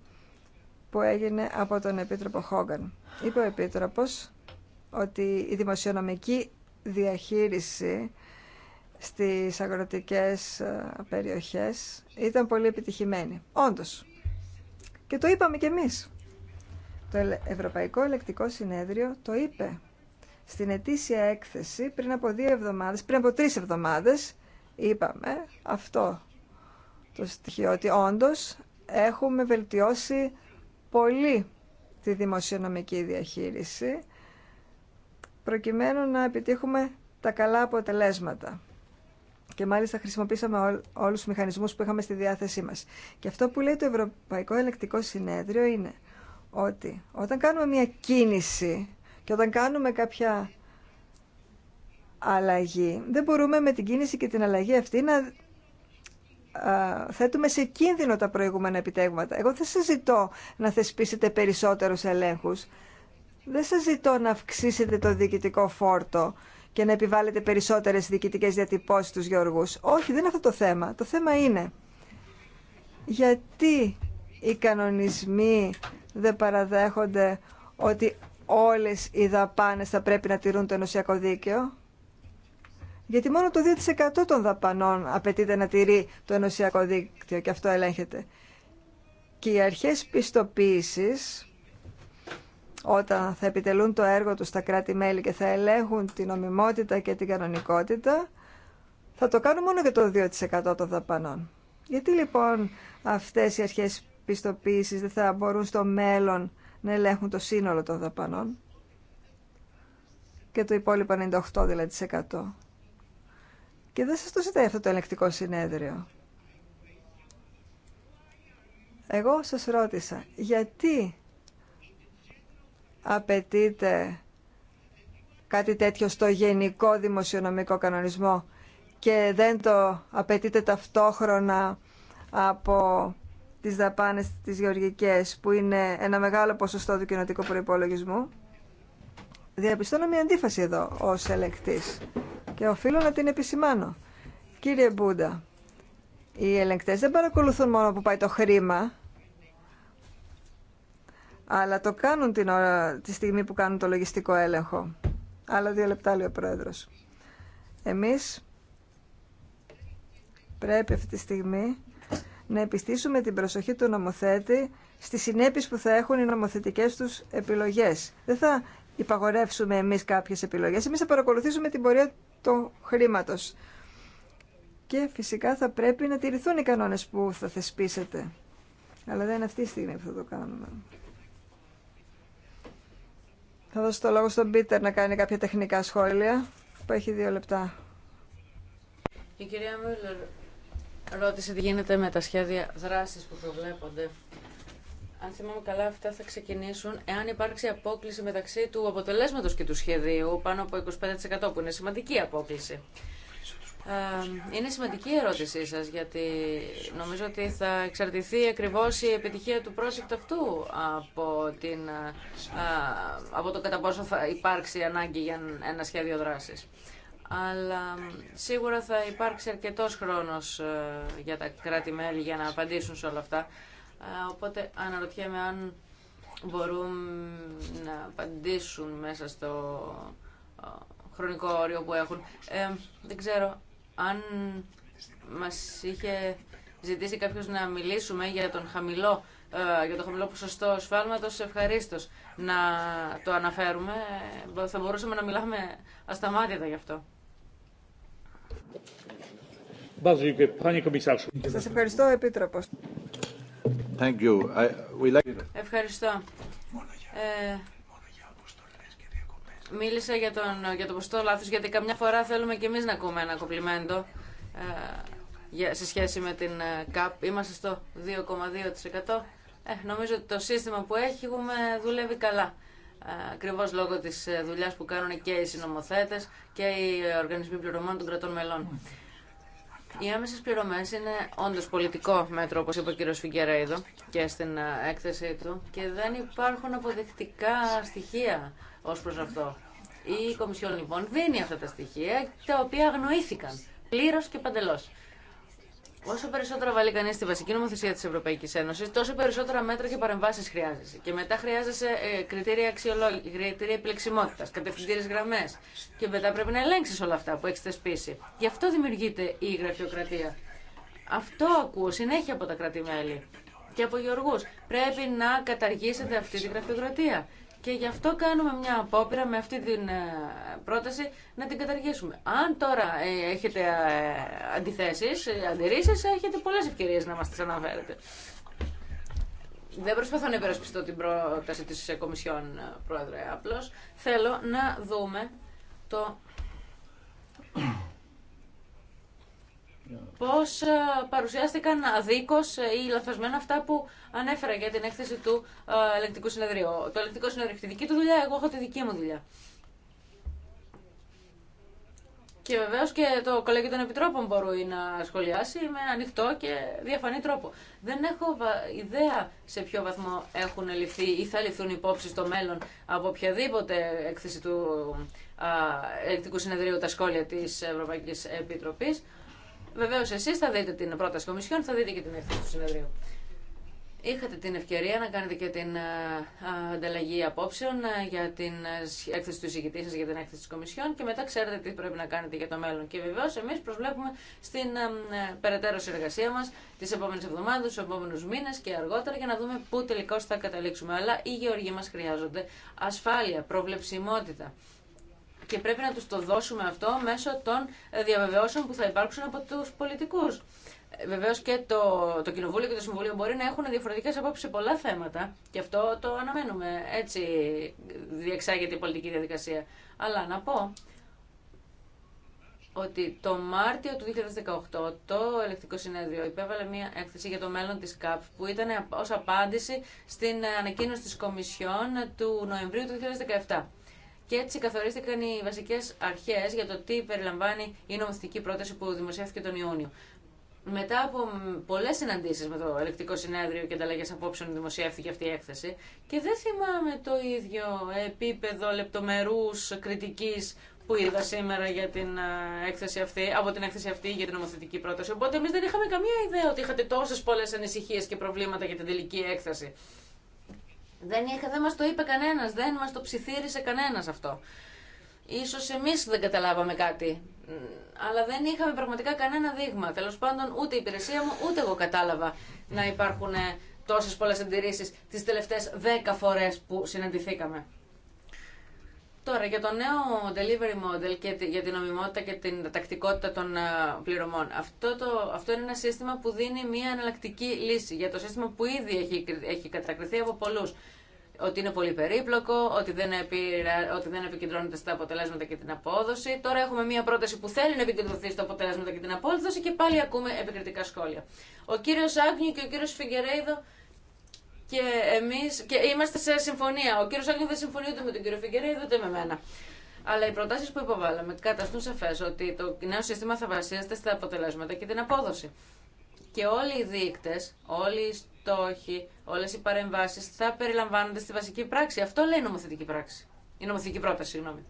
που έγινε από τον Επίτροπο Χόγκαν. Είπε ο Επίτροπος ότι η δημοσιονομική διαχείριση στις αγροτικές ε, περιοχές ήταν πολύ επιτυχημένη. Όντως. Και το είπαμε κι εμείς. Το Ευρωπαϊκό Ελεκτικό Συνέδριο το είπε στην ετήσια έκθεση πριν από δύο εβδομάδες, πριν από τρεις εβδομάδες, είπαμε αυτό το στοιχείο, ότι όντως έχουμε βελτιώσει πολύ τη δημοσιονομική διαχείριση, προκειμένου να επιτύχουμε τα καλά αποτελέσματα. Και μάλιστα χρησιμοποίησαμε όλους τους μηχανισμούς που είχαμε στη διάθεσή μας. Και αυτό που λέει το Ευρωπαϊκό Ελεκτικό Συνέδριο είναι ότι όταν κάνουμε μια κίνηση και όταν κάνουμε κάποια αλλαγή, δεν μπορούμε με την κίνηση και την αλλαγή αυτή να θέτουμε σε κίνδυνο τα προηγούμενα επιτέγματα. Εγώ δεν σας ζητώ να θεσπίσετε περισσότερους ελέγχους. Δεν σας ζητώ να αυξήσετε το διοικητικό φόρτο και να επιβάλλετε περισσότερες διοικητικές διατυπώσεις στους γεωργού. Όχι, δεν είναι αυτό το θέμα. Το θέμα είναι γιατί οι κανονισμοί δεν παραδέχονται ότι όλες οι δαπάνες θα πρέπει να τηρούν το ενωσιακό δίκαιο. Γιατί μόνο το 2% των δαπανών απαιτείται να τηρεί το ενωσιακό δίκτυο και αυτό ελέγχεται. Και οι αρχές πιστοποίησης, όταν θα επιτελούν το έργο τους στα κράτη-μέλη και θα ελέγχουν την ομιμότητα και την κανονικότητα, θα το κάνουν μόνο και το 2% των δαπανών. Γιατί λοιπόν αυτές οι αρχές πιστοποίησης δεν θα μπορούν στο μέλλον να ελέγχουν το σύνολο των δαπανών και το υπόλοιπο 98% δηλαδή. Και δεν σας το ζητάει αυτό το ελεκτικό συνέδριο. Εγώ σας ρώτησα, γιατί απαιτείται κάτι τέτοιο στο γενικό δημοσιονομικό κανονισμό και δεν το απαιτείται ταυτόχρονα από τις δαπάνε τις γεωργικές που είναι ένα μεγάλο ποσοστό του κοινοτικού προϋπολογισμού διαπιστώνω μια αντίφαση εδώ ω ελεκτή. και οφείλω να την επισημάνω κύριε Μπούντα οι ελεγκτές δεν παρακολουθούν μόνο που πάει το χρήμα αλλά το κάνουν την ώρα, τη στιγμή που κάνουν το λογιστικό έλεγχο άλλα δύο λεπτά λέει ο Πρόεδρος εμείς πρέπει αυτή τη στιγμή να επιστήσουμε την προσοχή του νομοθέτη στις συνέπειε που θα έχουν οι νομοθετικέ τους επιλογές. Δεν θα υπαγορεύσουμε εμείς κάποιε επιλογές, εμείς θα παρακολουθήσουμε την πορεία του χρήματο. Και φυσικά θα πρέπει να τηρηθούν οι κανόνες που θα θεσπίσετε. Αλλά δεν είναι αυτή η στιγμή που θα το κάνουμε. Θα δώσω το λόγο στον Πίτερ να κάνει κάποια τεχνικά σχόλια, που έχει δύο λεπτά. Η κυρία Ρώτησε τι γίνεται με τα σχέδια δράση που προβλέπονται. Αν θυμάμαι καλά, αυτά θα ξεκινήσουν εάν υπάρξει απόκληση μεταξύ του αποτελέσματο και του σχεδίου, πάνω από 25% που είναι σημαντική απόκληση. Ε, είναι σημαντική η ερώτησή σα, γιατί νομίζω ότι θα εξαρτηθεί ακριβώ η επιτυχία του project αυτού από, την, ε, ε, από το κατά πόσο θα υπάρξει ανάγκη για ένα σχέδιο δράση αλλά σίγουρα θα υπάρξει αρκετός χρόνος ε, για τα κράτη-μέλη για να απαντήσουν σε όλα αυτά. Ε, οπότε αναρωτιέμαι αν μπορούν να απαντήσουν μέσα στο ε, χρονικό όριο που έχουν. δεν ξέρω αν μας είχε ζητήσει κάποιος να μιλήσουμε για τον χαμηλό για το χαμηλό ποσοστό σφάλματος ευχαρίστως να το αναφέρουμε. Θα μπορούσαμε να μιλάμε ασταμάτητα γι' αυτό. Σας ευχαριστώ, Επίτροπος. Ευχαριστώ. Ε, μίλησα για τον, για το ποστό λάθος, γιατί καμιά φορά θέλουμε και εμείς να ακούμε ένα κοπλιμέντο ε, σε σχέση με την ε, ΚΑΠ. Είμαστε στο 2,2%. Ε, νομίζω ότι το σύστημα που έχουμε δουλεύει καλά ακριβώ λόγω τη ε, δουλειά που κάνουν και οι συνομοθέτε και οι οργανισμοί πληρωμών των κρατών μελών. Οι άμεσε πληρωμέ είναι όντω πολιτικό μέτρο, όπω είπε ο κ. Φιγκεραίδο και στην ε, έκθεσή του, και δεν υπάρχουν αποδεκτικά στοιχεία ω προ αυτό. Η Κομισιόν λοιπόν δίνει αυτά τα στοιχεία, τα οποία αγνοήθηκαν πλήρω και παντελώ. Όσο περισσότερο βάλει κανεί στη βασική νομοθεσία τη Ευρωπαϊκή Ένωση, τόσο περισσότερα μέτρα και παρεμβάσει χρειάζεσαι. Και μετά χρειάζεσαι ε, κριτήρια, αξιολόγηση, κριτήρια επιλεξιμότητα, κατευθυντήρε γραμμέ. Και μετά πρέπει να ελέγξει όλα αυτά που έχει θεσπίσει. Γι' αυτό δημιουργείται η γραφειοκρατία. Αυτό ακούω συνέχεια από τα κράτη-μέλη και από γεωργού. Πρέπει να καταργήσετε αυτή τη γραφειοκρατία. Και γι' αυτό κάνουμε μια απόπειρα με αυτή την ε, πρόταση να την καταργήσουμε. Αν τώρα ε, έχετε ε, αντιθέσεις, αντιρρήσεις, έχετε πολλές ευκαιρίες να μας τις αναφέρετε. Δεν προσπαθώ να υπερασπιστώ την πρόταση της Κομισιόν, Πρόεδρε, απλώς θέλω να δούμε το πώς ε, παρουσιάστηκαν αδίκως ε, ή λαθασμένα αυτά που ανέφερα για την έκθεση του ε, Ελεκτικού συνεδρίου. Το Ελεκτικό συνεδρίο έχει τη δική του δουλειά, εγώ έχω τη δική μου δουλειά. Και βεβαίω και το κολέγιο των επιτρόπων μπορεί να σχολιάσει με ανοιχτό και διαφανή τρόπο. Δεν έχω ιδέα σε ποιο βαθμό έχουν ληφθεί ή θα ληφθούν υπόψη στο μέλλον από οποιαδήποτε έκθεση του Ελεκτικού Συνεδρίου τα σχόλια τη Ευρωπαϊκή Επιτροπή. Βεβαίω εσεί θα δείτε την πρόταση Κομισιόν, θα δείτε και την έκθεση του συνεδρίου. Είχατε την ευκαιρία να κάνετε και την ε, ανταλλαγή απόψεων ε, ε, για την έκθεση του εισηγητή σα για την έκθεση τη Κομισιόν και μετά ξέρετε τι πρέπει να κάνετε για το μέλλον. Και βεβαίω εμεί προσβλέπουμε στην περαιτέρω συνεργασία μα τι επόμενε εβδομάδε, του επόμενου μήνε και αργότερα για να δούμε πού τελικώ θα καταλήξουμε. Αλλά οι γεωργοί μα χρειάζονται ασφάλεια, προβλεψιμότητα και πρέπει να τους το δώσουμε αυτό μέσω των ε, διαβεβαιώσεων που θα υπάρξουν από τους πολιτικούς. Ε, βεβαίως και το, το Κοινοβούλιο και το Συμβούλιο μπορεί να έχουν διαφορετικές απόψεις σε πολλά θέματα και αυτό το αναμένουμε. Έτσι διεξάγεται η πολιτική διαδικασία. Αλλά να πω ότι το Μάρτιο του 2018 το Ελεκτικό Συνέδριο υπέβαλε μια έκθεση για το μέλλον της ΚΑΠ που ήταν ως απάντηση στην ανακοίνωση της Κομισιόν του Νοεμβρίου του 2017 και έτσι καθορίστηκαν οι βασικέ αρχέ για το τι περιλαμβάνει η νομοθετική πρόταση που δημοσιεύθηκε τον Ιούνιο. Μετά από πολλέ συναντήσει με το ελεκτικό συνέδριο και ανταλλαγέ απόψεων, δημοσιεύθηκε αυτή η έκθεση. Και δεν θυμάμαι το ίδιο επίπεδο λεπτομερού κριτική που είδα σήμερα για την ε, έκθεση αυτή, από την έκθεση αυτή για την νομοθετική πρόταση. Οπότε εμεί δεν είχαμε καμία ιδέα ότι είχατε τόσε πολλέ ανησυχίε και προβλήματα για την τελική έκθεση. Δεν, είχα, δεν μας το είπε κανένας, δεν μας το ψιθύρισε κανένας αυτό. Ίσως εμείς δεν καταλάβαμε κάτι, αλλά δεν είχαμε πραγματικά κανένα δείγμα. Τέλος πάντων ούτε η υπηρεσία μου ούτε εγώ κατάλαβα να υπάρχουν ε, τόσες πολλές αντιρρήσεις τις τελευταίες δέκα φορές που συναντηθήκαμε. Τώρα για το νέο delivery model και για την νομιμότητα και την τακτικότητα των ε, πληρωμών. Αυτό, το, αυτό είναι ένα σύστημα που δίνει μια εναλλακτική λύση για το σύστημα που ήδη έχει, έχει κατακριθεί από πολλούς. Ότι είναι πολύ περίπλοκο, ότι δεν, ότι δεν επικεντρώνεται στα αποτελέσματα και την απόδοση. Τώρα έχουμε μια πρόταση που θέλει να επικεντρωθεί στα αποτελέσματα και την απόδοση και πάλι ακούμε επικριτικά σχόλια. Ο κύριος Άγνιου και ο κύριος Φιγκερέιδο και εμεί και είμαστε σε συμφωνία. Ο κύριο Άγγλου δεν συμφωνεί ούτε με τον κύριο Φιγκερέιδο ούτε με μένα. Αλλά οι προτάσει που υποβάλαμε καταστούν σαφέ ότι το νέο σύστημα θα βασίζεται στα αποτελέσματα και την απόδοση. Και όλοι οι δείκτε, όλοι οι στόχοι, όλε οι παρεμβάσει θα περιλαμβάνονται στη βασική πράξη. Αυτό λέει η νομοθετική πράξη. Η νομοθετική πρόταση, συγγνώμη.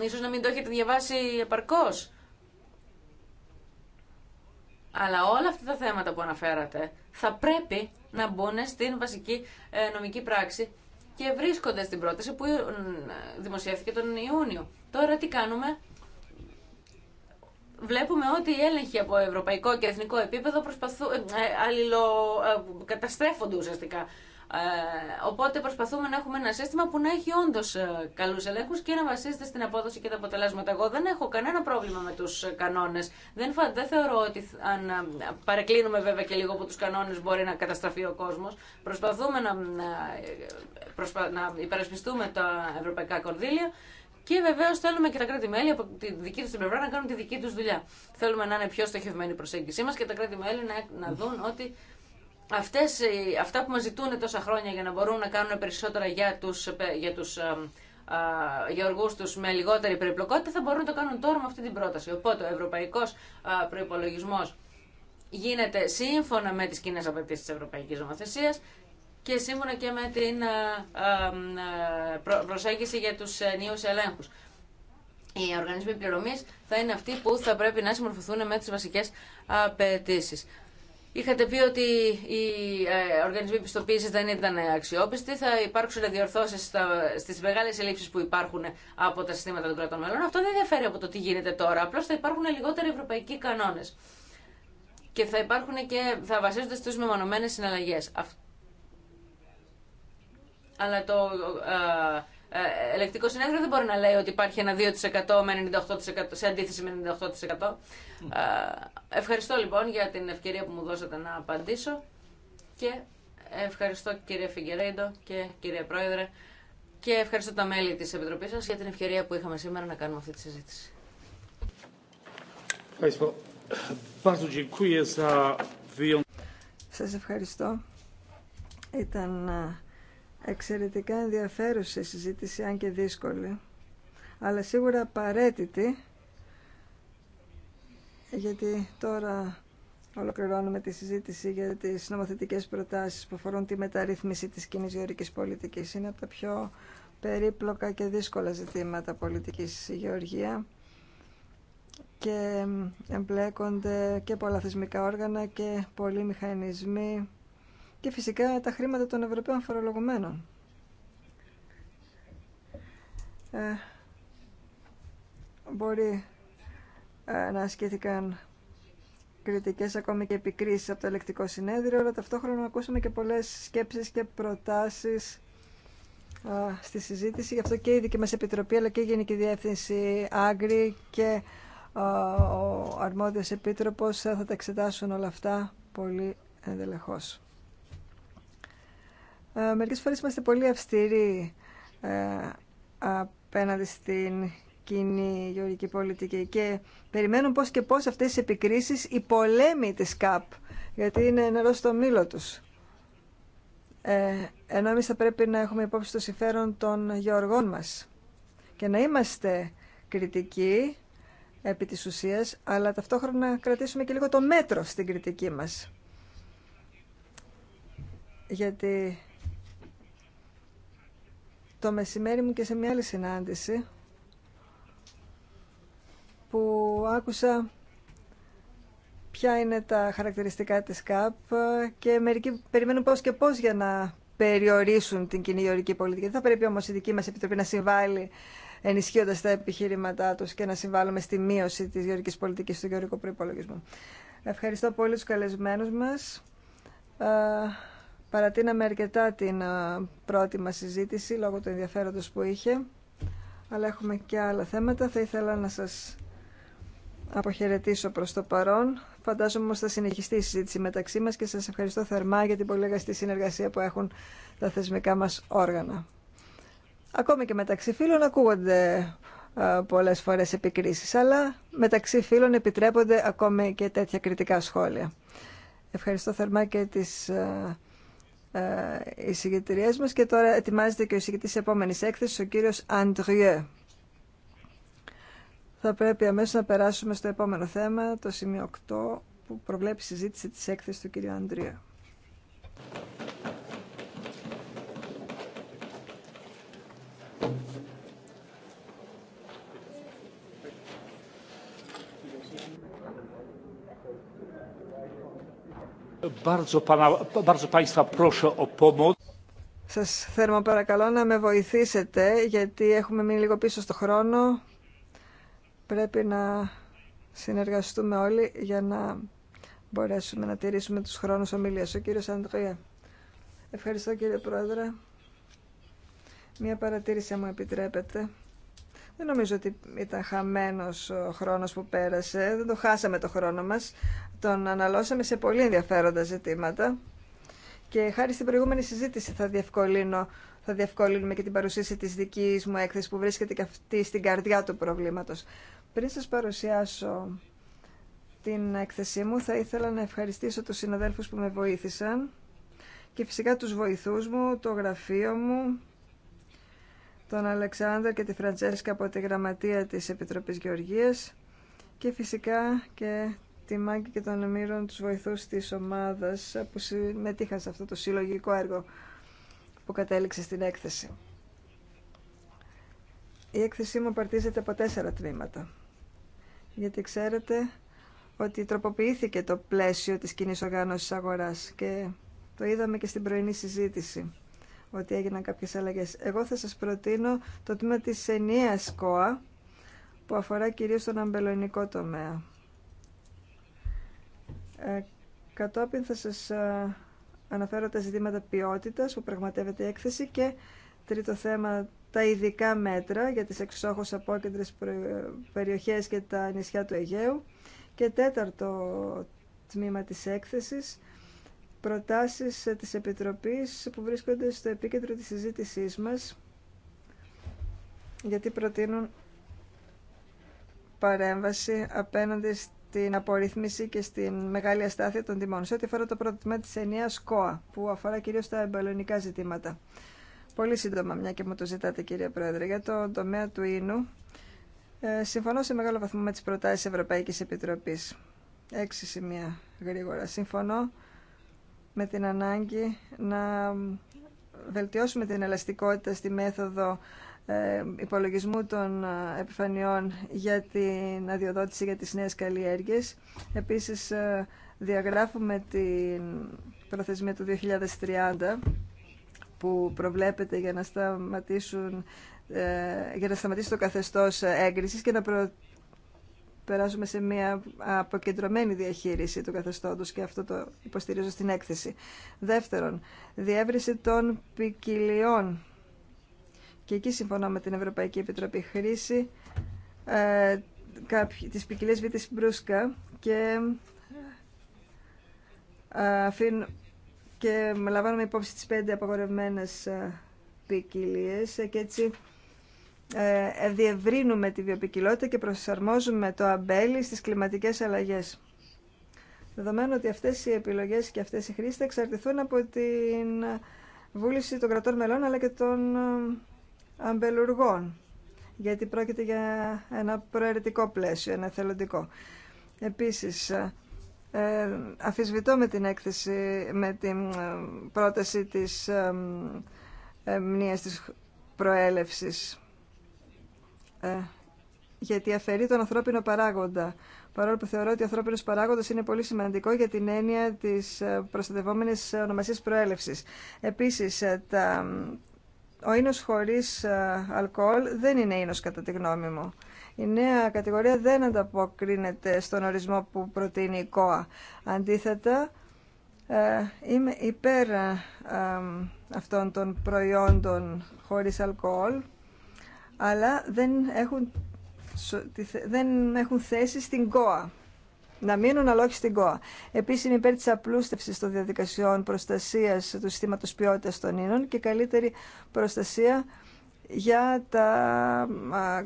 Ίσως να μην το έχετε διαβάσει επαρκώ. Αλλά όλα αυτά τα θέματα που αναφέρατε θα πρέπει να μπουν στην βασική ε, νομική πράξη και βρίσκονται στην πρόταση που ε, δημοσιεύθηκε τον Ιούνιο. Τώρα τι κάνουμε. Βλέπουμε ότι οι έλεγχοι από ευρωπαϊκό και εθνικό επίπεδο προσπαθούν, ε, καταστρέφονται ουσιαστικά. Ε, οπότε προσπαθούμε να έχουμε ένα σύστημα που να έχει όντω ε, καλού ελέγχου και να βασίζεται στην απόδοση και τα αποτελέσματα. Εγώ δεν έχω κανένα πρόβλημα με του ε, κανόνε. Δεν, δεν θεωρώ ότι αν παρεκκλίνουμε βέβαια και λίγο από του κανόνε μπορεί να καταστραφεί ο κόσμο. Προσπαθούμε να, προσπα, να υπερασπιστούμε τα ευρωπαϊκά κονδύλια Και βεβαίω θέλουμε και τα κράτη-μέλη από τη δική του πλευρά να κάνουν τη δική του δουλειά. Θέλουμε να είναι πιο στοχευμένη η προσέγγιση μα και τα κράτη-μέλη να, να δουν ότι αυτές, αυτά που μας ζητούν τόσα χρόνια για να μπορούν να κάνουν περισσότερα για τους, για τους ε, ε, γεωργού του με λιγότερη περιπλοκότητα θα μπορούν να το κάνουν τώρα με αυτή την πρόταση. Οπότε ο ευρωπαϊκό ε, προπολογισμό γίνεται σύμφωνα με τις κοινέ απαιτήσει τη ευρωπαϊκή νομοθεσία και σύμφωνα και με την προσέγγιση για του νέου ελέγχου. Οι οργανισμοί πληρωμής θα είναι αυτοί που θα πρέπει να συμμορφωθούν με τι βασικέ απαιτήσει. Είχατε πει ότι οι ε, οργανισμοί πιστοποίηση δεν ήταν αξιόπιστοι. Θα υπάρξουν διορθώσει στι μεγάλε ελλείψει που υπάρχουν από τα συστήματα των κρατών μελών. Αυτό δεν διαφέρει από το τι γίνεται τώρα. Απλώ θα υπάρχουν λιγότεροι ευρωπαϊκοί κανόνε. Και θα υπάρχουν και θα βασίζονται στι μεμονωμένε συναλλαγέ. Αλλά το ε, ε, ελεκτικό συνέδριο δεν μπορεί να λέει ότι υπάρχει ένα 2% με 98% σε αντίθεση με 98%. Ε, ευχαριστώ λοιπόν για την ευκαιρία που μου δώσατε να απαντήσω και ευχαριστώ κύριε Φιγκερέντο και κύριε Πρόεδρε και ευχαριστώ τα μέλη της Επιτροπής σας για την ευκαιρία που είχαμε σήμερα να κάνουμε αυτή τη συζήτηση. Σας ευχαριστώ. Ε, Εξαιρετικά ενδιαφέρουσα η συζήτηση, αν και δύσκολη, αλλά σίγουρα απαραίτητη, γιατί τώρα ολοκληρώνουμε τη συζήτηση για τις νομοθετικές προτάσεις που αφορούν τη μεταρρύθμιση της κοινή γεωρικής πολιτικής. Είναι από τα πιο περίπλοκα και δύσκολα ζητήματα πολιτικής γεωργία και εμπλέκονται και πολλά θεσμικά όργανα και πολλοί μηχανισμοί και φυσικά τα χρήματα των Ευρωπαίων φορολογουμένων. Ε, μπορεί ε, να ασκήθηκαν κριτικές ακόμη και επικρίσεις από το ελεκτικό συνέδριο, αλλά ταυτόχρονα ακούσαμε και πολλές σκέψεις και προτάσεις ε, στη συζήτηση. Γι' αυτό και η δική μας Επιτροπή, αλλά και η Γενική Διεύθυνση Άγκρη και ε, ο αρμόδιος επίτροπος θα τα εξετάσουν όλα αυτά πολύ ενδελεχώς. Ε, μερικές φορές είμαστε πολύ αυστηροί ε, απέναντι στην κοινή γεωργική πολιτική και περιμένουν πώς και πώς αυτές οι επικρίσεις οι πολέμοι της ΚΑΠ γιατί είναι νερό στο μήλο τους. Ε, ενώ εμείς θα πρέπει να έχουμε υπόψη το συμφέρον των γεωργών μας και να είμαστε κριτικοί επί της ουσίας, αλλά ταυτόχρονα να κρατήσουμε και λίγο το μέτρο στην κριτική μας. Γιατί το μεσημέρι μου και σε μια άλλη συνάντηση που άκουσα ποια είναι τα χαρακτηριστικά της ΚΑΠ και μερικοί περιμένουν πώς και πώς για να περιορίσουν την κοινή γεωρική πολιτική. Δεν θα πρέπει όμως η δική μας επιτροπή να συμβάλλει ενισχύοντας τα επιχείρηματά τους και να συμβάλλουμε στη μείωση της γεωρικής πολιτικής του γεωρικού προϋπολογισμού. Ευχαριστώ πολύ τους καλεσμένους μας. Παρατείναμε αρκετά την ε, πρώτη μας συζήτηση λόγω του ενδιαφέροντος που είχε, αλλά έχουμε και άλλα θέματα. Θα ήθελα να σας αποχαιρετήσω προς το παρόν. Φαντάζομαι όμως θα συνεχιστεί η συζήτηση μεταξύ μας και σας ευχαριστώ θερμά για την πολύ συνεργασία που έχουν τα θεσμικά μας όργανα. Ακόμη και μεταξύ φίλων ακούγονται ε, πολλές φορές επικρίσεις, αλλά μεταξύ φίλων επιτρέπονται ακόμη και τέτοια κριτικά σχόλια. Ευχαριστώ θερμά και τις ε, οι ε, συγκεκριτέ μας και τώρα ετοιμάζεται και ο τη επόμενη έκθεσης, ο κύριο Αντριέ. Θα πρέπει αμέσω να περάσουμε στο επόμενο θέμα, το σημείο 8, που προβλέπει η συζήτηση της έκθεσης του κύριου Αντριέ. Σας θέρμα παρακαλώ να με βοηθήσετε γιατί έχουμε μείνει λίγο πίσω στο χρόνο. Πρέπει να συνεργαστούμε όλοι για να μπορέσουμε να τηρήσουμε τους χρόνους ομιλίας. Ο κύριος Αντρία. Ευχαριστώ κύριε Πρόεδρε. Μία παρατήρηση μου επιτρέπετε. Δεν νομίζω ότι ήταν χαμένος ο χρόνος που πέρασε. Δεν το χάσαμε το χρόνο μας τον αναλώσαμε σε πολύ ενδιαφέροντα ζητήματα και χάρη στην προηγούμενη συζήτηση θα διευκολύνω θα διευκολύνουμε και την παρουσίαση της δικής μου έκθεσης που βρίσκεται και αυτή στην καρδιά του προβλήματος. Πριν σας παρουσιάσω την έκθεσή μου θα ήθελα να ευχαριστήσω τους συναδέλφους που με βοήθησαν και φυσικά τους βοηθούς μου, το γραφείο μου, τον Αλεξάνδρ και τη Φραντσέσκα από τη Γραμματεία της Επιτροπής Γεωργίας και φυσικά και τη Μάγκη και των Μύρων, τους βοηθούς της ομάδας που συμμετείχαν σε αυτό το συλλογικό έργο που κατέληξε στην έκθεση. Η έκθεσή μου παρτίζεται από τέσσερα τμήματα. Γιατί ξέρετε ότι τροποποιήθηκε το πλαίσιο της κοινή οργάνωσης αγοράς και το είδαμε και στην πρωινή συζήτηση ότι έγιναν κάποιες αλλαγές. Εγώ θα σας προτείνω το τμήμα της ενίας ΚΟΑ που αφορά κυρίως τον αμπελονικό τομέα ε, κατόπιν θα σας ε, αναφέρω τα ζητήματα ποιότητας που πραγματεύεται η έκθεση και τρίτο θέμα τα ειδικά μέτρα για τις εξόχως απόκεντρες ε, περιοχές και τα νησιά του Αιγαίου και τέταρτο τμήμα της έκθεσης προτάσεις της Επιτροπής που βρίσκονται στο επίκεντρο της συζήτησής μας γιατί προτείνουν παρέμβαση απέναντι στην απορρίθμιση και στην μεγάλη αστάθεια των τιμών. Σε ό,τι αφορά το πρώτο τμήμα τη ενιαία ΚΟΑ, που αφορά κυρίω τα εμπελονικά ζητήματα. Πολύ σύντομα, μια και μου το ζητάτε, κύριε Πρόεδρε, για τον τομέα του ίνου. Ε, συμφωνώ σε μεγάλο βαθμό με τι προτάσει Ευρωπαϊκή Επιτροπή. Έξι σημεία γρήγορα. Συμφωνώ με την ανάγκη να βελτιώσουμε την ελαστικότητα στη μέθοδο ε, υπολογισμού των ε, επιφανειών για την αδειοδότηση για τις νέες καλλιέργειες. Επίσης, ε, διαγράφουμε την προθεσμία του 2030 που προβλέπεται για να σταματήσουν για να σταματήσει το καθεστώς έγκρισης και να περάσουμε σε μια αποκεντρωμένη διαχείριση του καθεστώτος και αυτό το υποστηρίζω στην έκθεση. Δεύτερον, διεύρυνση των ποικιλιών και εκεί συμφωνώ με την Ευρωπαϊκή Επιτροπή χρήση ε, κάποιοι, της βήτης μπρούσκα και, ε, αφήν, και λαμβάνουμε υπόψη τις πέντε απαγορευμένες ε, ποικιλίε και έτσι ε, διευρύνουμε τη βιοπικιλότητα και προσαρμόζουμε το αμπέλι στις κλιματικές αλλαγές. Δεδομένου ότι αυτές οι επιλογές και αυτές οι χρήσεις θα εξαρτηθούν από την ε, βούληση των κρατών μελών αλλά και των ε, αμπελουργών, γιατί πρόκειται για ένα προαιρετικό πλαίσιο, ένα θελοντικό. Επίσης, ε, αφισβητώ με την έκθεση, με την ε, πρόταση της ε, ε της προέλευσης, γιατί αφαιρεί τον ανθρώπινο παράγοντα. Παρόλο που θεωρώ ότι ο ανθρώπινο παράγοντα είναι πολύ σημαντικό για την έννοια τη προστατευόμενη ονομασία προέλευση. Επίση, τα ο ίνος χωρίς ε, αλκοόλ δεν είναι ίνος κατά τη γνώμη μου. Η νέα κατηγορία δεν ανταποκρίνεται στον ορισμό που προτείνει η ΚΟΑ. Αντίθετα, ε, είμαι υπέρ ε, αυτών των προϊόντων χωρίς αλκοόλ, αλλά δεν έχουν, δεν έχουν θέση στην ΚΟΑ να μείνουν αλλά όχι στην ΚΟΑ. Επίση, είναι υπέρ τη απλούστευση των διαδικασιών προστασία του συστήματο ποιότητα των ίνων και καλύτερη προστασία για τα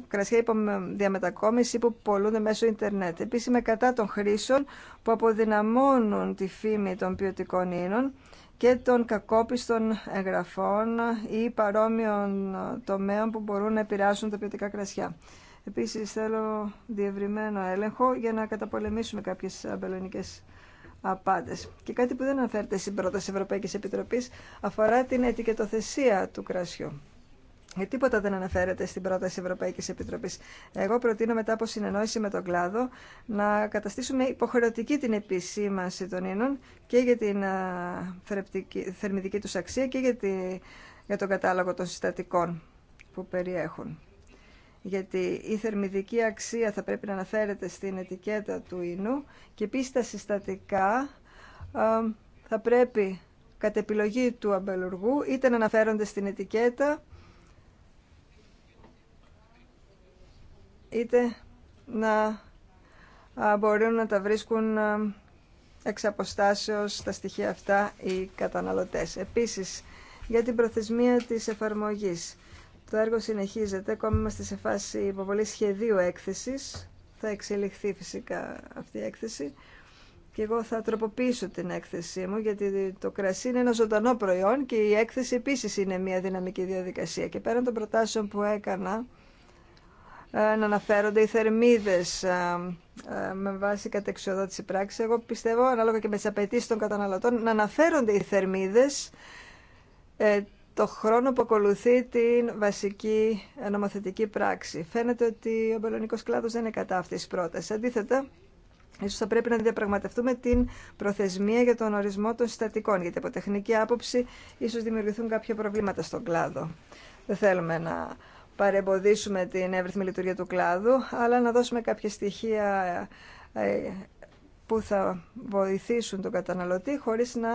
κρασιά υπό διαμετακόμιση που πολλούνται μέσω ίντερνετ. Επίσης είμαι κατά των χρήσεων που αποδυναμώνουν τη φήμη των ποιοτικών ίνων και των κακόπιστων εγγραφών ή παρόμοιων τομέων που μπορούν να επηρεάσουν τα ποιοτικά κρασιά. Επίσης θέλω διευρυμένο έλεγχο για να καταπολεμήσουμε κάποιες αμπελονικές απάντες. Και κάτι που δεν αναφέρεται στην πρόταση Ευρωπαϊκής Επιτροπής αφορά την ετικετοθεσία του κρασιού. Γιατί τίποτα δεν αναφέρεται στην πρόταση Ευρωπαϊκή Επιτροπή. Εγώ προτείνω μετά από συνεννόηση με τον κλάδο να καταστήσουμε υποχρεωτική την επισήμανση των ίνων και για την θερμιδική του αξία και για, τη, για τον κατάλογο των συστατικών που περιέχουν γιατί η θερμιδική αξία θα πρέπει να αναφέρεται στην ετικέτα του ίνου και επίσης τα συστατικά θα πρέπει κατ' επιλογή του αμπελουργού είτε να αναφέρονται στην ετικέτα είτε να μπορούν να τα βρίσκουν εξ αποστάσεως τα στοιχεία αυτά οι καταναλωτές. Επίσης, για την προθεσμία της εφαρμογής. Το έργο συνεχίζεται, ακόμα είμαστε σε φάση υποβολή σχεδίου έκθεσης. Θα εξελιχθεί φυσικά αυτή η έκθεση και εγώ θα τροποποιήσω την έκθεσή μου γιατί το κρασί είναι ένα ζωντανό προϊόν και η έκθεση επίσης είναι μια δυναμική διαδικασία και πέραν των προτάσεων που έκανα ε, να αναφέρονται οι θερμίδε ε, ε, με βάση κατεξοδότηση πράξη. Εγώ πιστεύω, ανάλογα και με τι απαιτήσει των καταναλωτών, να αναφέρονται οι θερμίδε το χρόνο που ακολουθεί την βασική ε, νομοθετική πράξη. Φαίνεται ότι ο μπελονικό κλάδο δεν είναι κατά αυτή τη πρόταση. Αντίθετα, ίσω θα πρέπει να διαπραγματευτούμε την προθεσμία για τον ορισμό των συστατικών, γιατί από τεχνική άποψη ίσω δημιουργηθούν κάποια προβλήματα στον κλάδο. Δεν θέλουμε να παρεμποδίσουμε την εύρυθμη λειτουργία του κλάδου, αλλά να δώσουμε κάποια στοιχεία ε, ε, που θα βοηθήσουν τον καταναλωτή χωρίς να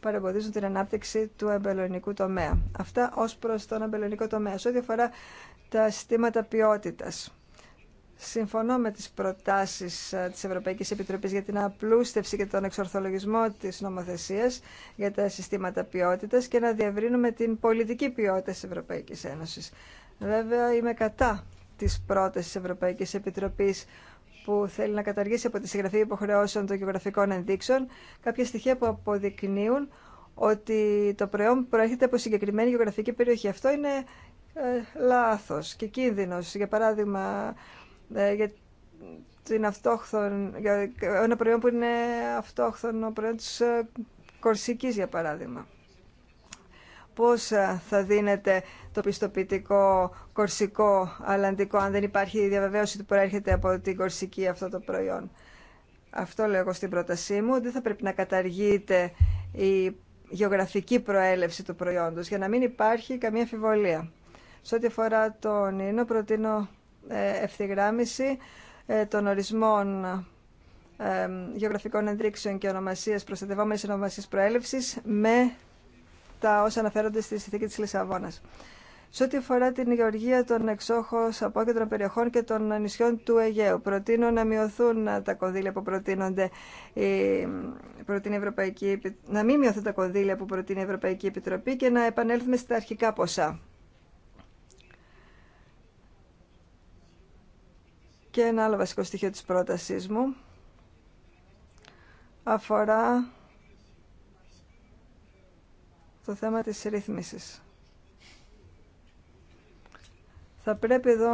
παρεμποδίζουν την ανάπτυξη του αμπελονικού τομέα. Αυτά ως προς τον αμπελονικό τομέα. Σε ό,τι αφορά τα συστήματα ποιότητα. Συμφωνώ με τις προτάσεις ε, της Ευρωπαϊκής Επιτροπής για την απλούστευση και τον εξορθολογισμό της νομοθεσίας για τα συστήματα ποιότητας και να διευρύνουμε την πολιτική ποιότητα της Ευρωπαϊκής Ένωσης. Βέβαια, είμαι κατά της πρότασης της Ευρωπαϊκής Επιτροπής που θέλει να καταργήσει από τη συγγραφή υποχρεώσεων των γεωγραφικών ενδείξεων κάποια στοιχεία που αποδεικνύουν ότι το προϊόν προέρχεται από συγκεκριμένη γεωγραφική περιοχή. Αυτό είναι ε, λάθος και κίνδυνος. Για παράδειγμα, ε, για, την για ένα προϊόν που είναι αυτόχθονο, προϊόν της ε, Κορσικής, για παράδειγμα πώς ε, θα δίνεται το πιστοποιητικό κορσικό αλλαντικό αν δεν υπάρχει διαβεβαίωση που προέρχεται από την κορσική αυτό το προϊόν. Αυτό λέω εγώ στην πρότασή μου. Δεν θα πρέπει να καταργείται η γεωγραφική προέλευση του προϊόντος για να μην υπάρχει καμία αφιβολία. Σε ό,τι αφορά τον Ίνο, προτείνω ε, ευθυγράμμιση ε, των ορισμών γεωγραφικών ενδείξεων και ονομασίας προστατευόμενης ονομασίας προέλευσης με τα όσα αναφέρονται στη συνθήκη της Λισαβόνας. Σε ό,τι αφορά την γεωργία των εξόχω απόκεντρων περιοχών και των νησιών του Αιγαίου, προτείνω να μειωθούν τα κονδύλια που προτείνονται Ευρωπαϊκή, να μην μειωθούν τα κονδύλια που προτείνει η Ευρωπαϊκή Επιτροπή και να επανέλθουμε στα αρχικά ποσά. Και ένα άλλο βασικό στοιχείο της πρότασής μου αφορά το θέμα της ρύθμισης. Θα πρέπει εδώ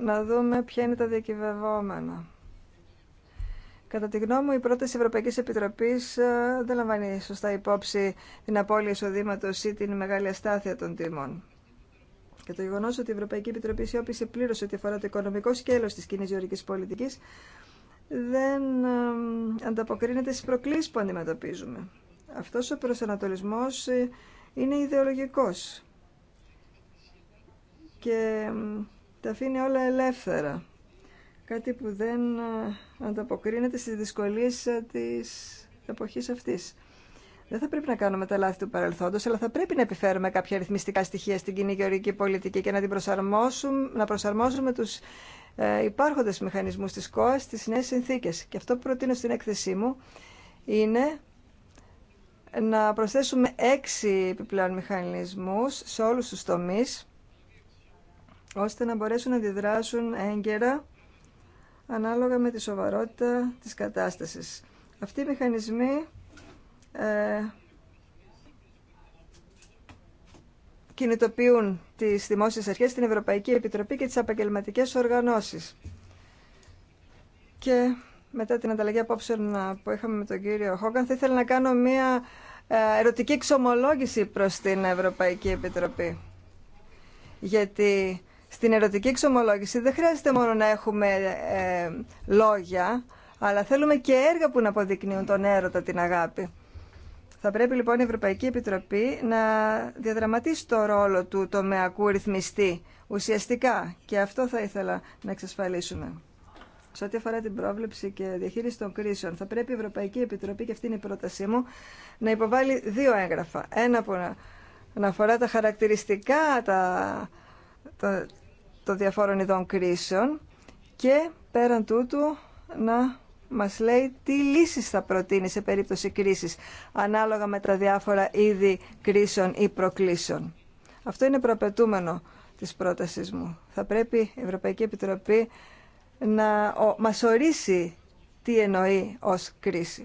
να δούμε ποια είναι τα διακυβευόμενα. Κατά τη γνώμη μου, η πρόταση Ευρωπαϊκής Επιτροπής ε, δεν λαμβάνει σωστά υπόψη την απώλεια εισοδήματο ή την μεγάλη αστάθεια των τιμών. Και το γεγονό ότι η Ευρωπαϊκή Επιτροπή σιώπησε πλήρω ό,τι αφορά το οικονομικό σκέλο τη κοινή γεωργική πολιτική δεν ε, ανταποκρίνεται στι προκλήσει που αντιμετωπίζουμε. Αυτός ο προσανατολισμός ε, είναι ιδεολογικός και τα αφήνει όλα ελεύθερα. Κάτι που δεν ε, ανταποκρίνεται στις δυσκολίες ε, της εποχής αυτής. Δεν θα πρέπει να κάνουμε τα λάθη του παρελθόντο, αλλά θα πρέπει να επιφέρουμε κάποια αριθμιστικά στοιχεία στην κοινή γεωργική πολιτική και να την προσαρμόσουμε, να προσαρμόσουμε του ε, υπάρχοντε μηχανισμού τη ΚΟΑ στι νέε συνθήκε. Και αυτό που προτείνω στην έκθεσή μου είναι να προσθέσουμε έξι επιπλέον μηχανισμούς σε όλους τους τομείς, ώστε να μπορέσουν να αντιδράσουν έγκαιρα ανάλογα με τη σοβαρότητα της κατάστασης. Αυτοί οι μηχανισμοί ε, κινητοποιούν τις δημόσιες αρχές, την Ευρωπαϊκή Επιτροπή και τις επαγγελματικέ οργανώσεις. Και μετά την ανταλλαγή απόψεων ε, που είχαμε με τον κύριο Χόγκαν, θα ήθελα να κάνω μία ε, ερωτική εξομολόγηση προς την Ευρωπαϊκή Επιτροπή. Γιατί στην ερωτική εξομολόγηση δεν χρειάζεται μόνο να έχουμε ε, λόγια, αλλά θέλουμε και έργα που να αποδεικνύουν τον έρωτα, την αγάπη. Θα πρέπει λοιπόν η Ευρωπαϊκή Επιτροπή να διαδραματίσει το ρόλο του τομεακού ρυθμιστή ουσιαστικά. Και αυτό θα ήθελα να εξασφαλίσουμε. Σε ό,τι αφορά την πρόβλεψη και διαχείριση των κρίσεων, θα πρέπει η Ευρωπαϊκή Επιτροπή, και αυτή είναι η πρότασή μου, να υποβάλει δύο έγγραφα. Ένα που να αφορά τα χαρακτηριστικά τα, τα, των διαφόρων ειδών κρίσεων και πέραν τούτου να μας λέει τι λύσεις θα προτείνει σε περίπτωση κρίσης ανάλογα με τα διάφορα είδη κρίσεων ή προκλήσεων. Αυτό είναι προπετούμενο της πρότασης μου. Θα πρέπει η Ευρωπαϊκή Επιτροπή να μας ορίσει τι εννοεί ως κρίση.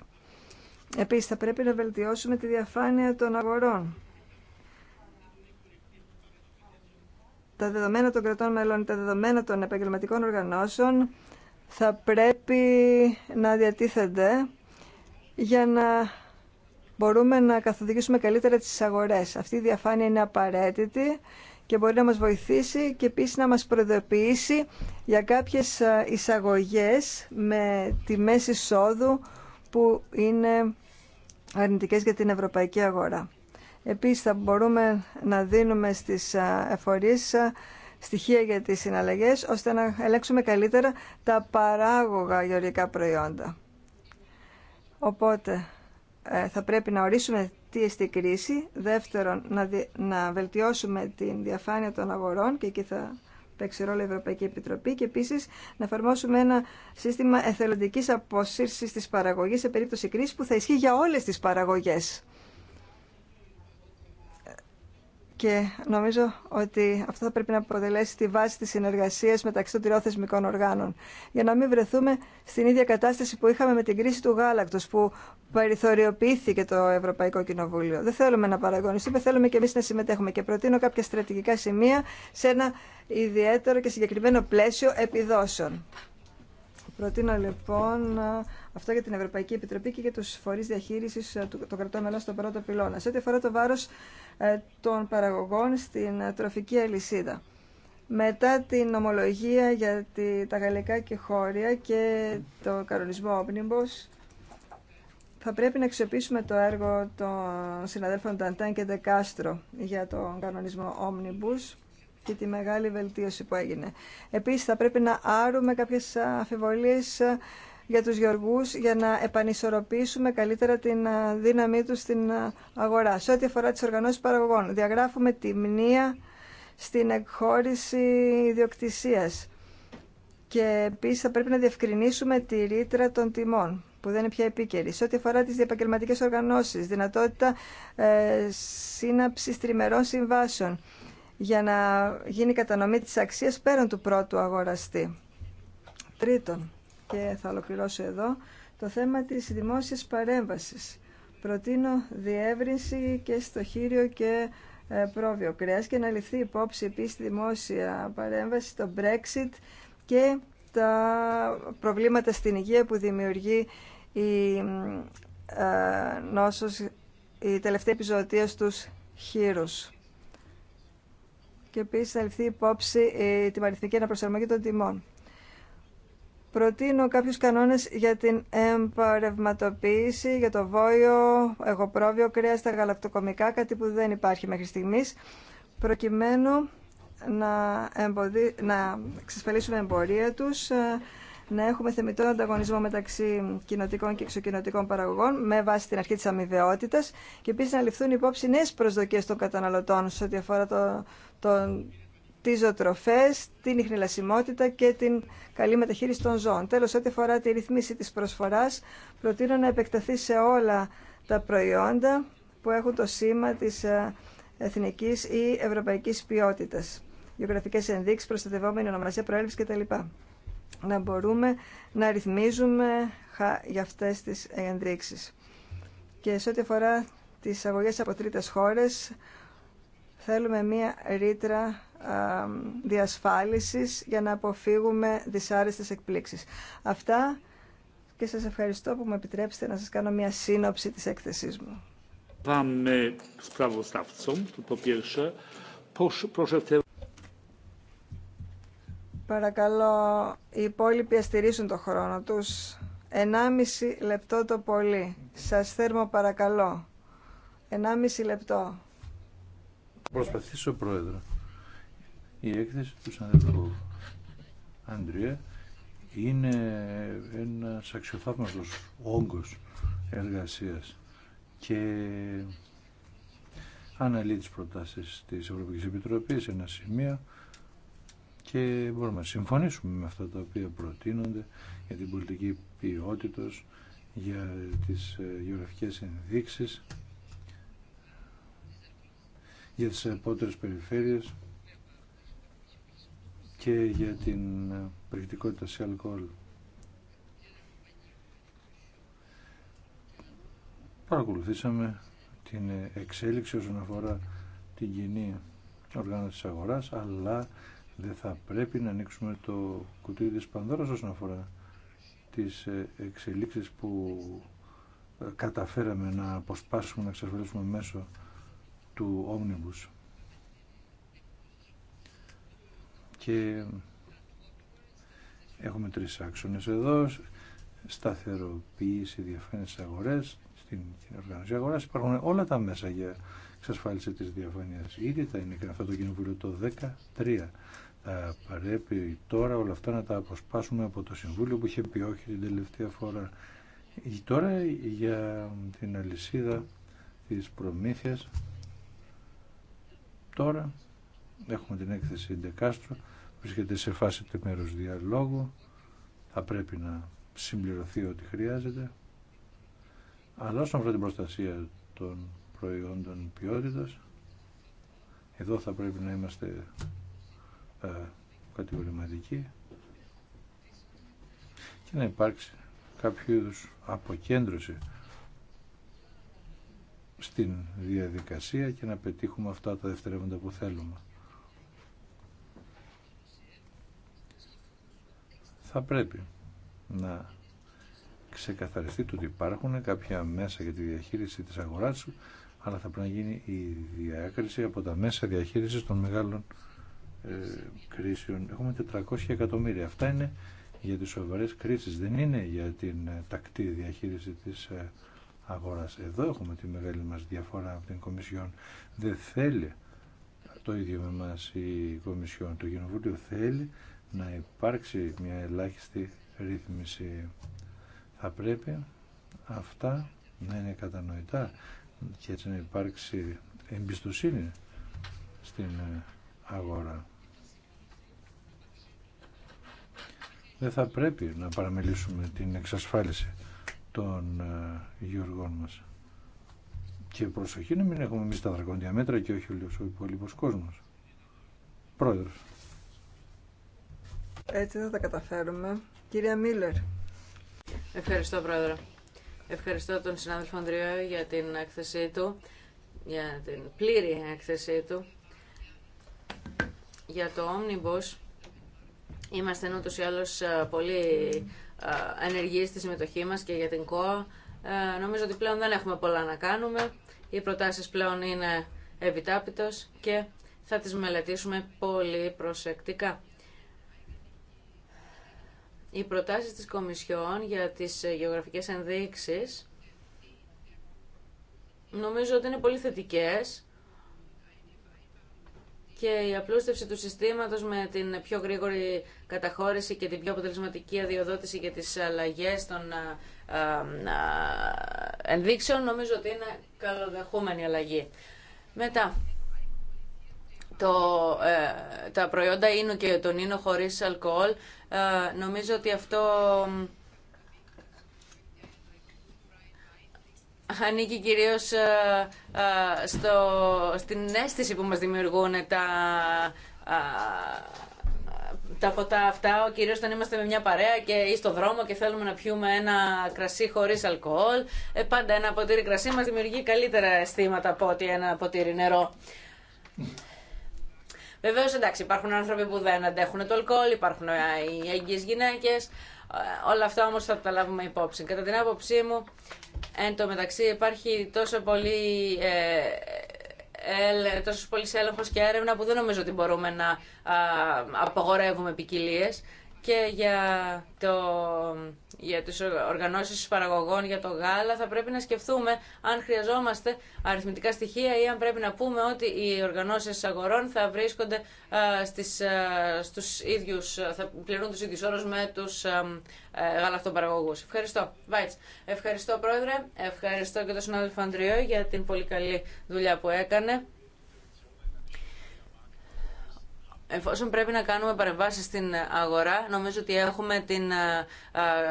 Επίσης, θα πρέπει να βελτιώσουμε τη διαφάνεια των αγορών. Τα δεδομένα των κρατών μελών, τα δεδομένα των επαγγελματικών οργανώσεων θα πρέπει να διατίθενται για να μπορούμε να καθοδηγήσουμε καλύτερα τις αγορές. Αυτή η διαφάνεια είναι απαραίτητη και μπορεί να μας βοηθήσει και επίσης να μας προειδοποιήσει για κάποιες ε, εισαγωγές με τιμές εισόδου που είναι αρνητικές για την ευρωπαϊκή αγορά. Επίσης θα μπορούμε να δίνουμε στις ε, εφορίες ε, στοιχεία για τις συναλλαγές ώστε να ελέγξουμε καλύτερα τα παράγωγα γεωργικά προϊόντα. Οπότε θα πρέπει να ορίσουμε στη κρίση. Δεύτερον, να, να βελτιώσουμε την διαφάνεια των αγορών και εκεί θα παίξει ρόλο η Ευρωπαϊκή Επιτροπή και επίσης να εφαρμόσουμε ένα σύστημα εθελοντικής αποσύρσης της παραγωγής σε περίπτωση κρίσης που θα ισχύει για όλες τις παραγωγές. Και νομίζω ότι αυτό θα πρέπει να αποτελέσει τη βάση της συνεργασίας μεταξύ των τριώθεσμικων οργάνων. Για να μην βρεθούμε στην ίδια κατάσταση που είχαμε με την κρίση του γάλακτος που περιθωριοποιήθηκε το Ευρωπαϊκό Κοινοβούλιο. Δεν θέλουμε να παραγωνιστούμε, θέλουμε και εμείς να συμμετέχουμε. Και προτείνω κάποια στρατηγικά σημεία σε ένα ιδιαίτερο και συγκεκριμένο πλαίσιο επιδόσεων. Προτείνω λοιπόν αυτό για την Ευρωπαϊκή Επιτροπή και για τους φορείς διαχείρισης ε, των κρατών μελών στον πρώτο πυλώνα. Σε ό,τι αφορά το βάρος ε, των παραγωγών στην ε, τροφική αλυσίδα. Μετά την ομολογία για τα γαλλικά και χώρια και το κανονισμό «Ομνιμπος», θα πρέπει να αξιοποιήσουμε το έργο των συναδέλφων Ταντάν και Ντεκάστρο για τον κανονισμό Omnibus και τη μεγάλη βελτίωση που έγινε. Επίσης θα πρέπει να άρουμε κάποιες αφιβολίες ε, για τους γεωργούς για να επανισορροπήσουμε καλύτερα την ε, δύναμή τους στην ε, αγορά. Σε ό,τι αφορά τις οργανώσεις παραγωγών, διαγράφουμε τη μνήα στην εκχώρηση ιδιοκτησίας. Και επίσης θα πρέπει να διευκρινίσουμε τη ρήτρα των τιμών που δεν είναι πια επίκαιρη. Σε ό,τι αφορά τι διαπαγγελματικέ οργανώσει, δυνατότητα ε, σύναψη τριμερών συμβάσεων για να γίνει κατανομή της αξίας πέραν του πρώτου αγοραστή. Τρίτον, και θα ολοκληρώσω εδώ, το θέμα της δημόσιας παρέμβασης. Προτείνω διεύρυνση και στο χείριο και ε, πρόβιο κρέας και να ληφθεί υπόψη επίσης δημόσια παρέμβαση, το Brexit και τα προβλήματα στην υγεία που δημιουργεί η ε, νόσος, η τελευταία επιζωτία στους χείρους και επίση θα ληφθεί υπόψη ε, την αναπροσαρμογή των τιμών. Προτείνω κάποιους κανόνες για την εμπορευματοποίηση, για το βόλιο, εγωπρόβιο, κρέα, τα γαλακτοκομικά, κάτι που δεν υπάρχει μέχρι στιγμής, προκειμένου να, εμποδι... να εξασφαλίσουμε εμπορία τους, ε, να έχουμε θεμητό ανταγωνισμό μεταξύ κοινοτικών και εξοκοινοτικών παραγωγών με βάση την αρχή τη αμοιβαιότητα και επίση να ληφθούν υπόψη νέε προσδοκίε των καταναλωτών σε ό,τι αφορά το, το, τι ζωοτροφέ, την ιχνηλασιμότητα και την καλή μεταχείριση των ζώων. Τέλο, ό,τι αφορά τη ρυθμίση τη προσφορά, προτείνω να επεκταθεί σε όλα τα προϊόντα που έχουν το σήμα τη ε, εθνική ή ευρωπαϊκή ποιότητα. Γεωγραφικέ ενδείξει, προστατευόμενη ονομασία προέλευση κτλ να μπορούμε να ρυθμίζουμε για αυτές τις ενδείξεις. Και σε ό,τι αφορά τις αγωγές από τρίτες χώρες, θέλουμε μία ρήτρα διασφάλισης για να αποφύγουμε δυσάρεστες εκπλήξεις. Αυτά και σας ευχαριστώ που με επιτρέψετε να σας κάνω μία σύνοψη της έκθεσής μου. Παρακαλώ, οι υπόλοιποι αστηρίσουν το χρόνο τους. 1,5 λεπτό το πολύ. Σας θέρμο παρακαλώ. 1,5 λεπτό. Προσπαθήσω, Πρόεδρο. Η έκθεση του συναδελφού Αντριέ είναι ένας αξιοθαύμαστος όγκος εργασίας και αναλύει τις προτάσεις της Ευρωπαϊκής Επιτροπής, ένα σημείο και μπορούμε να συμφωνήσουμε με αυτά τα οποία προτείνονται για την πολιτική ποιότητα, για τις ε, γεωγραφικές ενδείξεις, για τις πότερες περιφέρειες και για την ε, περιεκτικότητα σε αλκοόλ. Παρακολουθήσαμε την ε, εξέλιξη όσον αφορά την κοινή οργάνωση της αγοράς, αλλά δεν θα πρέπει να ανοίξουμε το κουτί της Πανδώρας όσον αφορά τις ε, εξελίξεις που ε, καταφέραμε να αποσπάσουμε, να εξασφαλίσουμε μέσω του ομνίμπους. Και έχουμε τρεις άξονες εδώ, σταθεροποίηση, διαφάνειες αγορές, στην οργανωσή αγοράς υπάρχουν όλα τα μέσα για εξασφάλιση της διαφάνειας. Ήδη τα είναι και αυτό το κοινοβούλιο το 13 θα ε, πρέπει τώρα όλα αυτά να τα αποσπάσουμε από το Συμβούλιο που είχε πει όχι την τελευταία φορά. Ε, τώρα για την αλυσίδα της προμήθειας τώρα έχουμε την έκθεση Ντεκάστρο βρίσκεται σε φάση τεμέρους διαλόγου θα πρέπει να συμπληρωθεί ό,τι χρειάζεται αλλά όσον αφορά την προστασία των προϊόντων ποιότητας εδώ θα πρέπει να είμαστε ε, κατηγορηματική και να υπάρξει κάποιο είδου αποκέντρωση στην διαδικασία και να πετύχουμε αυτά τα δευτερεύοντα που θέλουμε. Θα πρέπει να ξεκαθαριστεί το ότι υπάρχουν κάποια μέσα για τη διαχείριση της αγοράς αλλά θα πρέπει να γίνει η διάκριση από τα μέσα διαχείρισης των μεγάλων ε, κρίσεων. Έχουμε 400 εκατομμύρια. Αυτά είναι για τις σοβαρές κρίσεις. Δεν είναι για την ε, τακτή διαχείριση της ε, αγοράς. Εδώ έχουμε τη μεγάλη μας διαφορά από την Κομισιόν. Δεν θέλει το ίδιο με μας η Κομισιόν. Το Κοινοβούλιο θέλει να υπάρξει μια ελάχιστη ρύθμιση. Θα πρέπει αυτά να είναι κατανοητά και έτσι να υπάρξει εμπιστοσύνη στην αγορά. δεν θα πρέπει να παραμελήσουμε την εξασφάλιση των ε, γεωργών μας. Και προσοχή να μην έχουμε εμεί τα δρακόντια μέτρα και όχι ο υπόλοιπο κόσμο. Πρόεδρος. Έτσι θα τα καταφέρουμε. Κυρία Μίλλερ. Ευχαριστώ, Πρόεδρο Ευχαριστώ τον συνάδελφο Ανδριό για την έκθεσή του, για την πλήρη έκθεσή του, για το Omnibus Είμαστε ούτω ή άλλως ε, πολύ ε, ενεργοί στη συμμετοχή μας και για την ΚΟΑ. Ε, νομίζω ότι πλέον δεν έχουμε πολλά να κάνουμε. Οι προτάσεις πλέον είναι επιτάπητο και θα τις μελετήσουμε πολύ προσεκτικά. Οι προτάσεις της Κομισιόν για τις γεωγραφικές ενδείξεις νομίζω ότι είναι πολύ θετικές και η απλούστευση του συστήματος με την πιο γρήγορη καταχώρηση και την πιο αποτελεσματική αδειοδότηση για τις αλλαγές των ενδείξεων νομίζω ότι είναι καλοδεχούμενη αλλαγή. Μετά, το, ε, τα προϊόντα ίνου και τον ίνο χωρίς αλκοόλ ε, νομίζω ότι αυτό ανήκει κυρίως ε, ε, στο, στην αίσθηση που μας δημιουργούν τα, ε, τα ποτά αυτά. Ο κυρίως όταν είμαστε με μια παρέα και ή στο δρόμο και θέλουμε να πιούμε ένα κρασί χωρίς αλκοόλ, πάντα ένα ποτήρι κρασί μας δημιουργεί καλύτερα αισθήματα από ότι ένα ποτήρι νερό. Βεβαίω εντάξει, υπάρχουν άνθρωποι που δεν αντέχουν το αλκοόλ, υπάρχουν οι έγκυε γυναίκε. Όλα αυτά όμω θα τα λάβουμε υπόψη. Κατά την άποψή μου, Εν τω μεταξύ υπάρχει τόσο πολύ ε, τόσο πολύς έλεγχος και έρευνα που δεν νομίζω ότι μπορούμε να απαγορεύουμε ποικιλίε και για, το, για τις οργανώσεις παραγωγών για το γάλα θα πρέπει να σκεφτούμε αν χρειαζόμαστε αριθμητικά στοιχεία ή αν πρέπει να πούμε ότι οι οργανώσεις αγορών θα βρίσκονται στις, στους ίδιους, θα πληρούν τους ίδιους όρους με τους ε, γαλακτοπαραγωγούς. Ευχαριστώ. Βάιτς. Ευχαριστώ Πρόεδρε, ευχαριστώ και τον συνάδελφο Αντριώ για την πολύ καλή δουλειά που έκανε. Εφόσον πρέπει να κάνουμε παρεμβάσει στην αγορά, νομίζω ότι έχουμε την ε,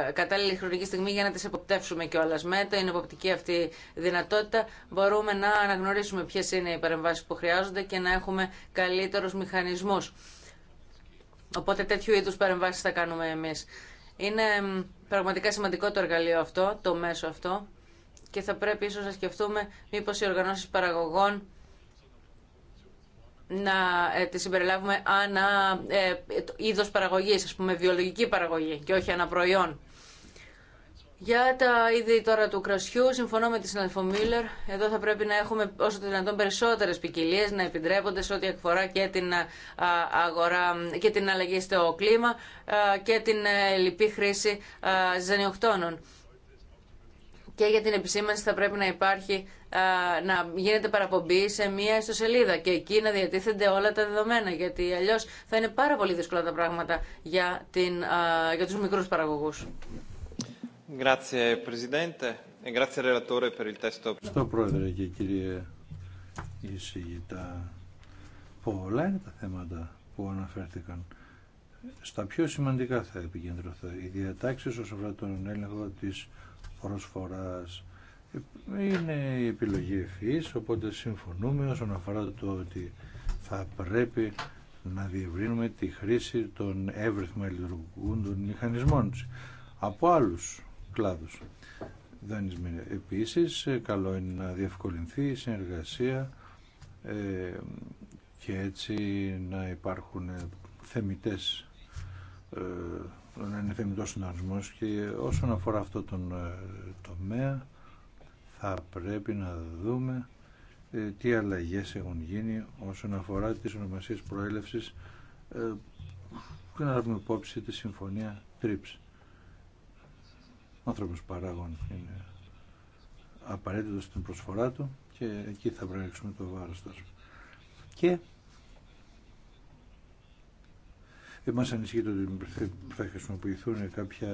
ε, κατάλληλη χρονική στιγμή για να τι εποπτεύσουμε κιόλα. Με είναι εποπτική αυτή δυνατότητα μπορούμε να αναγνωρίσουμε ποιε είναι οι παρεμβάσει που χρειάζονται και να έχουμε καλύτερου μηχανισμού. Οπότε τέτοιου είδου παρεμβάσει θα κάνουμε εμεί. Είναι πραγματικά σημαντικό το εργαλείο αυτό, το μέσο αυτό και θα πρέπει ίσω να σκεφτούμε μήπω οι οργανώσει παραγωγών να ε, τη συμπεριλάβουμε ανά ε, είδος παραγωγής, ας πούμε βιολογική παραγωγή και όχι ένα προϊόν. Για τα είδη τώρα του κρασιού, συμφωνώ με τη συναδελφό Μίλλερ. Εδώ θα πρέπει να έχουμε όσο το δυνατόν περισσότερε ποικιλίε να επιτρέπονται σε ό,τι αφορά και την, αγορά, και την αλλαγή στο κλίμα και την ε, λυπή χρήση ζενιοκτώνων και για την επισήμανση θα πρέπει να υπάρχει, να γίνεται παραπομπή σε μία ιστοσελίδα και εκεί να διατίθενται όλα τα δεδομένα, γιατί αλλιώς θα είναι πάρα πολύ δύσκολα τα πράγματα για, την, για τους μικρούς παραγωγούς. E Ευχαριστώ Πρόεδρε και κύριε εισηγητά. Πολλά είναι τα θέματα που αναφέρθηκαν. Στα πιο σημαντικά θα επικεντρωθώ. Οι διατάξει όσον αφορά τον έλεγχο της προσφοράς. Είναι η επιλογή ευφυής, οπότε συμφωνούμε όσον αφορά το ότι θα πρέπει να διευρύνουμε τη χρήση των εύρυθμα των μηχανισμών από άλλους κλάδους. Επίσης, καλό είναι να διευκολυνθεί η συνεργασία ε, και έτσι να υπάρχουν θεμητές ε, να είναι θεμητός συντονισμός και όσον αφορά αυτό το ε, τομέα θα πρέπει να δούμε ε, τι αλλαγές έχουν γίνει όσον αφορά τις ονομασίες προέλευσης ε, και να έχουμε υπόψη τη συμφωνία TRIPS. Ο άνθρωπος παράγων είναι απαραίτητο στην προσφορά του και εκεί θα πρέπει το βάρος τόσο. Και Εμάς μας ανησυχεί το ότι θα χρησιμοποιηθούν κάποια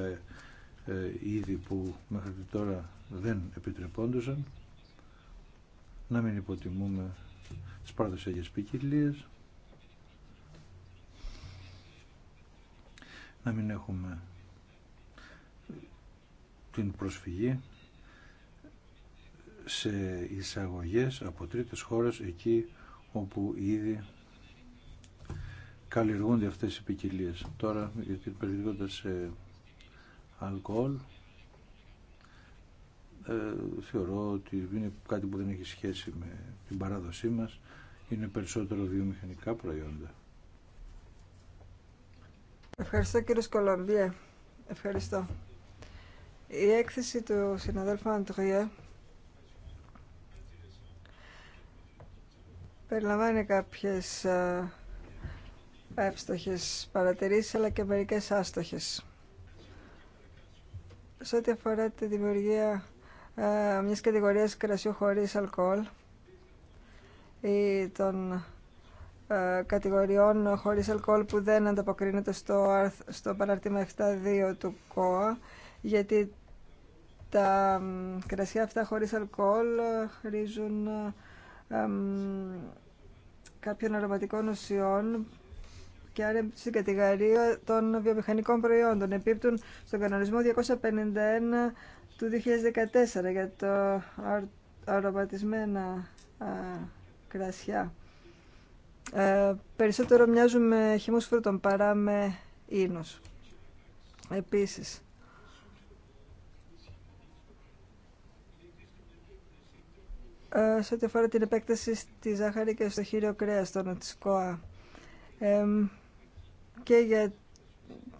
ε, είδη που μέχρι τώρα δεν επιτρεπόντουσαν. Να μην υποτιμούμε τις παραδοσιακέ ποικιλίε. Να μην έχουμε την προσφυγή σε εισαγωγές από τρίτες χώρες εκεί όπου ήδη καλλιεργούνται αυτές οι ποικιλίε. Τώρα γιατί την σε αλκοόλ ε, θεωρώ ότι είναι κάτι που δεν έχει σχέση με την παράδοσή μας. Είναι περισσότερο βιομηχανικά προϊόντα. Ευχαριστώ κύριε Σκολομπία. Ευχαριστώ. Η έκθεση του συναδέλφου Αντριέ περιλαμβάνει κάποιες ε, εύστοχες παρατηρήσεις αλλά και μερικές άστοχες. Σε ό,τι αφορά τη δημιουργία ε, μιας κατηγορίας κρασιού χωρίς αλκοόλ ή των ε, κατηγοριών χωρίς αλκοόλ που δεν ανταποκρίνεται στο, στο παράρτημα 7.2 του ΚΟΑ γιατί τα κρασιά αυτά χωρίς αλκοόλ ε, χρήζουν ε, κάποιων αρωματικών ουσιών και άρα στην κατηγορία των βιομηχανικών προϊόντων. Επίπτουν στον κανονισμό 251 του 2014 για το αρωματισμένα κρασιά. Ε, περισσότερο μοιάζουν με χυμούς φρούτων παρά με ίνους. Επίσης, ε, σε ό,τι αφορά την επέκταση στη ζάχαρη και στο χείριο κρέας των Ατσικόα. Ε, και για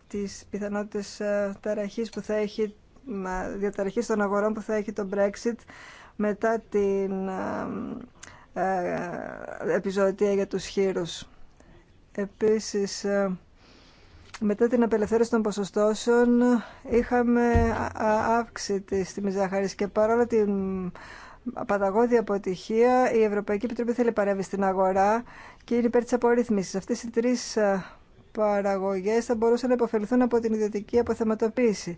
τις πιθανότητες ε, ταραχής που θα έχει, διαταραχής των αγορών που θα έχει το Brexit μετά την ε, ε, επιζωτία για τους χείρους. Επίσης, μετά την απελευθέρωση των ποσοστώσεων είχαμε αύξηση της τιμής και παρόλα την παταγώδη αποτυχία η Ευρωπαϊκή Επιτροπή θέλει παρέμβει στην αγορά και είναι υπέρ της απορρίθμισης. Αυτές οι τρεις παραγωγέ θα μπορούσαν να υποφεληθούν από την ιδιωτική αποθεματοποίηση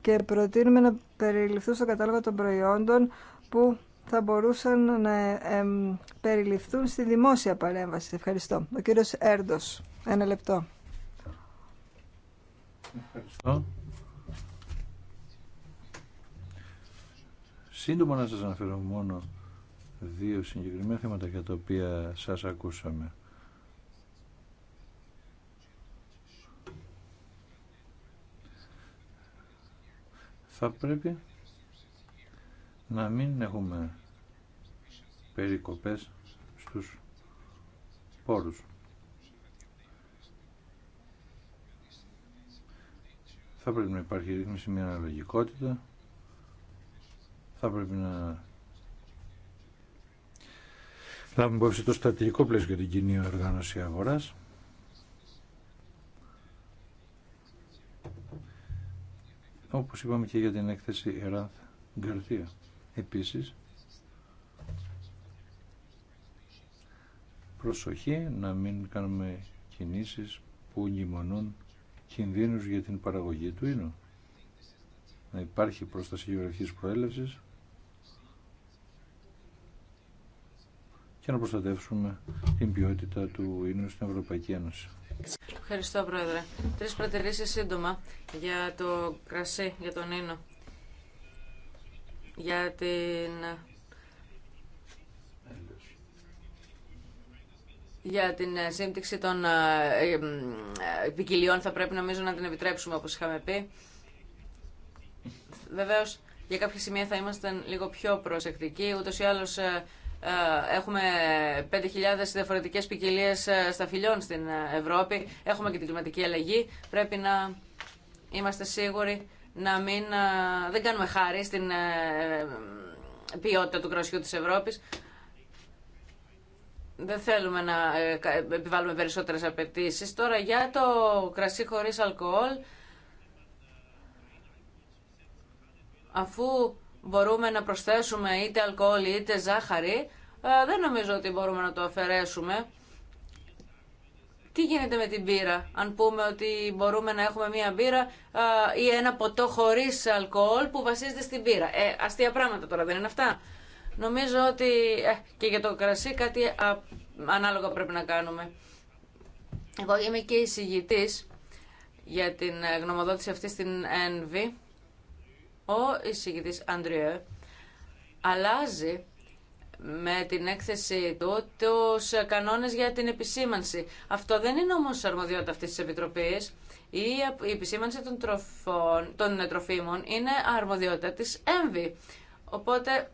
και προτείνουμε να περιληφθούν στο κατάλογο των προϊόντων που θα μπορούσαν να περιληφθούν στη δημόσια παρέμβαση. Ευχαριστώ. Ο κύριος Έρντος. Ένα λεπτό. Ευχαριστώ. Σύντομα να σας αναφέρω μόνο δύο συγκεκριμένα θέματα για τα οποία σας ακούσαμε. θα πρέπει να μην έχουμε περικοπές στους πόρους. Θα πρέπει να υπάρχει ρύθμιση μια αναλογικότητα. Θα πρέπει να λάβουμε υπόψη το στρατηγικό πλαίσιο για την κοινή οργάνωση αγοράς. όπως είπαμε και για την έκθεση Εράθ Γκαρθία. Επίσης, προσοχή να μην κάνουμε κινήσεις που λιμονούν κινδύνους για την παραγωγή του ίνου. Να υπάρχει πρόσταση γεωγραφικής προέλευσης και να προστατεύσουμε την ποιότητα του ίνου στην Ευρωπαϊκή Ένωση. Ευχαριστώ, Πρόεδρε. Τρει παρατηρήσει σύντομα για το κρασί, για τον ίνο. Για την. Για την ε, σύμπτυξη των ε, ε, ποικιλιών θα πρέπει νομίζω να την επιτρέψουμε όπως είχαμε πει. Βεβαίως για κάποια σημεία θα είμαστε λίγο πιο προσεκτικοί. Ούτως ή άλλως ε, έχουμε 5.000 διαφορετικές ποικιλίε ε, σταφυλιών στην ε, Ευρώπη. Έχουμε και την κλιματική αλλαγή. Πρέπει να είμαστε σίγουροι να μην... δεν κάνουμε χάρη στην ποιότητα του κρασιού της Ευρώπης. Δεν θέλουμε να επιβάλλουμε περισσότερες απαιτήσει. Τώρα για το κρασί χωρίς αλκοόλ, αφού μπορούμε να προσθέσουμε είτε αλκοόλ είτε ζάχαρη, ε, δεν νομίζω ότι μπορούμε να το αφαιρέσουμε. Τι γίνεται με την πύρα, αν πούμε ότι μπορούμε να έχουμε μία μπύρα ε, ή ένα ποτό χωρίς αλκοόλ που βασίζεται στην πύρα. Ε, αστεία πράγματα τώρα, δεν είναι αυτά. Νομίζω ότι ε, και για το κρασί κάτι α, ανάλογα πρέπει να κάνουμε. Εγώ είμαι και εισηγητής για την ε, γνωμοδότηση αυτή στην ΕΝΒΗ ο εισηγητής Αντριέ αλλάζει με την έκθεση του τους κανόνες για την επισήμανση. Αυτό δεν είναι όμως αρμοδιότητα αυτής της Επιτροπής. Η επισήμανση των, τροφών, των τροφίμων είναι αρμοδιότητα της ΕΜΒΗ. Οπότε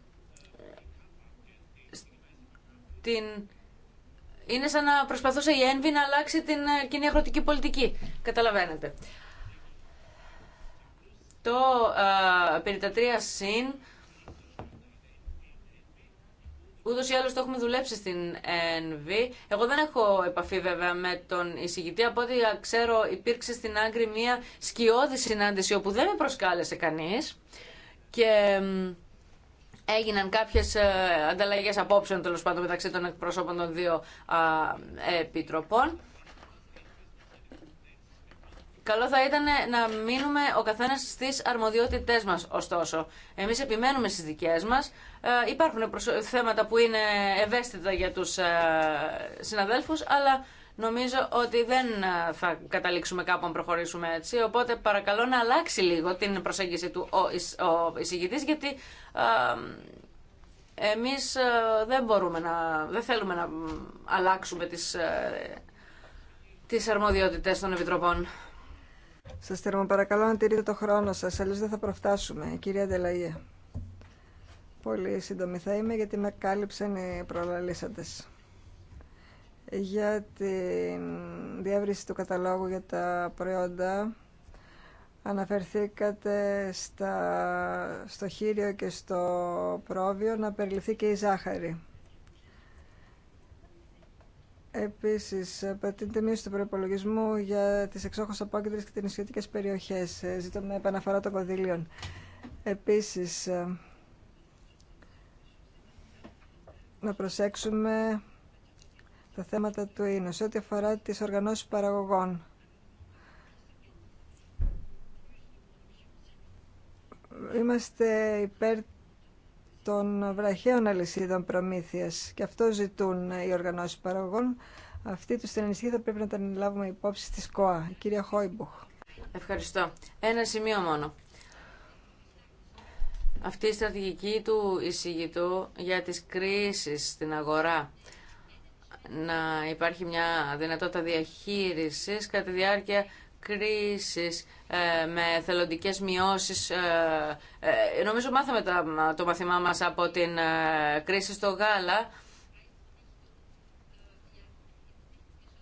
την... είναι σαν να προσπαθούσε η ΕΜΒΗ να αλλάξει την ε, κοινή αγροτική πολιτική. Καταλαβαίνετε. 53 συν. Ούτω ή άλλω το έχουμε δουλέψει στην ΕΝΒ. Εγώ δεν έχω επαφή βέβαια με τον εισηγητή. Από ό,τι ξέρω, υπήρξε στην Άγκρη μια σκιώδη συνάντηση όπου δεν με προσκάλεσε κανεί και έγιναν κάποιε ανταλλαγέ απόψεων τέλο πάντων μεταξύ των εκπροσώπων των δύο επιτροπών. Καλό θα ήταν να μείνουμε ο καθένα στι αρμοδιότητέ μα, ωστόσο. Εμεί επιμένουμε στι δικέ μα. Ε, υπάρχουν θέματα που είναι ευαίσθητα για του ε, συναδέλφου, αλλά νομίζω ότι δεν ε, θα καταλήξουμε κάπου αν προχωρήσουμε έτσι. Οπότε παρακαλώ να αλλάξει λίγο την προσέγγιση του ο εισηγητή, γιατί εμείς δεν μπορούμε να, δεν θέλουμε να αλλάξουμε τις, τις αρμοδιότητες των Επιτροπών. Σα παρακαλώ, να τηρείτε το χρόνο σα, αλλιώ δεν θα προφτάσουμε. Κυρία Ντελαγία. Πολύ σύντομη θα είμαι γιατί με κάλυψαν οι προλαλήσαντε. Για τη διεύρυνση του καταλόγου για τα προϊόντα, αναφερθήκατε στο χείριο και στο πρόβιο να περιληφθεί και η ζάχαρη. Επίσης, ε, πατείται μείωση του προπολογισμού για τις εξόχως απόκεντρες και τις νησιωτικές περιοχές. Ε, Ζητούμε επαναφορά των κονδυλίων. Επίσης, ε, να προσέξουμε τα θέματα του ίνου σε ό,τι αφορά τις οργανώσεις παραγωγών. Είμαστε υπέρ των βραχαίων αλυσίδων προμήθειας και αυτό ζητούν οι οργανώσεις παραγωγών. Αυτή του την θα πρέπει να την λάβουμε υπόψη στη ΣΚΟΑ. Κυρία Χόιμπουχ. Ευχαριστώ. Ένα σημείο μόνο. Αυτή η στρατηγική του εισηγητού για τις κρίσεις στην αγορά να υπάρχει μια δυνατότητα διαχείρισης κατά τη διάρκεια κρίσεις, ε, με θελοντικές μειώσεις. Ε, ε, νομίζω μάθαμε το μαθημά μας από την κρίση στο γάλα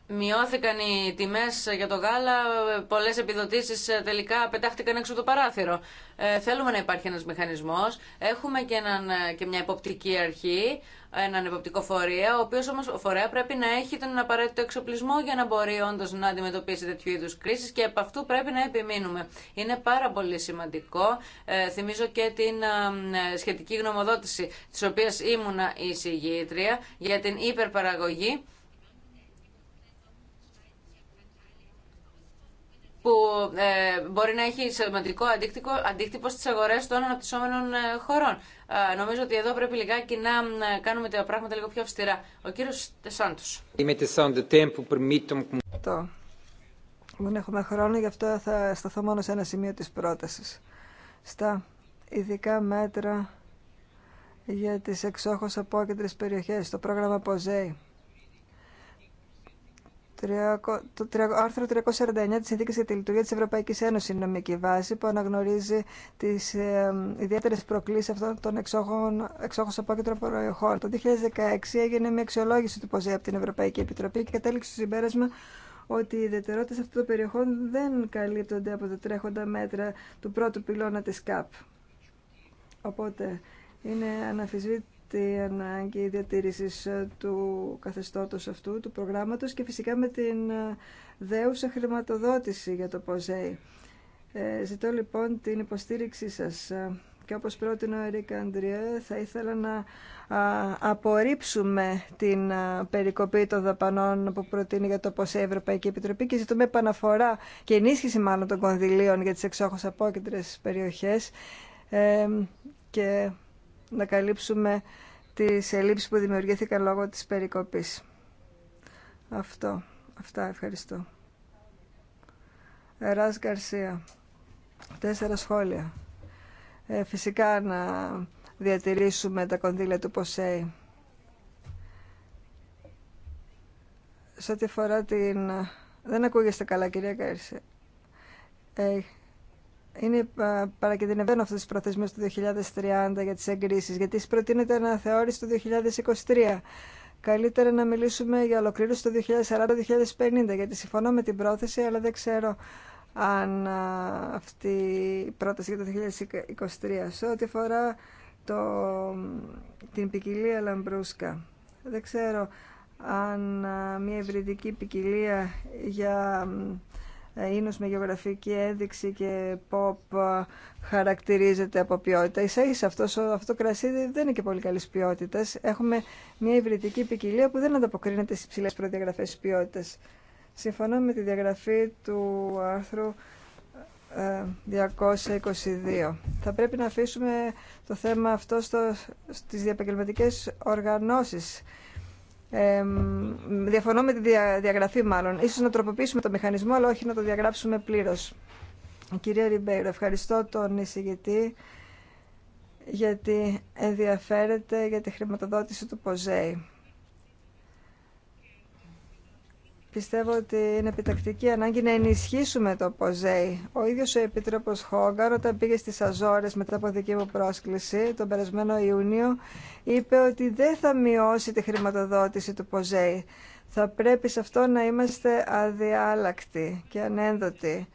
Μειώθηκαν οι τιμέ για το γάλα, πολλέ επιδοτήσει ε, τελικά πετάχτηκαν έξω το παράθυρο. Ε, θέλουμε να υπάρχει ένα μηχανισμό. έχουμε και, έναν, ε, και μια υποπτική αρχή, έναν υποπτικό φορέα, ο οποίο όμω ο φορέα πρέπει να έχει τον απαραίτητο εξοπλισμό για να μπορεί όντω να αντιμετωπίσει τέτοιου είδου κρίσεις και από αυτού πρέπει να επιμείνουμε. Είναι πάρα πολύ σημαντικό, θυμίζω και την σχετική γνωμοδότηση τη οποία ήμουνα η συγγήτρια για την υπερπαραγωγή που ε, μπορεί να έχει σημαντικό αντίκτυπο στις αγορές των αναπτυσσόμενων ε, χωρών. Ε, νομίζω ότι εδώ πρέπει λιγάκι να κάνουμε τα πράγματα λίγο πιο αυστηρά. Ο κύριος Τεσάντος. Δεν έχουμε χρόνο, γι' αυτό θα σταθώ μόνο σε ένα σημείο της πρότασης. Στα ειδικά μέτρα για τις εξόχως απόκεντρες περιοχές, το πρόγραμμα ΠΟΖΕΙ το άρθρο 349 της Συνθήκης για τη Λειτουργία της Ευρωπαϊκής Ένωσης είναι νομική βάση που αναγνωρίζει τις ε, ιδιαίτερες προκλήσεις αυτών των εξόχων, εξόχων απόκεντρων προϊόχων. Το 2016 έγινε μια αξιολόγηση του ΠΟΖΕ από την Ευρωπαϊκή Επιτροπή και κατέληξε στο συμπέρασμα ότι οι ιδιαιτερότητε αυτών των περιοχών δεν καλύπτονται από τα τρέχοντα μέτρα του πρώτου πυλώνα της ΚΑΠ. Οπότε είναι αναφυσβήτητο τη ανάγκη διατήρησης ε, του καθεστώτος αυτού, του προγράμματος και φυσικά με την ε, δέουσα χρηματοδότηση για το ΠΟΖΕΙ. Ε, ζητώ λοιπόν την υποστήριξή σας και όπως πρότεινε ο Ερικ Αντριέ θα ήθελα να απορρίψουμε την περικοπή των δαπανών που προτείνει για το η Ευρωπαϊκή Επιτροπή και ζητούμε επαναφορά και ενίσχυση μάλλον των κονδυλίων για τις εξόχως απόκεντρες περιοχές και να καλύψουμε τις ελλείψεις που δημιουργήθηκαν λόγω της περικοπής. Αυτό. Αυτά. Ευχαριστώ. Εράς Γκαρσία. Τέσσερα σχόλια. Ε, φυσικά να διατηρήσουμε τα κονδύλια του Ποσέη. Σε ό,τι αφορά την... Δεν ακούγεστε καλά, κυρία Γκαρσία. Ε, είναι παρακινδυνευμένο αυτό τις προθεσμίες του 2030 για τις εγκρίσει, γιατί προτείνεται να αναθεώρηση το 2023. Καλύτερα να μιλήσουμε για ολοκλήρωση το 2040-2050, γιατί συμφωνώ με την πρόθεση, αλλά δεν ξέρω αν αυτή η πρόταση για το 2023. Σε ό,τι αφορά το, την ποικιλία Λαμπρούσκα, δεν ξέρω αν μια ευρυδική ποικιλία για ε, ίνος με γεωγραφική ένδειξη και pop ε, χαρακτηρίζεται από ποιότητα. Ίσα ίσα αυτός, αυτό το κρασί δεν είναι και πολύ καλής ποιότητας. Έχουμε μια υβριδική ποικιλία που δεν ανταποκρίνεται στις ψηλές προδιαγραφές ποιότητας. Συμφωνώ με τη διαγραφή του άρθρου 222. Ε, Θα πρέπει να αφήσουμε το θέμα αυτό στο, στις διαπαγγελματικές οργανώσεις ε, διαφωνώ με τη διαγραφή μάλλον. Ίσως να τροποποιήσουμε το μηχανισμό, αλλά όχι να το διαγράψουμε πλήρως. Κυρία Ριμπέιρο, ευχαριστώ τον εισηγητή γιατί ενδιαφέρεται για τη χρηματοδότηση του ΠΟΖΕΙ. Πιστεύω ότι είναι επιτακτική ανάγκη να ενισχύσουμε το ΠΟΖΕΙ. Ο ίδιος ο Επίτροπος Χόγκαρ όταν πήγε στις Αζόρες μετά από δική μου πρόσκληση τον περασμένο Ιούνιο είπε ότι δεν θα μειώσει τη χρηματοδότηση του ΠΟΖΕΙ. Θα πρέπει σε αυτό να είμαστε αδιάλακτοι και ανένδοτοι.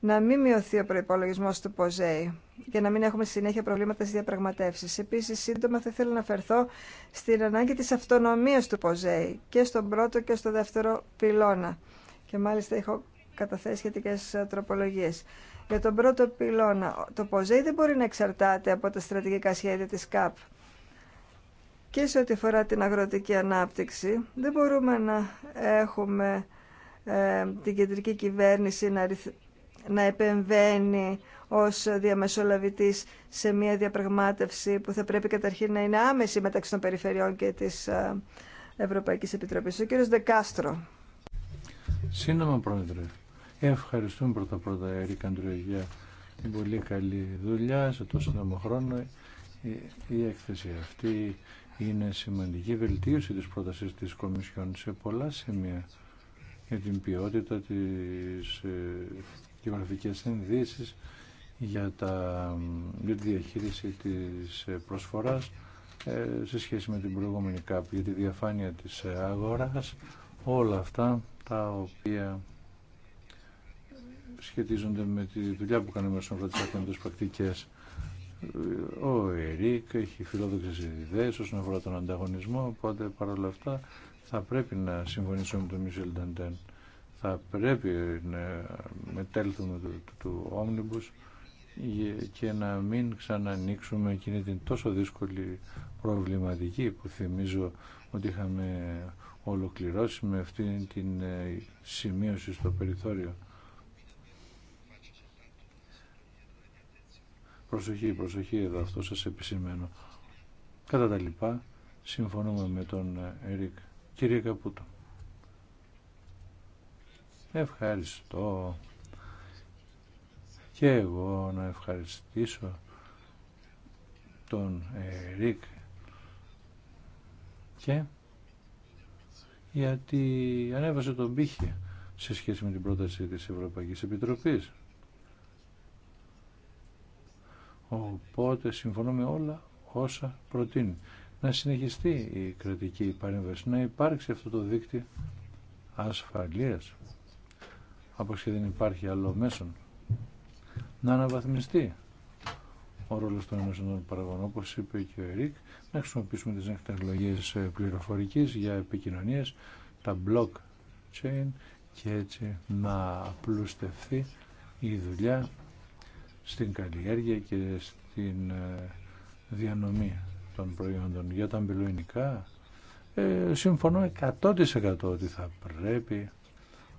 Να μην μειωθεί ο προϋπολογισμός του ΠΟΖΕΙ για να μην έχουμε συνέχεια προβλήματα στι διαπραγματεύσει. Επίσης, σύντομα θα ήθελα να αφαιρθώ στην ανάγκη τη αυτονομίας του ΠΟΖΕΙ και στον πρώτο και στο δεύτερο πυλώνα. Και μάλιστα έχω καταθέσει σχετικέ ε, τροπολογίε. Για τον πρώτο πυλώνα, το ΠΟΖΕΙ δεν μπορεί να εξαρτάται από τα στρατηγικά σχέδια τη ΚΑΠ. Και σε ό,τι αφορά την αγροτική ανάπτυξη, δεν μπορούμε να έχουμε ε, την κεντρική κυβέρνηση να να επεμβαίνει ως διαμεσολαβητής σε μια διαπραγμάτευση που θα πρέπει καταρχήν να είναι άμεση μεταξύ των περιφερειών και της Ευρωπαϊκής Επιτροπής. Ο κύριος Δεκάστρο. Σύντομα, Πρόεδρε. Ευχαριστούμε πρώτα-πρώτα, Ερίκα για την πολύ καλή δουλειά σε τόσο σύντομο χρόνο. Η έκθεση αυτή είναι σημαντική βελτίωση της πρότασης της Κομισιόν σε πολλά σημεία για την ποιότητα της ε, και ενδύσεις, για, τα, για τη διαχείριση της ε, προσφοράς ε, σε σχέση με την προηγούμενη ΚΑΠ, για τη διαφάνεια της ε, αγοράς, όλα αυτά τα οποία σχετίζονται με τη δουλειά που κάνουμε στον με τις πρακτικές. Ο ΕΡΙΚ έχει φιλόδοξες ιδέες όσον αφορά τον ανταγωνισμό, οπότε παρόλα αυτά θα πρέπει να συμφωνήσουμε με τον Μισελ Νταντέν θα πρέπει να μετέλθουμε του, του, και να μην ξανανοίξουμε εκείνη την τόσο δύσκολη προβληματική που θυμίζω ότι είχαμε ολοκληρώσει με αυτήν την ε, σημείωση στο περιθώριο. Προσοχή, προσοχή εδώ, αυτό σας επισημαίνω. Κατά τα λοιπά, συμφωνούμε με τον ε, Ερικ. Κύριε Καπούτο. Ευχαριστώ. Και εγώ να ευχαριστήσω τον Ρίκ και γιατί ανέβασε τον πύχη σε σχέση με την πρόταση της Ευρωπαϊκής Επιτροπής. Οπότε συμφωνώ με όλα όσα προτείνει. Να συνεχιστεί η κρατική παρέμβαση, να υπάρξει αυτό το δίκτυο ασφαλείας από δεν υπάρχει άλλο μέσον, να αναβαθμιστεί ο ρόλο των μέσων των παραγωγών. Όπω είπε και ο Ερικ, να χρησιμοποιήσουμε τι νέε τεχνολογίε πληροφορική για επικοινωνίε, τα blockchain και έτσι να απλουστευτεί η δουλειά στην καλλιέργεια και στην ε, διανομή των προϊόντων για τα αμπελοϊνικά. Ε, συμφωνώ 100% ότι θα πρέπει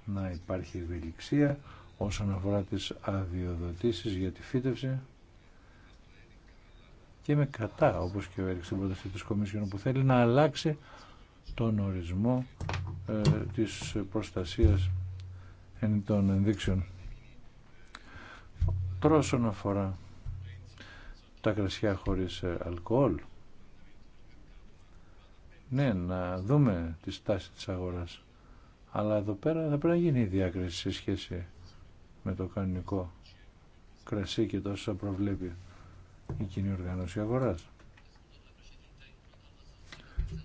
να υπάρχει ευελιξία όσον αφορά τις αδειοδοτήσεις για τη φύτευση και με κατά, όπως και έριξε την πρόταση της Κομισιόν που θέλει να αλλάξει τον ορισμό ε, της προστασίας εν, των ενδείξεων. Τώρα όσον αφορά τα κρασιά χωρίς ε, αλκοόλ, ναι, να δούμε τη στάση της αγοράς. Αλλά εδώ πέρα θα πρέπει να γίνει η διάκριση σε σχέση με το κανονικό κρασί και τόσο προβλέπει η κοινή οργάνωση αγοράς.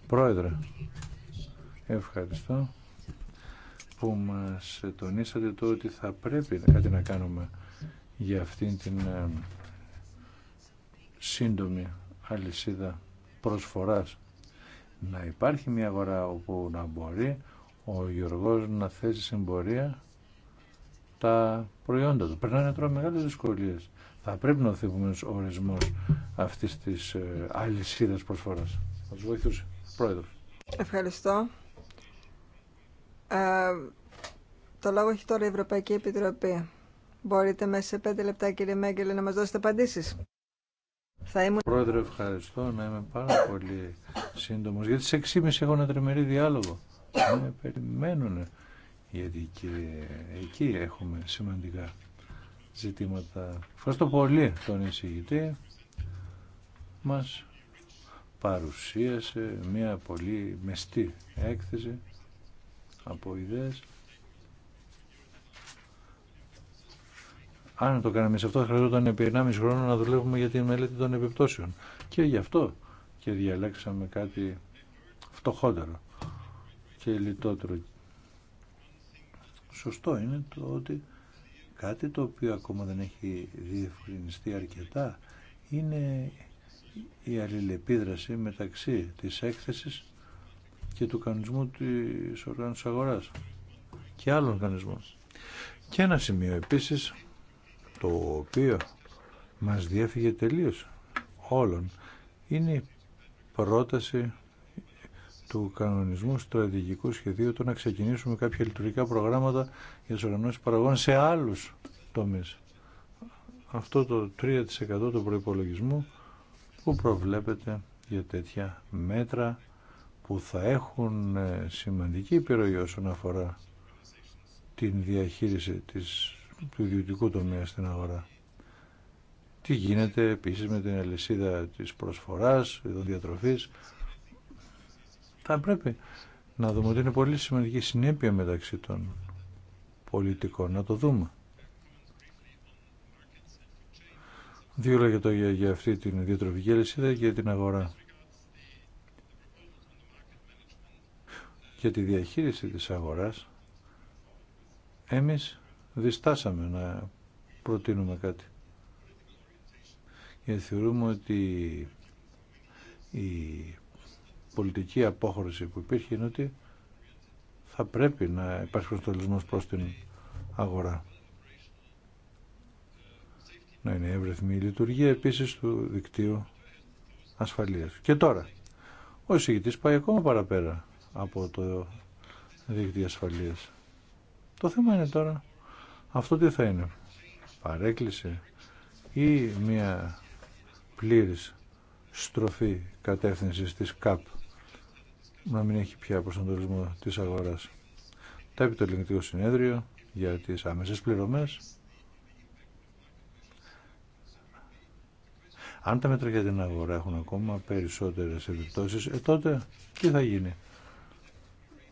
Πρόεδρε, ευχαριστώ που μας τονίσατε το ότι θα πρέπει κάτι να κάνουμε για αυτήν την ε, σύντομη αλυσίδα προσφοράς. Να υπάρχει μια αγορά όπου να μπορεί ο Γιωργός να θέσει συμπορία τα προϊόντα του. Περνάνε τώρα μεγάλες δυσκολίες. Θα πρέπει να οθυγούμε ο ορισμός αυτής της ε, αλυσίδας προσφοράς. Θα τους βοηθούσε. Πρόεδρος. Ευχαριστώ. Ε, το λόγο έχει τώρα η Ευρωπαϊκή Επιτροπή. Μπορείτε μέσα σε πέντε λεπτά κύριε Μέγκελε να μας δώσετε απαντήσεις. Θα ήμουν... Πρόεδρε ευχαριστώ να είμαι πάρα πολύ σύντομος γιατί σε 6.30 έχω ένα τριμερή διάλογο με περιμένουν γιατί και εκεί έχουμε σημαντικά ζητήματα. Ευχαριστώ πολύ τον εισηγητή. Μας παρουσίασε μια πολύ μεστή έκθεση από ιδέες. Αν το κάναμε σε αυτό, χρειαζόταν επί 1,5 χρόνο να δουλεύουμε για τη μελέτη των επιπτώσεων. Και γι' αυτό και διαλέξαμε κάτι φτωχότερο λιτότερο. Σωστό είναι το ότι κάτι το οποίο ακόμα δεν έχει διευκρινιστεί αρκετά είναι η αλληλεπίδραση μεταξύ της έκθεσης και του κανονισμού της οργάνωσης αγοράς και άλλων κανονισμών. Και ένα σημείο επίσης το οποίο μας διέφυγε τελείως όλων είναι η πρόταση του κανονισμού στρατηγικού σχεδίου το να ξεκινήσουμε κάποια λειτουργικά προγράμματα για τι οργανώσει παραγών σε άλλου τομεί. Αυτό το 3% του προπολογισμού που προβλέπεται για τέτοια μέτρα που θα έχουν ε, σημαντική επιρροή όσον αφορά την διαχείριση της, του ιδιωτικού τομέα στην αγορά. Τι γίνεται επίσης με την αλυσίδα της προσφοράς, των διατροφής, θα πρέπει να δούμε ότι είναι πολύ σημαντική συνέπεια μεταξύ των πολιτικών. Να το δούμε. Δύο λόγια το για, αυτή την διατροφική αλυσίδα και την αγορά. Για τη διαχείριση της αγοράς εμείς διστάσαμε να προτείνουμε κάτι. Γιατί θεωρούμε ότι η πολιτική απόχωρηση που υπήρχε είναι ότι θα πρέπει να υπάρχει προστολισμός προς την αγορά. Να είναι εύρεθμη η λειτουργία επίσης του δικτύου ασφαλείας. Και τώρα, ο εισηγητής πάει ακόμα παραπέρα από το δίκτυο ασφαλείας. Το θέμα είναι τώρα αυτό τι θα είναι. Παρέκκληση ή μια πλήρης στροφή κατεύθυνσης της ΚΑΠ να μην έχει πια προσανατολισμό της αγοράς. Τα το συνέδριο για τις άμεσες πληρωμές. Αν τα μέτρα για την αγορά έχουν ακόμα περισσότερες επιπτώσεις, ε, τότε τι θα γίνει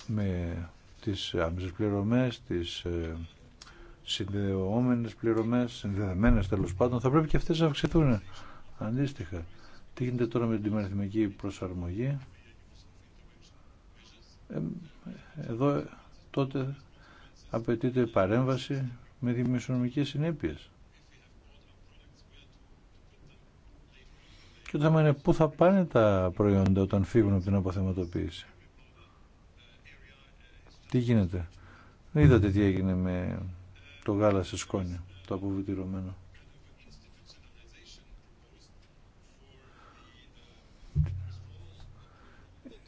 με τις άμεσες πληρωμές, τις ε, συνδεόμενες πληρωμές, συνδεδεμένες τέλος πάντων, θα πρέπει και αυτές να αυξηθούν αντίστοιχα. Τι γίνεται τώρα με την αριθμική προσαρμογή. Ε, εδώ τότε απαιτείται παρέμβαση με δημοσιονομικές συνέπειες. Και το είναι πού θα πάνε τα προϊόντα όταν φύγουν από την αποθεματοποίηση. Τι γίνεται. Είδατε τι έγινε με το γάλα σε σκόνη, το αποβιτηρωμένο.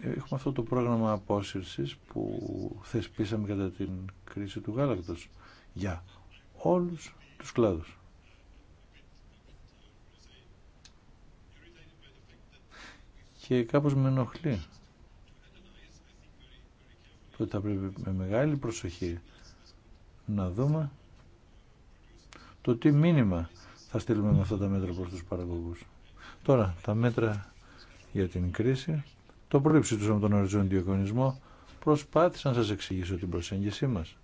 Έχουμε αυτό το πρόγραμμα απόσυρσης που θεσπίσαμε κατά την κρίση του γάλακτος για όλους τους κλάδους. Και κάπως με ενοχλεί το ότι θα πρέπει με μεγάλη προσοχή να δούμε το τι μήνυμα θα στείλουμε με αυτά τα μέτρα προς τους παραγωγούς. Τώρα, τα μέτρα για την κρίση το του με τον οριζόντιο διαγωνισμό. προσπάθησα να σας εξηγήσω την προσέγγιση μας.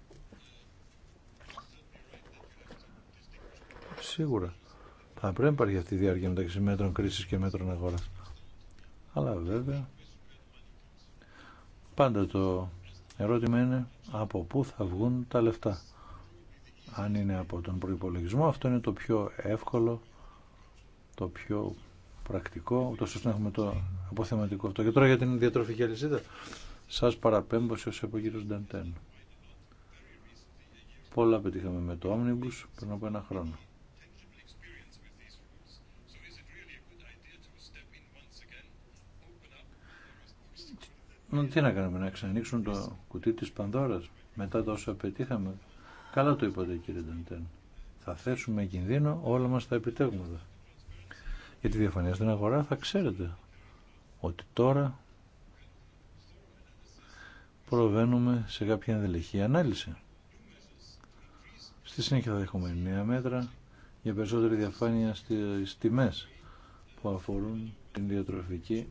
Σίγουρα. Θα πρέπει να υπάρχει αυτή η διάρκεια μεταξύ μέτρων κρίσης και μέτρων αγοράς. Αλλά βέβαια, πάντα το ερώτημα είναι από πού θα βγουν τα λεφτά. Αν είναι από τον προϋπολογισμό, αυτό είναι το πιο εύκολο, το πιο πρακτικό, ούτως ώστε να έχουμε το αποθεματικό αυτό. Και τώρα για την διατροφική αλυσίδα, σας παραπέμπω σε όσο είπε ο κύριο Νταντέν. Πολλά πετύχαμε με το Omnibus πριν από ένα χρόνο. Τι να κάνουμε, να ξανοίξουν το κουτί της Πανδώρας μετά το όσο πετύχαμε. Καλά το είπατε κύριε Νταντέν. Θα θέσουμε κινδύνο όλα μας τα επιτεύγματα για τη διαφανεία στην αγορά θα ξέρετε ότι τώρα προβαίνουμε σε κάποια ενδελεχή ανάλυση. Στη συνέχεια θα έχουμε νέα μέτρα για περισσότερη διαφάνεια στις τιμές που αφορούν την διατροφική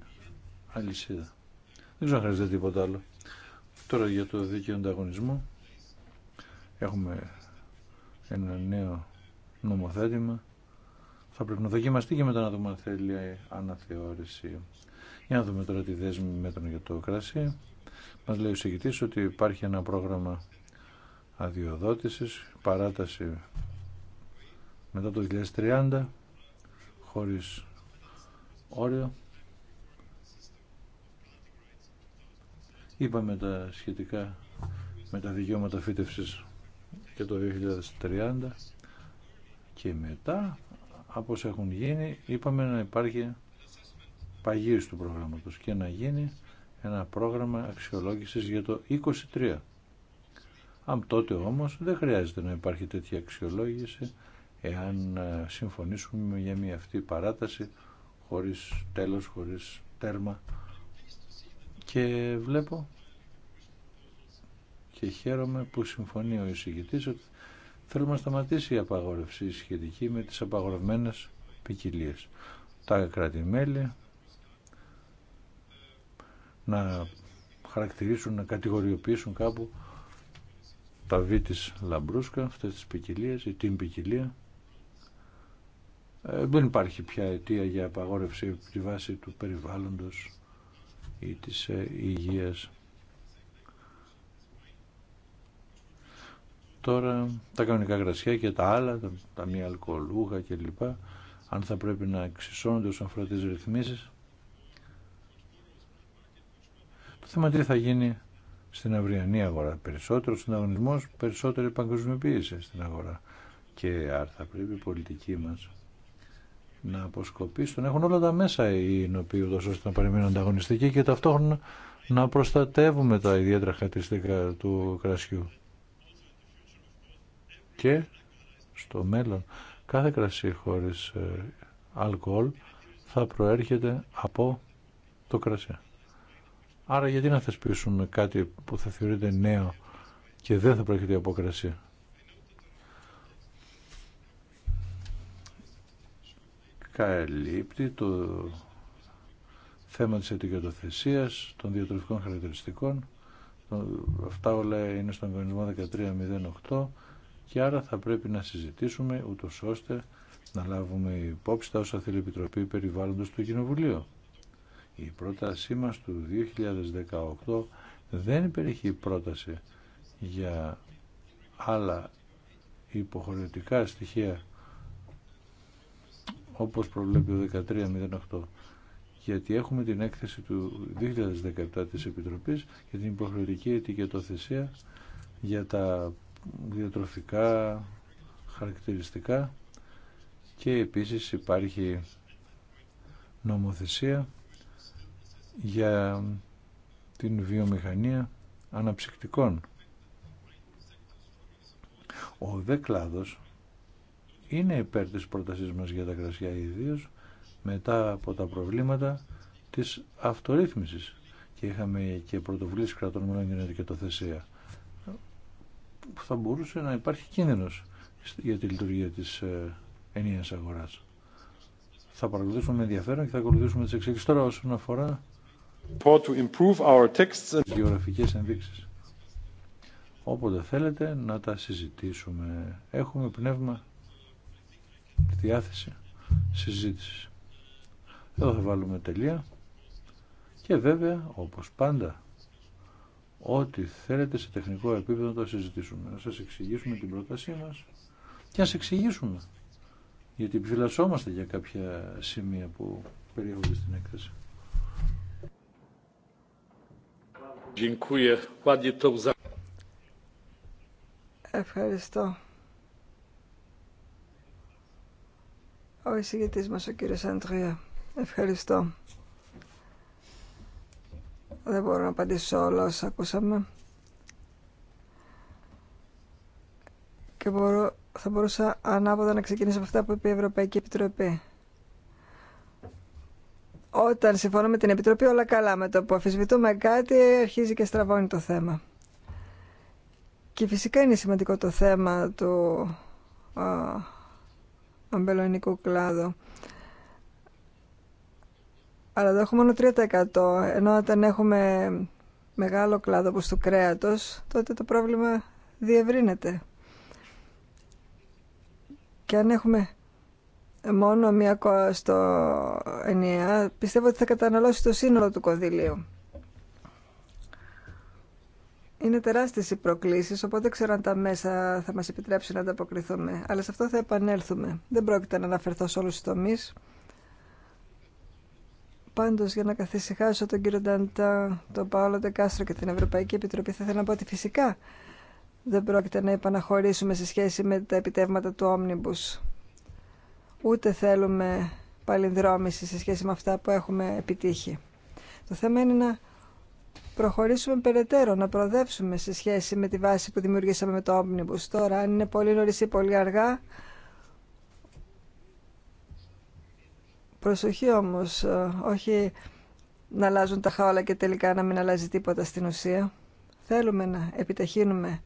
αλυσίδα. Δεν ξέρω αν χρειάζεται τίποτα άλλο. Τώρα για το δίκαιο ανταγωνισμό έχουμε ένα νέο νομοθέτημα θα πρέπει να δοκιμαστεί και μετά να δούμε αν θέλει αναθεώρηση. Για να δούμε τώρα τη δέσμη μέτρων για το κρασί. Μας λέει ο συγκητή ότι υπάρχει ένα πρόγραμμα αδειοδότηση παράταση μετά το 2030, χωρίς όριο. Είπαμε τα σχετικά με τα δικαιώματα φύτευσης και το 2030 και μετά από έχουν γίνει είπαμε να υπάρχει παγίωση του προγράμματος και να γίνει ένα πρόγραμμα αξιολόγησης για το 23. Αν τότε όμως δεν χρειάζεται να υπάρχει τέτοια αξιολόγηση εάν ε, συμφωνήσουμε για μια αυτή παράταση χωρίς τέλος, χωρίς τέρμα και βλέπω και χαίρομαι που συμφωνεί ο εισηγητής ότι Θέλουμε να σταματήσει η απαγόρευση σχετική με τις απαγορευμένες ποικιλίε. Τα κρατη να χαρακτηρίσουν, να κατηγοριοποιήσουν κάπου τα βήτης λαμπρούσκα, αυτές τις ποικιλίε ή την ποικιλία. Ε, δεν υπάρχει πια αιτία για απαγόρευση από τη βάση του περιβάλλοντος ή της ε, υγείας. Τώρα τα κανονικά γρασιά και τα άλλα, τα, τα μία αλκοολούχα κλπ. Αν θα πρέπει να εξισώνονται όσον αφορά τις ρυθμίσεις. Το θέμα τι θα γίνει στην αυριανή αγορά. Περισσότερο συνταγωνισμό, περισσότερη παγκοσμιοποίηση στην αγορά. Και άρα θα πρέπει η πολιτική μα να αποσκοπεί στον έχουν όλα τα μέσα οι οποίοι ούτω ώστε να παραμείνουν ανταγωνιστικοί και ταυτόχρονα να προστατεύουμε τα ιδιαίτερα χαρακτηριστικά του κρασιού και στο μέλλον κάθε κρασί χωρίς ε, αλκοόλ θα προέρχεται από το κρασί. Άρα γιατί να θεσπίσουμε κάτι που θα θεωρείται νέο και δεν θα προέρχεται από κρασί. Καλύπτει το θέμα της ετικετοθεσίας, των διατροφικών χαρακτηριστικών. Αυτά όλα είναι στον κανονισμό 1308 και άρα θα πρέπει να συζητήσουμε ούτω ώστε να λάβουμε υπόψη τα όσα θέλει η Επιτροπή Περιβάλλοντος του Κοινοβουλίου. Η πρότασή μας του 2018 δεν υπήρχε πρόταση για άλλα υποχρεωτικά στοιχεία όπως προβλέπει ο 1308 γιατί έχουμε την έκθεση του 2017 της Επιτροπής για την υποχρεωτική ετικετοθεσία για τα διατροφικά χαρακτηριστικά και επίσης υπάρχει νομοθεσία για την βιομηχανία αναψυκτικών. Ο δε κλάδος είναι υπέρ της πρότασής μας για τα κρασιά ιδίω μετά από τα προβλήματα της αυτορύθμισης και είχαμε και πρωτοβουλίες κρατών μόνο για την ετικετοθεσία που θα μπορούσε να υπάρχει κίνδυνος για τη λειτουργία της ε, ενίας αγοράς. Θα παρακολουθήσουμε με ενδιαφέρον και θα ακολουθήσουμε τις εξελίξεις τώρα όσον αφορά to improve our γεωγραφικές ενδείξεις. Όποτε θέλετε να τα συζητήσουμε. Έχουμε πνεύμα διάθεση συζήτηση. Εδώ θα βάλουμε τελεία και βέβαια όπως πάντα Ό,τι θέλετε σε τεχνικό επίπεδο να το συζητήσουμε. Να σας εξηγήσουμε την πρότασή μας και να σας εξηγήσουμε. Γιατί επιφυλασσόμαστε για κάποια σημεία που περιέχονται στην έκθεση. Ευχαριστώ. Ο εισηγητής μας, ο κύριος Αντρία. Ευχαριστώ. Δεν μπορώ να απαντήσω όλα όσα ακούσαμε. Και μπορώ, θα μπορούσα ανάποδα να ξεκινήσω από αυτά που είπε η Ευρωπαϊκή Επιτροπή. Όταν συμφωνώ με την Επιτροπή όλα καλά. Με το που αφισβητούμε κάτι αρχίζει και στραβώνει το θέμα. Και φυσικά είναι σημαντικό το θέμα του αμπελονικού κλάδου αλλά εδώ έχουμε μόνο 3%. Ενώ όταν έχουμε μεγάλο κλάδο όπως του κρέατος, τότε το πρόβλημα διευρύνεται. Και αν έχουμε μόνο μία κόα στο ενιαία, πιστεύω ότι θα καταναλώσει το σύνολο του κονδυλίου. Είναι τεράστιες οι προκλήσεις, οπότε ξέρω αν τα μέσα θα μας επιτρέψουν να ανταποκριθούμε. Αλλά σε αυτό θα επανέλθουμε. Δεν πρόκειται να αναφερθώ σε όλους τους τομείς. Πάντω για να καθησυχάσω τον κύριο Νταντά, τον Παόλο Ντεκάστρο και την Ευρωπαϊκή Επιτροπή, θα ήθελα να πω ότι φυσικά δεν πρόκειται να επαναχωρήσουμε σε σχέση με τα επιτεύγματα του Omnibus. Ούτε θέλουμε παλινδρόμηση σε σχέση με αυτά που έχουμε επιτύχει. Το θέμα είναι να προχωρήσουμε περαιτέρω, να προοδεύσουμε σε σχέση με τη βάση που δημιουργήσαμε με το Omnibus. Τώρα, αν είναι πολύ νωρί ή πολύ αργά, Προσοχή όμως, ε, όχι να αλλάζουν τα χαόλα και τελικά να μην αλλάζει τίποτα στην ουσία. Θέλουμε να επιταχύνουμε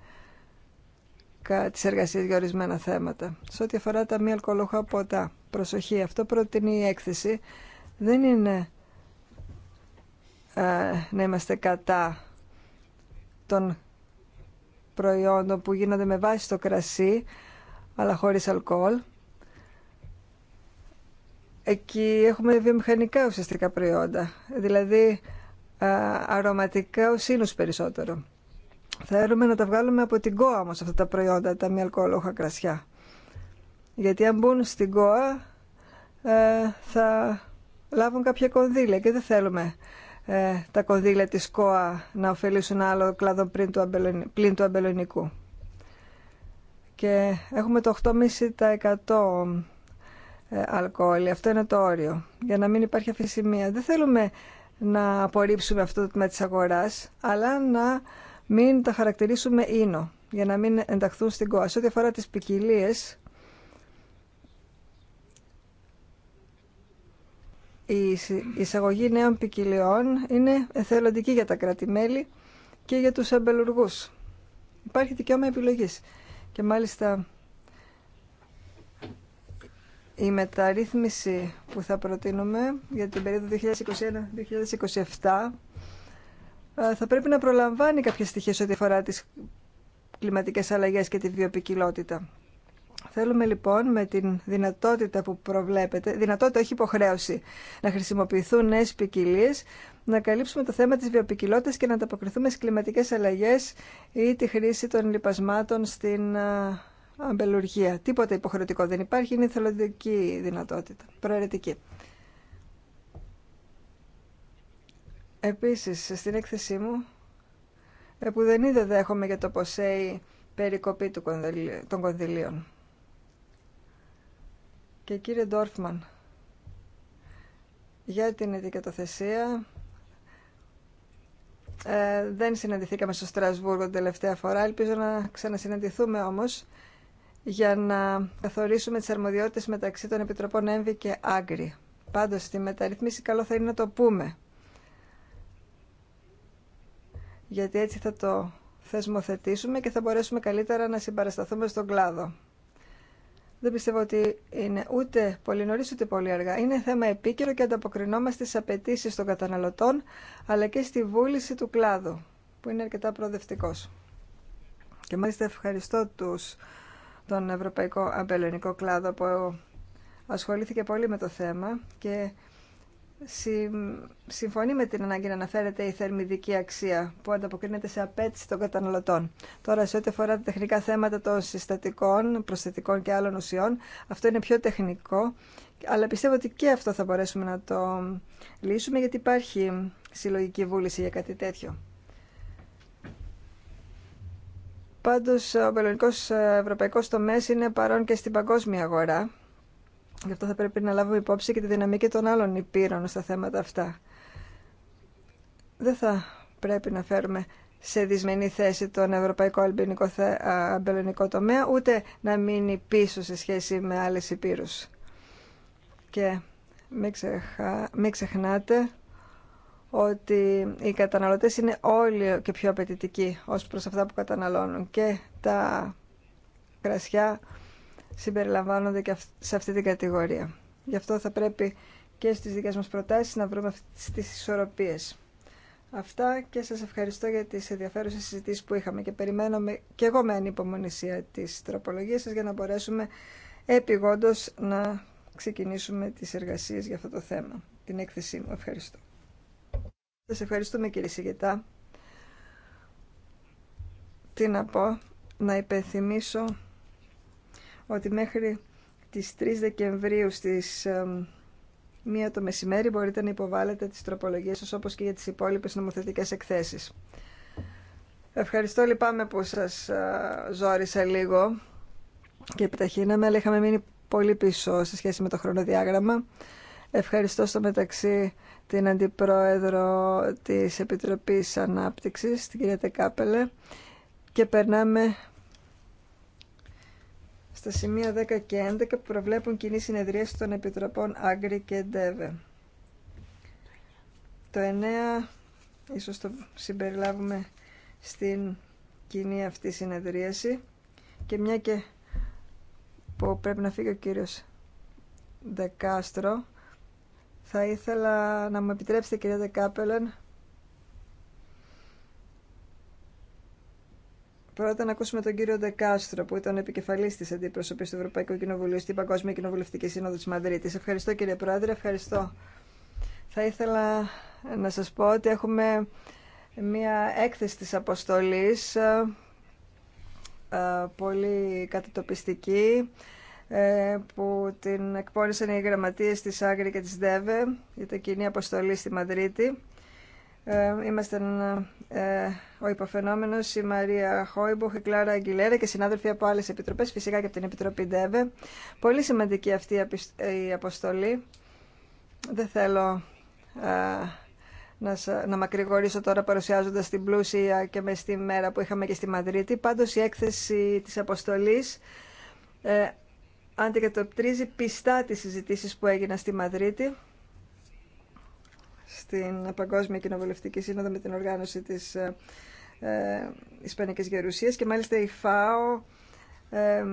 τις εργασίες για ορισμένα θέματα. Σε ό,τι αφορά τα μη αλκοολοχά ποτά, προσοχή, αυτό προτείνει η έκθεση. Δεν είναι ε, να είμαστε κατά των προϊόντων που γίνονται με βάση το κρασί, αλλά χωρίς αλκοόλ εκεί έχουμε βιομηχανικά ουσιαστικά προϊόντα, δηλαδή αρωματικά ουσίνους περισσότερο. Θέλουμε να τα βγάλουμε από την ΚΟΑ όμως αυτά τα προϊόντα, τα μη αλκοόλογα κρασιά. Γιατί αν μπουν στην ΚΟΑ ε, θα λάβουν κάποια κονδύλια και δεν θέλουμε ε, τα κονδύλια της ΚΟΑ να ωφελήσουν άλλο κλάδο πριν του, πλην του αμπελονικού. Και έχουμε το 8,5% ε, αλκοόλ. Αυτό είναι το όριο, για να μην υπάρχει αφησιμία. Δεν θέλουμε να απορρίψουμε αυτό το τμήμα τη αγοράς, αλλά να μην τα χαρακτηρίσουμε ίνο, για να μην ενταχθούν στην ΚΟΑ. Σε ό,τι αφορά τι ποικιλίε. η εισαγωγή νέων ποικιλιών είναι εθελοντική για τα κράτη-μέλη και για τους εμπελουργούς. Υπάρχει δικαίωμα επιλογή Και μάλιστα η μεταρρύθμιση που θα προτείνουμε για την περίοδο 2021-2027 ε, θα πρέπει να προλαμβάνει κάποιες σε ό,τι αφορά τις κλιματικές αλλαγές και τη βιοπικιλότητα. Θέλουμε λοιπόν με την δυνατότητα που προβλέπετε, δυνατότητα όχι υποχρέωση, να χρησιμοποιηθούν νέε ποικιλίε, να καλύψουμε το θέμα της βιοπικιλότητας και να ανταποκριθούμε στι κλιματικέ αλλαγέ ή τη χρήση των λοιπασμάτων στην ε, αμπελουργία. Τίποτα υποχρεωτικό δεν υπάρχει, είναι θελοντική δυνατότητα, προαιρετική. Επίσης, στην έκθεσή μου, ε, που δεν είδε δέχομαι για το ΠΟΣΕΙ περικοπή των κονδυλίων. Και κύριε Ντόρφμαν, για την ειδικατοθεσία ε, δεν συναντηθήκαμε στο Στρασβούργο την τελευταία φορά. Ελπίζω να ξανασυναντηθούμε όμως για να καθορίσουμε τις αρμοδιότητες μεταξύ των Επιτροπών Έμβη και άγρι. Πάντως, στη μεταρρυθμίση καλό θα είναι να το πούμε. Γιατί έτσι θα το θεσμοθετήσουμε και θα μπορέσουμε καλύτερα να συμπαρασταθούμε στον κλάδο. Δεν πιστεύω ότι είναι ούτε πολύ νωρί ούτε πολύ αργά. Είναι θέμα επίκαιρο και ανταποκρινόμαστε στι απαιτήσει των καταναλωτών αλλά και στη βούληση του κλάδου που είναι αρκετά προοδευτικό. Και μάλιστα ευχαριστώ τους τον ευρωπαϊκό αμπελονικό κλάδο που ασχολήθηκε πολύ με το θέμα και συμφωνεί με την ανάγκη να αναφέρεται η θερμιδική αξία που ανταποκρίνεται σε απέτηση των καταναλωτών. Τώρα, σε ό,τι αφορά τα τεχνικά θέματα των συστατικών, προσθετικών και άλλων ουσιών, αυτό είναι πιο τεχνικό, αλλά πιστεύω ότι και αυτό θα μπορέσουμε να το λύσουμε, γιατί υπάρχει συλλογική βούληση για κάτι τέτοιο. Πάντως ο πελλονικός ε, ευρωπαϊκός τομέας είναι παρόν και στην παγκόσμια αγορά. Γι' αυτό θα πρέπει να λάβουμε υπόψη και τη δυναμική των άλλων υπήρων στα θέματα αυτά. Δεν θα πρέπει να φέρουμε σε δυσμενή θέση τον ευρωπαϊκό αμπελονικό τομέα, ούτε να μείνει πίσω σε σχέση με άλλες υπήρους. Και μην ξεχνάτε ότι οι καταναλωτές είναι όλοι και πιο απαιτητικοί ως προς αυτά που καταναλώνουν και τα κρασιά συμπεριλαμβάνονται και σε αυτή την κατηγορία. Γι' αυτό θα πρέπει και στις δικές μας προτάσεις να βρούμε αυτές τις ισορροπίες. Αυτά και σας ευχαριστώ για τις ενδιαφέρουσες συζητήσεις που είχαμε και περιμένω και εγώ με ανυπομονησία τις τροπολογίες σας για να μπορέσουμε επιγόντως να ξεκινήσουμε τις εργασίες για αυτό το θέμα, την έκθεσή μου. Ευχαριστώ. Σα ευχαριστούμε κύριε Σιγητά. Τι να πω, να υπενθυμίσω ότι μέχρι τις 3 Δεκεμβρίου στις μία το μεσημέρι μπορείτε να υποβάλλετε τις τροπολογίες σας όπως και για τις υπόλοιπες νομοθετικές εκθέσεις. Ευχαριστώ, λυπάμαι που σας ε, ζόρισα λίγο και επιταχύναμε, αλλά είχαμε μείνει πολύ πίσω σε σχέση με το χρονοδιάγραμμα. Ευχαριστώ στο μεταξύ την Αντιπρόεδρο της Επιτροπής Ανάπτυξης, την κυρία Τεκάπελε. Και περνάμε στα σημεία 10 και 11 που προβλέπουν κοινή συνεδρίαση των Επιτροπών Άγκρη και Ντέβε. Το 9 ίσως το συμπεριλάβουμε στην κοινή αυτή συνεδρίαση και μια και που πρέπει να φύγει ο κύριος Δεκάστρο θα ήθελα να μου επιτρέψετε κυρία Δεκάπελεν Πρώτα να ακούσουμε τον κύριο Δεκάστρο που ήταν επικεφαλής της αντιπροσωπής του Ευρωπαϊκού Κοινοβουλίου στην Παγκόσμια Κοινοβουλευτική Σύνοδο της Μαδρίτης. Ευχαριστώ κύριε Πρόεδρε, ευχαριστώ. Θα ήθελα να σας πω ότι έχουμε μια έκθεση της αποστολής, ε, ε, πολύ κατατοπιστική, ε, που την εκπώνησαν οι γραμματείες της Άγκρη και της ΔΕΒΕ για την κοινή αποστολή στη Μαδρίτη. Είμαστε ο υποφαινόμενος, η Μαρία Χόιμπουχ, η Κλάρα Αγγιλέρα και συνάδελφοι από άλλες επιτροπές, φυσικά και από την Επιτροπή ΔΕΒΕ. Πολύ σημαντική αυτή η ε, αποστολή. Δεν θέλω ε, να, να μακρηγορήσω τώρα παρουσιάζοντα την πλούσια και με στη μέρα που είχαμε και στη Μαδρίτη. Πάντως η έκθεση της αποστολής αντικατοπτρίζει πιστά τις συζητήσεις που έγιναν στη Μαδρίτη στην Παγκόσμια Κοινοβουλευτική Σύνοδο με την οργάνωση της ε, ε, Ισπανικής Γερουσίας και μάλιστα η ΦΑΟ ε,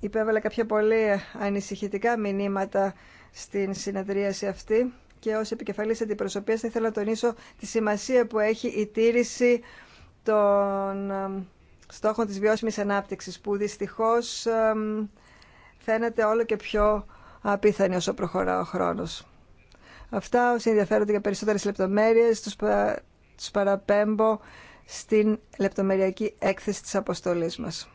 υπέβαλε κάποια πολύ ανησυχητικά μηνύματα στην συνεδρίαση αυτή και ως επικεφαλής αντιπροσωπείας θα ήθελα να τονίσω τη σημασία που έχει η τήρηση των ε, στόχων της βιώσιμης ανάπτυξης που δυστυχώς φαίνεται όλο και πιο απίθανη όσο προχωρά ο χρόνος. Αυτά όσοι ενδιαφέρονται για περισσότερες λεπτομέρειες τους, πα, παραπέμπω στην λεπτομεριακή έκθεση της αποστολής μας.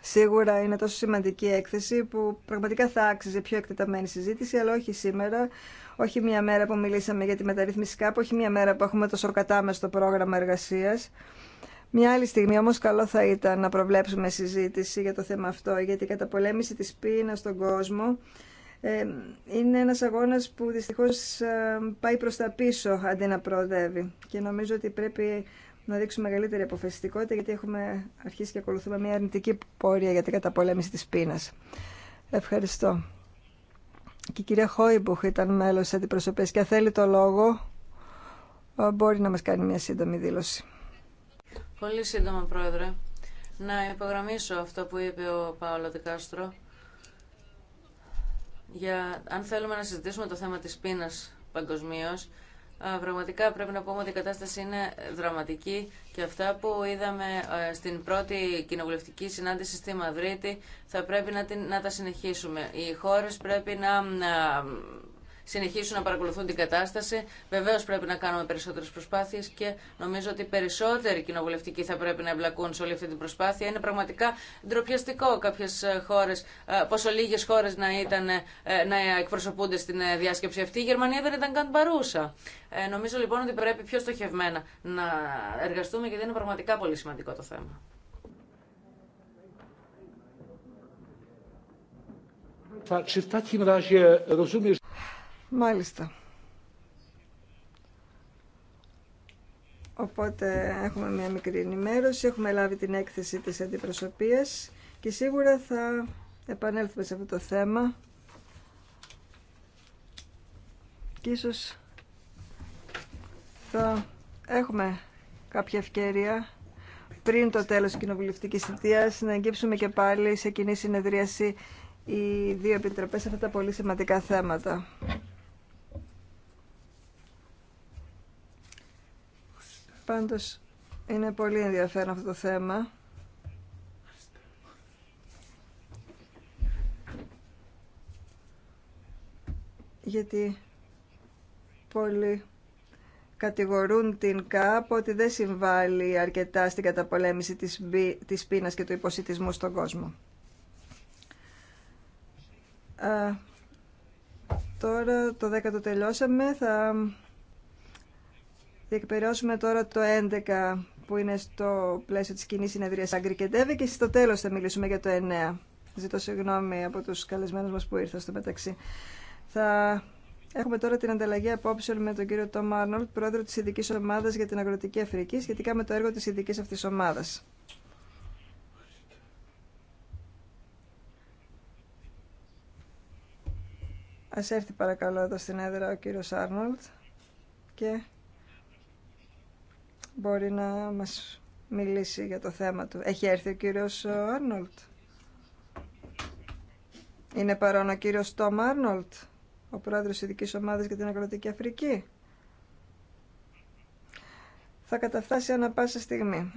Σίγουρα είναι τόσο σημαντική έκθεση που πραγματικά θα άξιζε πιο εκτεταμένη συζήτηση, αλλά όχι σήμερα, όχι μια μέρα που μιλήσαμε για τη μεταρρύθμιση όχι μια μέρα που έχουμε τόσο κατάμεστο πρόγραμμα εργασίας. Μια άλλη στιγμή όμως καλό θα ήταν να προβλέψουμε συζήτηση για το θέμα αυτό, γιατί η καταπολέμηση της πείνας στον κόσμο ε, είναι ένας αγώνας που δυστυχώς ε, πάει προς τα πίσω αντί να προοδεύει. Και νομίζω ότι πρέπει να δείξουμε μεγαλύτερη αποφασιστικότητα, γιατί έχουμε αρχίσει και ακολουθούμε μια αρνητική πόρια για την καταπολέμηση της πείνας. Ευχαριστώ. Και η κυρία Χόιμπουχ ήταν μέλος της και αν θέλει το λόγο, ε, μπορεί να μας κάνει μια σύντομη δήλωση. Πολύ σύντομα, Πρόεδρε. Να υπογραμμίσω αυτό που είπε ο Παόλο Δικάστρο. Για, αν θέλουμε να συζητήσουμε το θέμα της πείνας παγκοσμίω, πραγματικά πρέπει να πούμε ότι η κατάσταση είναι δραματική και αυτά που είδαμε στην πρώτη κοινοβουλευτική συνάντηση στη Μαδρίτη θα πρέπει να, την, τα συνεχίσουμε. Οι χώρες πρέπει να συνεχίσουν να παρακολουθούν την κατάσταση. Βεβαίω πρέπει να κάνουμε περισσότερε προσπάθειε και νομίζω ότι περισσότεροι κοινοβουλευτικοί θα πρέπει να εμπλακούν σε όλη αυτή την προσπάθεια. Είναι πραγματικά ντροπιαστικό κάποιε χώρε, πόσο λίγε χώρε να, να εκπροσωπούνται στην διάσκεψη αυτή. Η Γερμανία δεν ήταν καν παρούσα. νομίζω λοιπόν ότι πρέπει πιο στοχευμένα να εργαστούμε γιατί είναι πραγματικά πολύ σημαντικό το θέμα. Μάλιστα. Οπότε έχουμε μια μικρή ενημέρωση, έχουμε λάβει την έκθεση της αντιπροσωπείας και σίγουρα θα επανέλθουμε σε αυτό το θέμα και ίσως θα έχουμε κάποια ευκαιρία πριν το τέλος της κοινοβουλευτικής θητείας να εγγύψουμε και πάλι σε κοινή συνεδρίαση οι δύο επιτροπές σε αυτά τα πολύ σημαντικά θέματα. Πάντως είναι πολύ ενδιαφέρον αυτό το θέμα. Γιατί πολλοί κατηγορούν την ΚΑΠ ότι δεν συμβάλλει αρκετά στην καταπολέμηση της, της πείνας και του υποσυτισμού στον κόσμο. τώρα το 10 το τελειώσαμε. Θα Διεκπαιρεώσουμε τώρα το 11 που είναι στο πλαίσιο της κοινή συνεδρία Άγκρι και στο τέλος θα μιλήσουμε για το 9. Ζητώ συγγνώμη από τους καλεσμένους μας που ήρθαν στο μεταξύ. Θα Έχουμε τώρα την ανταλλαγή απόψεων με τον κύριο Τόμ Άρνολτ, πρόεδρο τη Ειδική Ομάδα για την Αγροτική Αφρική, σχετικά με το έργο τη Ειδική αυτή Ομάδα. Ας έρθει παρακαλώ εδώ στην έδρα ο κύριος Άρνολτ και μπορεί να μας μιλήσει για το θέμα του. Έχει έρθει ο κύριος Άρνολτ. Είναι παρόν ο κύριος Τόμ Άρνολτ, ο πρόεδρος ειδική ομάδας για την Ακροτική Αφρική. Θα καταφτάσει ανα πάσα στιγμή.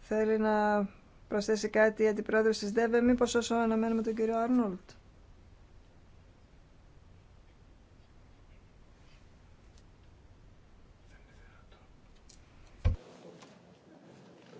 Θέλει να προσθέσει κάτι η αντιπρόεδρος της ΔΕΒΕ, μήπως όσο αναμένουμε τον κύριο Άρνολτ.